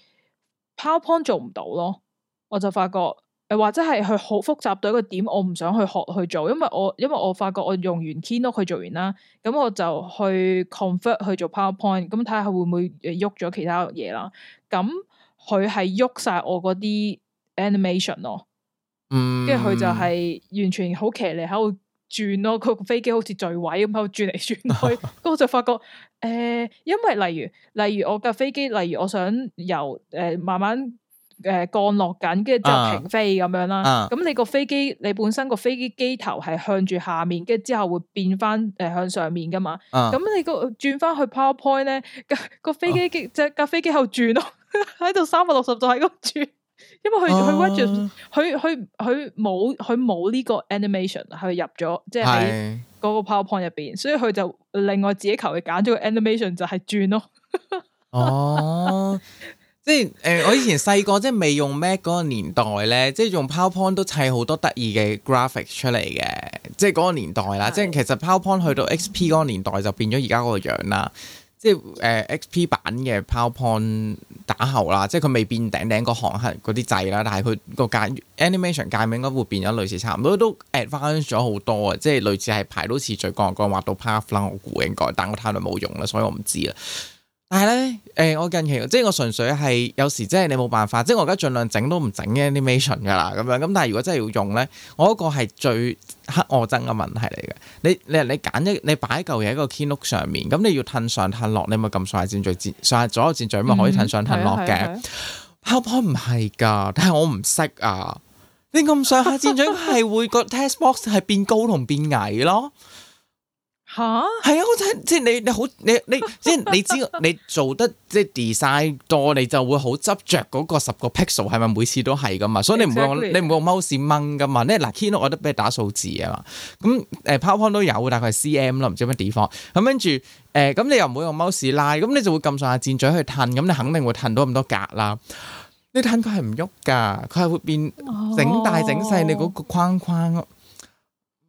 PowerPoint 做唔到咯，我就發覺。誒，或者係佢好複雜到一個點，我唔想去學去做，因為我因為我發覺我用完 Keynote 去做完啦，咁我就去 convert 去做 PowerPoint，咁睇下佢會唔會誒喐咗其他嘢啦。咁佢係喐晒我嗰啲 animation 咯，嗯，跟住佢就係完全好騎呢喺度轉咯，個飛機好似墜毀咁喺度轉嚟轉去，咁 我就發覺誒、呃，因為例如例如我架飛機，例如我想由誒、呃、慢慢。誒、呃，降落緊，跟住之後停飛咁樣啦。咁、啊啊、你個飛機，你本身個飛機機頭係向住下面，跟住之後會變翻誒向上面噶嘛？咁、啊、你、嗰個轉翻去 PowerPoint 咧，個個飛機機只架飛機後轉咯，喺度三百六十度喺嗰度轉。 因為佢佢佢冇佢冇呢個 animation 去入咗，即係嗰個 PowerPoint 入邊，是所以佢就另外自己求其揀咗個 animation 就係轉咯。哦、 啊。 即係誒、呃，我以前細個即係未用 Mac 嗰個年代咧，即係用 PowerPoint 都砌好多得意嘅 graphics 出嚟嘅。即係嗰個年代啦，是即係其實 PowerPoint 去到 XP 嗰個年代就變咗而家個樣啦。即係誒、呃、XP 版嘅 PowerPoint 打後啦，即係佢未變頂頂個行刻嗰啲掣啦，但係佢個界 animation 界面應該會變咗，類似差唔多都 advance 咗好多啊。即係類似係排到次，在講講畫到 path o w e r 啦，我估應該，但我太耐冇用啦，所以我唔知啦。但係咧，誒、欸，我近期即係我純粹係有時即係你冇辦法，即係我而家盡量整都唔整啲 animation 噶啦，咁樣咁。但係如果真係要用咧，我嗰個係最黑惡憎嘅問題嚟嘅。你你你揀一，你擺嚿嘢喺個 Keynote 上面，咁你要騰上騰落，你咪咁上下箭鍵，上下左右箭鍵咪可以騰上騰落嘅。PowerPoint 唔係㗎，啊、的但係我唔識啊。你咁上下箭鍵係會個 test box 係變高同變矮咯。吓？係啊！我睇即係你你好你你即係你，你知你做得即係、就是、design 多，你就會好執著嗰個十個 pixel 係咪每次都係㗎嘛？exactly. 所以你唔會用你唔會用 mouse 掹㗎嘛？咧嗱，keynote 我都俾你打數字啊嘛。咁誒 PowerPoint 都有，大概係 cm 啦，唔知乜地方。咁跟住誒，咁、呃、你又唔會用 mouse 拉，咁你就會撳上下箭咀去褪，咁你肯定會褪到咁多格啦。你褪佢係唔喐㗎？佢係會變整大整細你嗰個框框。Oh.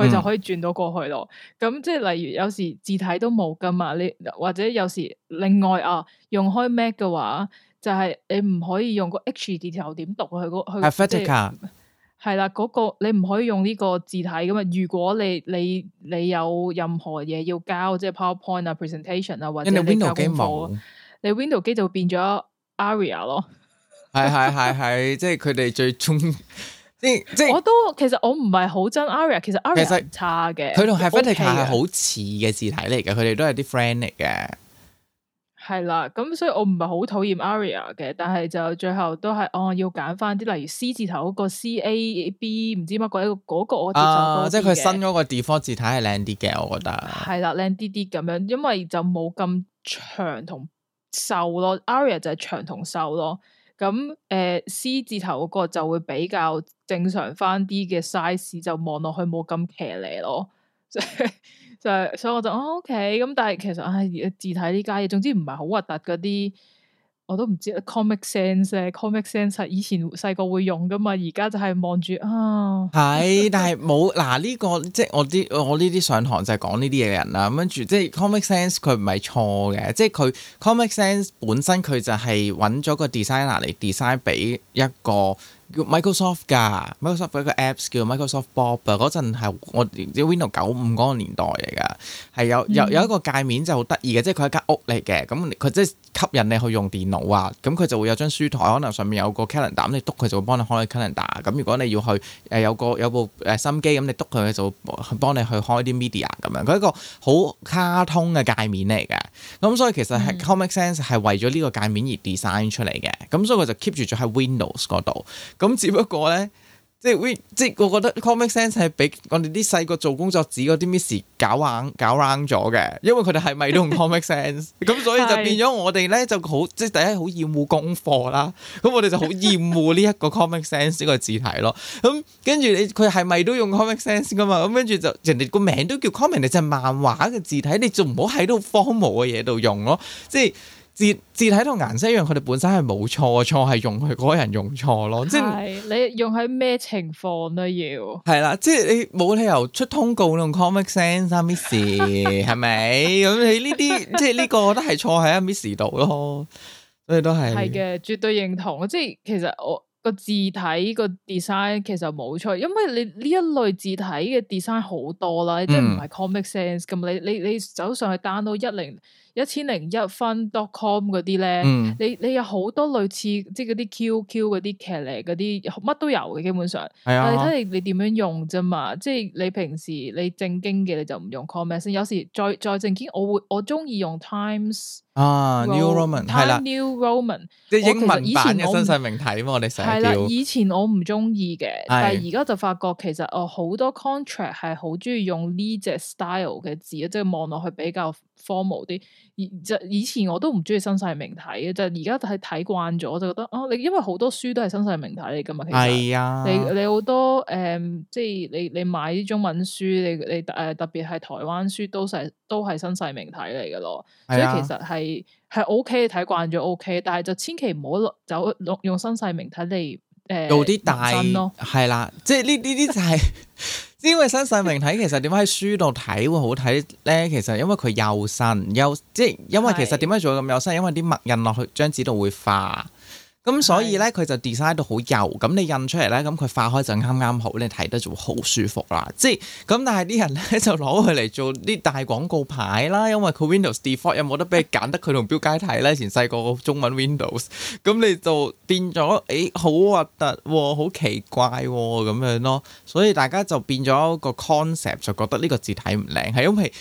佢就可以轉到過去咯。咁即係例如有時字體都冇噶嘛，你或者有時另外啊用開 Mac 嘅話，就係、是、你唔可以用個 H 字頭點讀佢嗰佢即係係啦，嗰個你唔可以用呢個字體噶嘛。如果你你你有任何嘢要交，即係 PowerPoint 啊、Presentation 啊，或者你 Windows 冇你 Windows 了 Wind 就變咗 Arial 咯。係係係係，即係佢哋最終。 即我都其實我唔係好憎 Aria，其實 Aria 其實唔差嘅，佢同 Helvetica 係好似嘅字體嚟嘅，佢哋都係啲 friend 嚟嘅。係啦，咁所以我唔係好討厭 Aria 嘅，但係就最後都係，哦，要揀翻啲例如 C 字頭嗰個 CAB，唔知乜鬼嗰個我、嗰個嗰個、啊，個即係佢新嗰個 default 字體係靚啲嘅，我覺得係啦，靚啲啲咁樣，因為就冇咁長同瘦咯，Aria 就係長同瘦咯。咁誒、呃、C 字頭嗰個就會比較正常翻啲嘅 size，就望落去冇咁騎呢咯，就 係所，所以我就我、哦、OK 咁，但係其實唉，字體呢家嘢，總之唔係好核突嗰啲。我都唔知 Comic Sense, Comic Sense 以前細個會用噶嘛，而家就係望住啊。係是， 但係冇嗱呢個，即係我啲我呢啲上堂就係講呢啲嘢嘅人啦。咁跟住即係 Comic Sense，佢唔係錯嘅，即係佢 Comic Sense 本身佢就係揾咗個 designer 嚟 design 俾一個。Microsoft 㗎，Microsoft 有一個 apps 叫 Microsoft Bob 啊，嗰陣係我啲 Windows 九五嗰個年代嚟㗎，係有、嗯、有有一個界面就好得意嘅，即係佢係間屋嚟嘅，咁佢即係吸引你去用電腦啊，咁、嗯、佢就會有張書台，可能上面有個 calendar、嗯、你督佢就會幫你開個 calendar，咁、嗯、如果你要去誒、呃、有個有部誒新機，咁、嗯、你督佢就會幫你去開啲 media 咁樣，佢一個好卡通嘅界面嚟嘅。咁、嗯、所以其實係、嗯、Comic Sans 係為咗呢個界面而 design 出嚟嘅，咁、嗯、所以佢就 keep 住咗喺 Windows 嗰度。咁只不過咧，即係會，即係我覺得 Comic Sans 係比我哋啲細個做工作紙嗰啲 Miss 搞硬搞 round 咗嘅，因為佢哋係咪都用 Comic Sans？ 咁所以就變咗我哋咧就好，即係第一好厭惡功課啦。咁我哋就好厭惡呢一個 Comic Sans 呢個字體咯。咁跟住你佢係咪都用 Comic Sans 噶嘛？咁跟住就人哋個名都叫 Comic，就真係漫畫嘅字體，你仲唔好喺度荒謬嘅嘢度用咯，即係。字字體同顏色一樣，佢哋本身係冇錯，錯係用佢嗰人用錯咯。係是即你用喺咩情況都要。係啦，即係你冇理由出通告用 Comic Sans miss，係咪？咁 你呢啲即係呢個都係錯喺 miss 度咯。所以、 啊、都係係嘅，絕對認同。即係其實我個字體個 design 其實冇錯，因為你呢一類字體嘅 design 好多啦，即係唔係 Comic Sans、嗯。咁你你你走上去 download 一零。一千零一分 dotcom 嗰啲咧，你你有好多類似即係嗰啲 QQ 嗰啲劇嚟嗰啲乜都有嘅基本上，啊、你睇你你點樣用啫嘛？即係你平時你正經嘅你就唔用 Comic m 先，有時再再正經，我會我中意用 Times 啊 New Roman 係啦 New Roman 即係英文版嘅新細明體嘛，我哋寫係啦。以前我唔中意嘅，啊、但係而家就發覺其實我好多 contract 係好中意用呢隻 style 嘅字啊，即係望落去比較。formal 啲，而就以前我都唔中意新細明體嘅，就而家就睇睇慣咗，我就覺得啊、哦，你因為好多書都係新細明體嚟噶嘛，其實係啊、哎呀，你你好多誒、呃，即係你你買啲中文書，你你誒、呃、特別係台灣書都係都係新細明體嚟噶咯，哎、呀 所以其實係係 OK 睇慣咗 OK，但係就千祈唔好走用新細明體嚟。做啲大係啦，即係呢呢啲就係、是， 因為新細明體，其實點解喺書度睇會好睇咧？其實因為佢幼身，幼，即係因為其實點解做咁幼身？因為啲墨印落去張紙度會化。咁、嗯嗯、所以咧，佢就 design 到好幼，咁、嗯、你印出嚟咧，咁、嗯、佢化開就啱啱好，你睇得就好舒服啦。即係咁，但係啲人咧就攞佢嚟做啲大廣告牌啦，因為佢 Windows default 有冇得俾你揀得佢同標楷體咧？ 以前細個個中文 Windows，咁、嗯、你就變咗誒，好核突，好、哦、奇怪咁、哦、樣咯。所以大家就變咗個 concept，就覺得呢個字體唔靚，係因為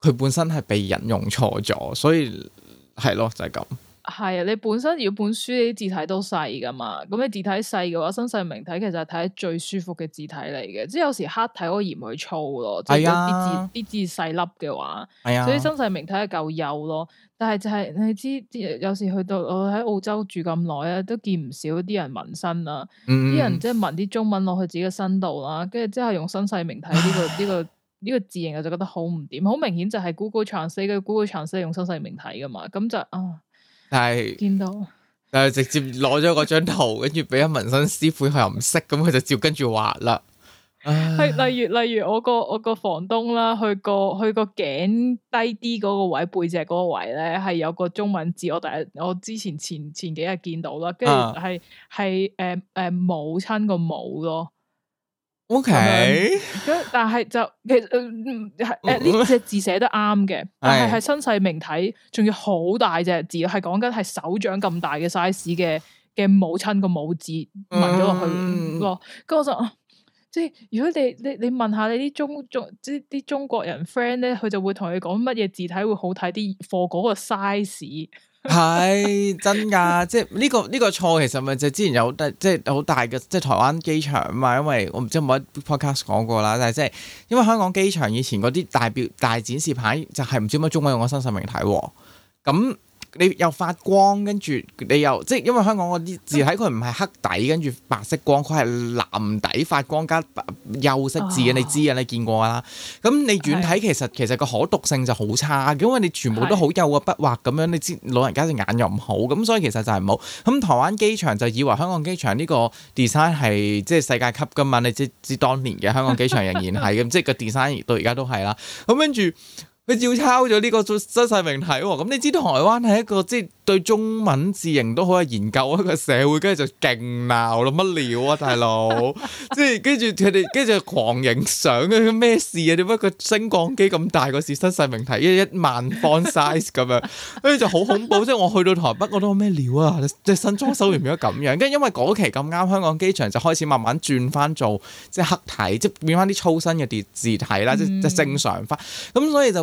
佢本身係被人用錯咗，所以係咯，就係、是、咁。係啊，你本身如果本書啲字體都細噶嘛，咁你字體細嘅話，新細明體其實係睇得最舒服嘅字體嚟嘅。即係有時黑體嗰個字會粗咯，即係啲字啲、啊、字細粒嘅話，啊、所以新細明體係夠幼咯。但係就係、是、你知，有時去到我喺、哦、澳洲住咁耐啊，都見唔少啲人紋身啊，啲、嗯嗯、人即係紋啲中文落去自己嘅身度啦，跟住之後用新細明體呢、這個呢、 這個呢、這個這個字形，我就覺得好唔掂，好明顯就係 Go Trans Google Translate 嘅 Google Translate 用新細明體噶嘛，咁就啊～但係，見到，但係直接攞咗嗰張圖，跟住俾阿紋身師傅，佢又唔識，咁佢就照跟住畫啦。係，例如，例如我個我個房東啦，去個去個頸低啲嗰個位，背脊嗰個位咧，係有個中文字，我第我之前前前幾日見到啦，跟住係係誒誒母親個母咯。O K，咁但係就其實係誒呢隻字寫得啱嘅，但係係新細明體，仲要好大隻字，係講緊係手掌咁大嘅 size 嘅嘅母親個母字，紋咗落去咯。跟我就即係如果你你你問下你啲中中即啲中國人 friend 咧，佢就會同你講乜嘢字體會好睇啲，for 嗰個 size。係 真噶，即係、呢、呢個呢、呢個錯，其實咪就之前有大即係好大嘅，即係台灣機場啊嘛，因為我唔知有冇喺 podcast 講過啦，但係即係因為香港機場以前嗰啲大表大展示牌就係唔知乜中國用嘅新實名睇咁。嗯你又發光，跟住你又即係因為香港嗰啲字體佢唔係黑底，跟住白色光，佢係藍底發光加幼色字嘅，你知嘅，你見過啦。咁你遠睇其實的其實個可讀性就好差，因為你全部都好幼嘅筆畫咁樣，你知老人家隻眼又唔好，咁所以其實就係冇。咁台灣機場就以為香港機場呢個 design 係即係世界級㗎嘛？你知知當年嘅香港機場仍然係咁 即係個 design 亦到而家都係啦。咁跟住。佢照抄咗呢個新細明體喎、哦，咁、嗯、你知道台灣係一個即係對中文字型都好有研究一個社會，跟住就勁鬧咯，乜料啊，大佬！即係跟住佢哋跟住狂影相，咩事啊？點解個升降機咁大個字新細明體，一萬 font size 咁樣，跟、哎、住就好恐怖。 即係我去到台北我都話咩料啊？即係新裝修完變咗咁樣，跟住因為嗰期咁啱香港機場就開始慢慢轉翻做即係黑體，即係變翻啲粗身嘅字字體啦，嗯、即係正常翻，咁、嗯、所以就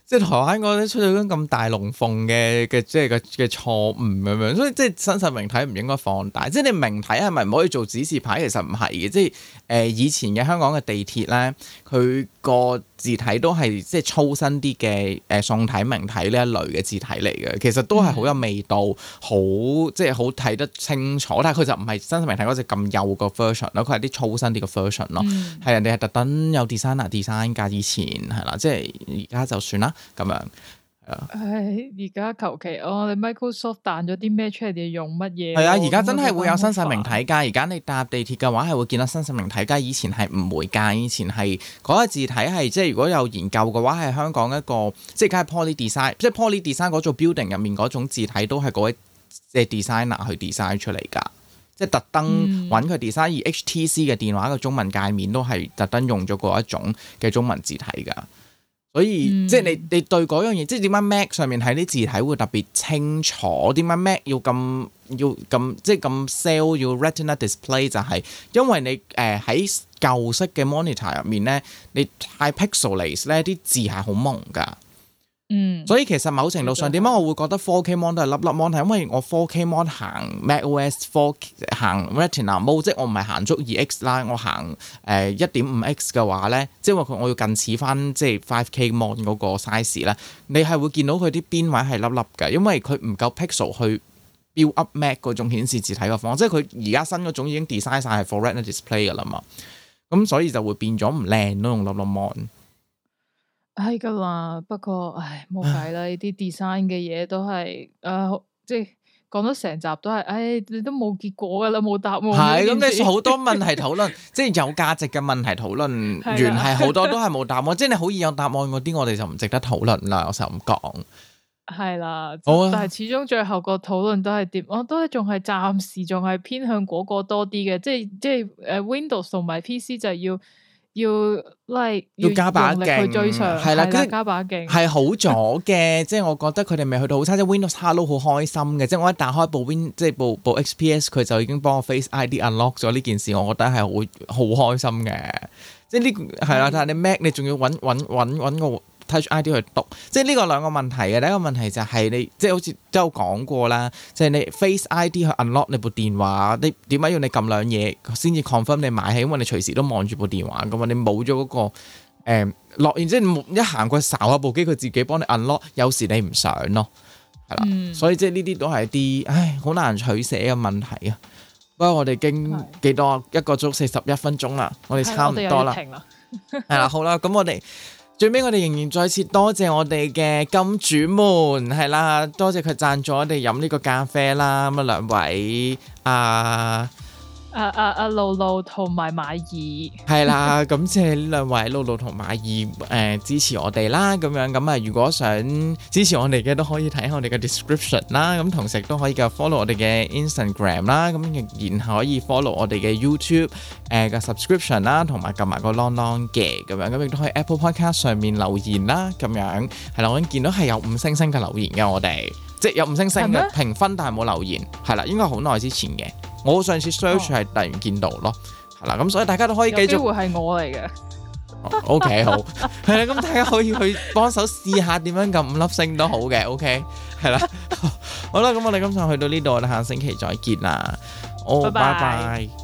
即係台灣嗰啲出咗咁大龍鳳嘅嘅即係嘅嘅錯誤咁樣，所以即係新細明體唔應該放大。即係你明體係咪唔可以做指示牌？其實唔係嘅，即係誒、呃、以前嘅香港嘅地鐵咧，佢個字體都係即係粗身啲嘅誒宋體明體呢一類嘅字體嚟嘅，其實都係好有味道，好、嗯、即係好睇得清楚。但係佢就唔係新細明體嗰隻咁幼個 version 咯，佢係啲粗身啲嘅 version 咯，係、嗯、人哋係特登有 designer design 㗎。以前係啦，即係而家就算啦。咁樣係、哎哦、啊！而家求其哦，你 Microsoft 彈咗啲咩出嚟？你用乜嘢？係啊，而家真係會有新細明體噶。而家你搭地鐵嘅話，係會見到新細明體噶。以前係唔會噶。以前係嗰個字體係，即係如果有研究嘅話，係香港一個即係梗係 Poly Design，即係 Poly Design 嗰座 building 入面嗰種字體都係嗰位即係 designer 去 design 出嚟噶。即係特登揾佢 design 而 HTC 嘅電話嘅中文界面都係特登用咗嗰一種嘅中文字體噶。所以、嗯、即係你你對嗰樣嘢，即係點解 Mac 上面喺啲字體會特別清楚？點解 Mac 要咁要咁即係咁 sell 要 Retina Display 就係，因為你誒喺舊式嘅 monitor 入面咧，你太 pixelise 咧，啲字係好蒙噶。嗯，所以其實某程度上點解我會覺得 4K Mon 都係粒粒 Mon，係因為我 4K Mon 行 MacOS，4 行 Retina Mode，即我唔係行足 2X 啦，我行誒一點五 X 嘅話咧，即話佢我要近似翻即係 5K Mon 嗰個 size 咧，你係會見到佢啲邊位係粒粒嘅，因為佢唔夠 pixel 去 build up Mac 嗰種顯示字體嘅方，即係佢而家新嗰種已經 design 曬係 for Retina Display 噶啦嘛，咁所以就會變咗唔靚咯，用粒粒 Mon。係噶啦，不過唉冇計啦，呢啲 design 嘅嘢都係誒唉、呃，即係講咗成集都係，唉你都冇結果噶啦，冇答案。係咁，你好多問題討論， 即係有價值嘅問題討論，的原係好多都係冇答案。 即係你好易有答案嗰啲，我哋就唔值得討論啦。我成日咁講。係啦，好啊，但係始終最後個討論都係點？我都係仲係暫時仲係偏向嗰個多啲嘅，即係即係誒 Windows 同埋 PC 就係要。要 like 要加把勁去追上，係啦，加把勁係好咗嘅， 即係我覺得佢哋未去到好差，即係 Windows Hello 好開心嘅，即係我一打開部 Win，即係部部 XPS，佢就已經幫我 Face ID unlock 咗呢件事，我覺得係會好開心嘅，即係呢係啦，的但係你 Mac 你仲要搵搵搵個。Touch ID 去讀，即係呢個兩個問題嘅。第一個問題就係你，即係好似都有講過啦，即係你 Face ID 去 unlock 你部電話，你點解要你撳兩嘢先至 confirm 你買嘢？因為你隨時都望住部電話㗎嘛，你冇咗嗰個誒落，然之後一行過去掃下部機，佢自己幫你 unlock。有時你唔想咯，係啦，所以即係呢啲都係啲唉，好難取捨嘅問題啊。不過我哋經幾多一個鐘四十一分鐘啦，我哋差唔多啦，係啦，好啦，咁我哋。最尾我哋仍然再次多謝我哋嘅金主們，係啦，多謝佢贊助我哋飲呢個咖啡啦。咁啊，兩位啊。啊啊、uh, uh, uh, 啊！露露同埋馬爾係啦，感謝呢兩位露露同馬爾誒支持我哋啦，咁樣咁啊，如果想支持我哋嘅，都可以睇下我哋嘅 description 啦，咁同時都可以 follow 我哋嘅 Instagram 啦，咁然後可以 follow 我哋嘅 YouTube 誒嘅 subscription 啦，同埋撳埋個 long long 嘅咁樣，咁亦都可以 Apple Podcast 上面留言啦，咁樣係啦，我已經見到係有五星星嘅留言嘅，我哋即係有五星星嘅評分， 但係冇留言，係啦，應該好耐之前嘅。我上次 search 係突然見到咯，係啦、oh. 嗯，咁所以大家都可以繼續。機會係我嚟嘅。 o、oh, K、okay, 好，係啦， 咁大家可以去幫手試下點樣撳五粒星都好嘅。O K 係啦， 好啦，咁我哋今次去到呢度，我哋下星期再見啦。哦，拜拜。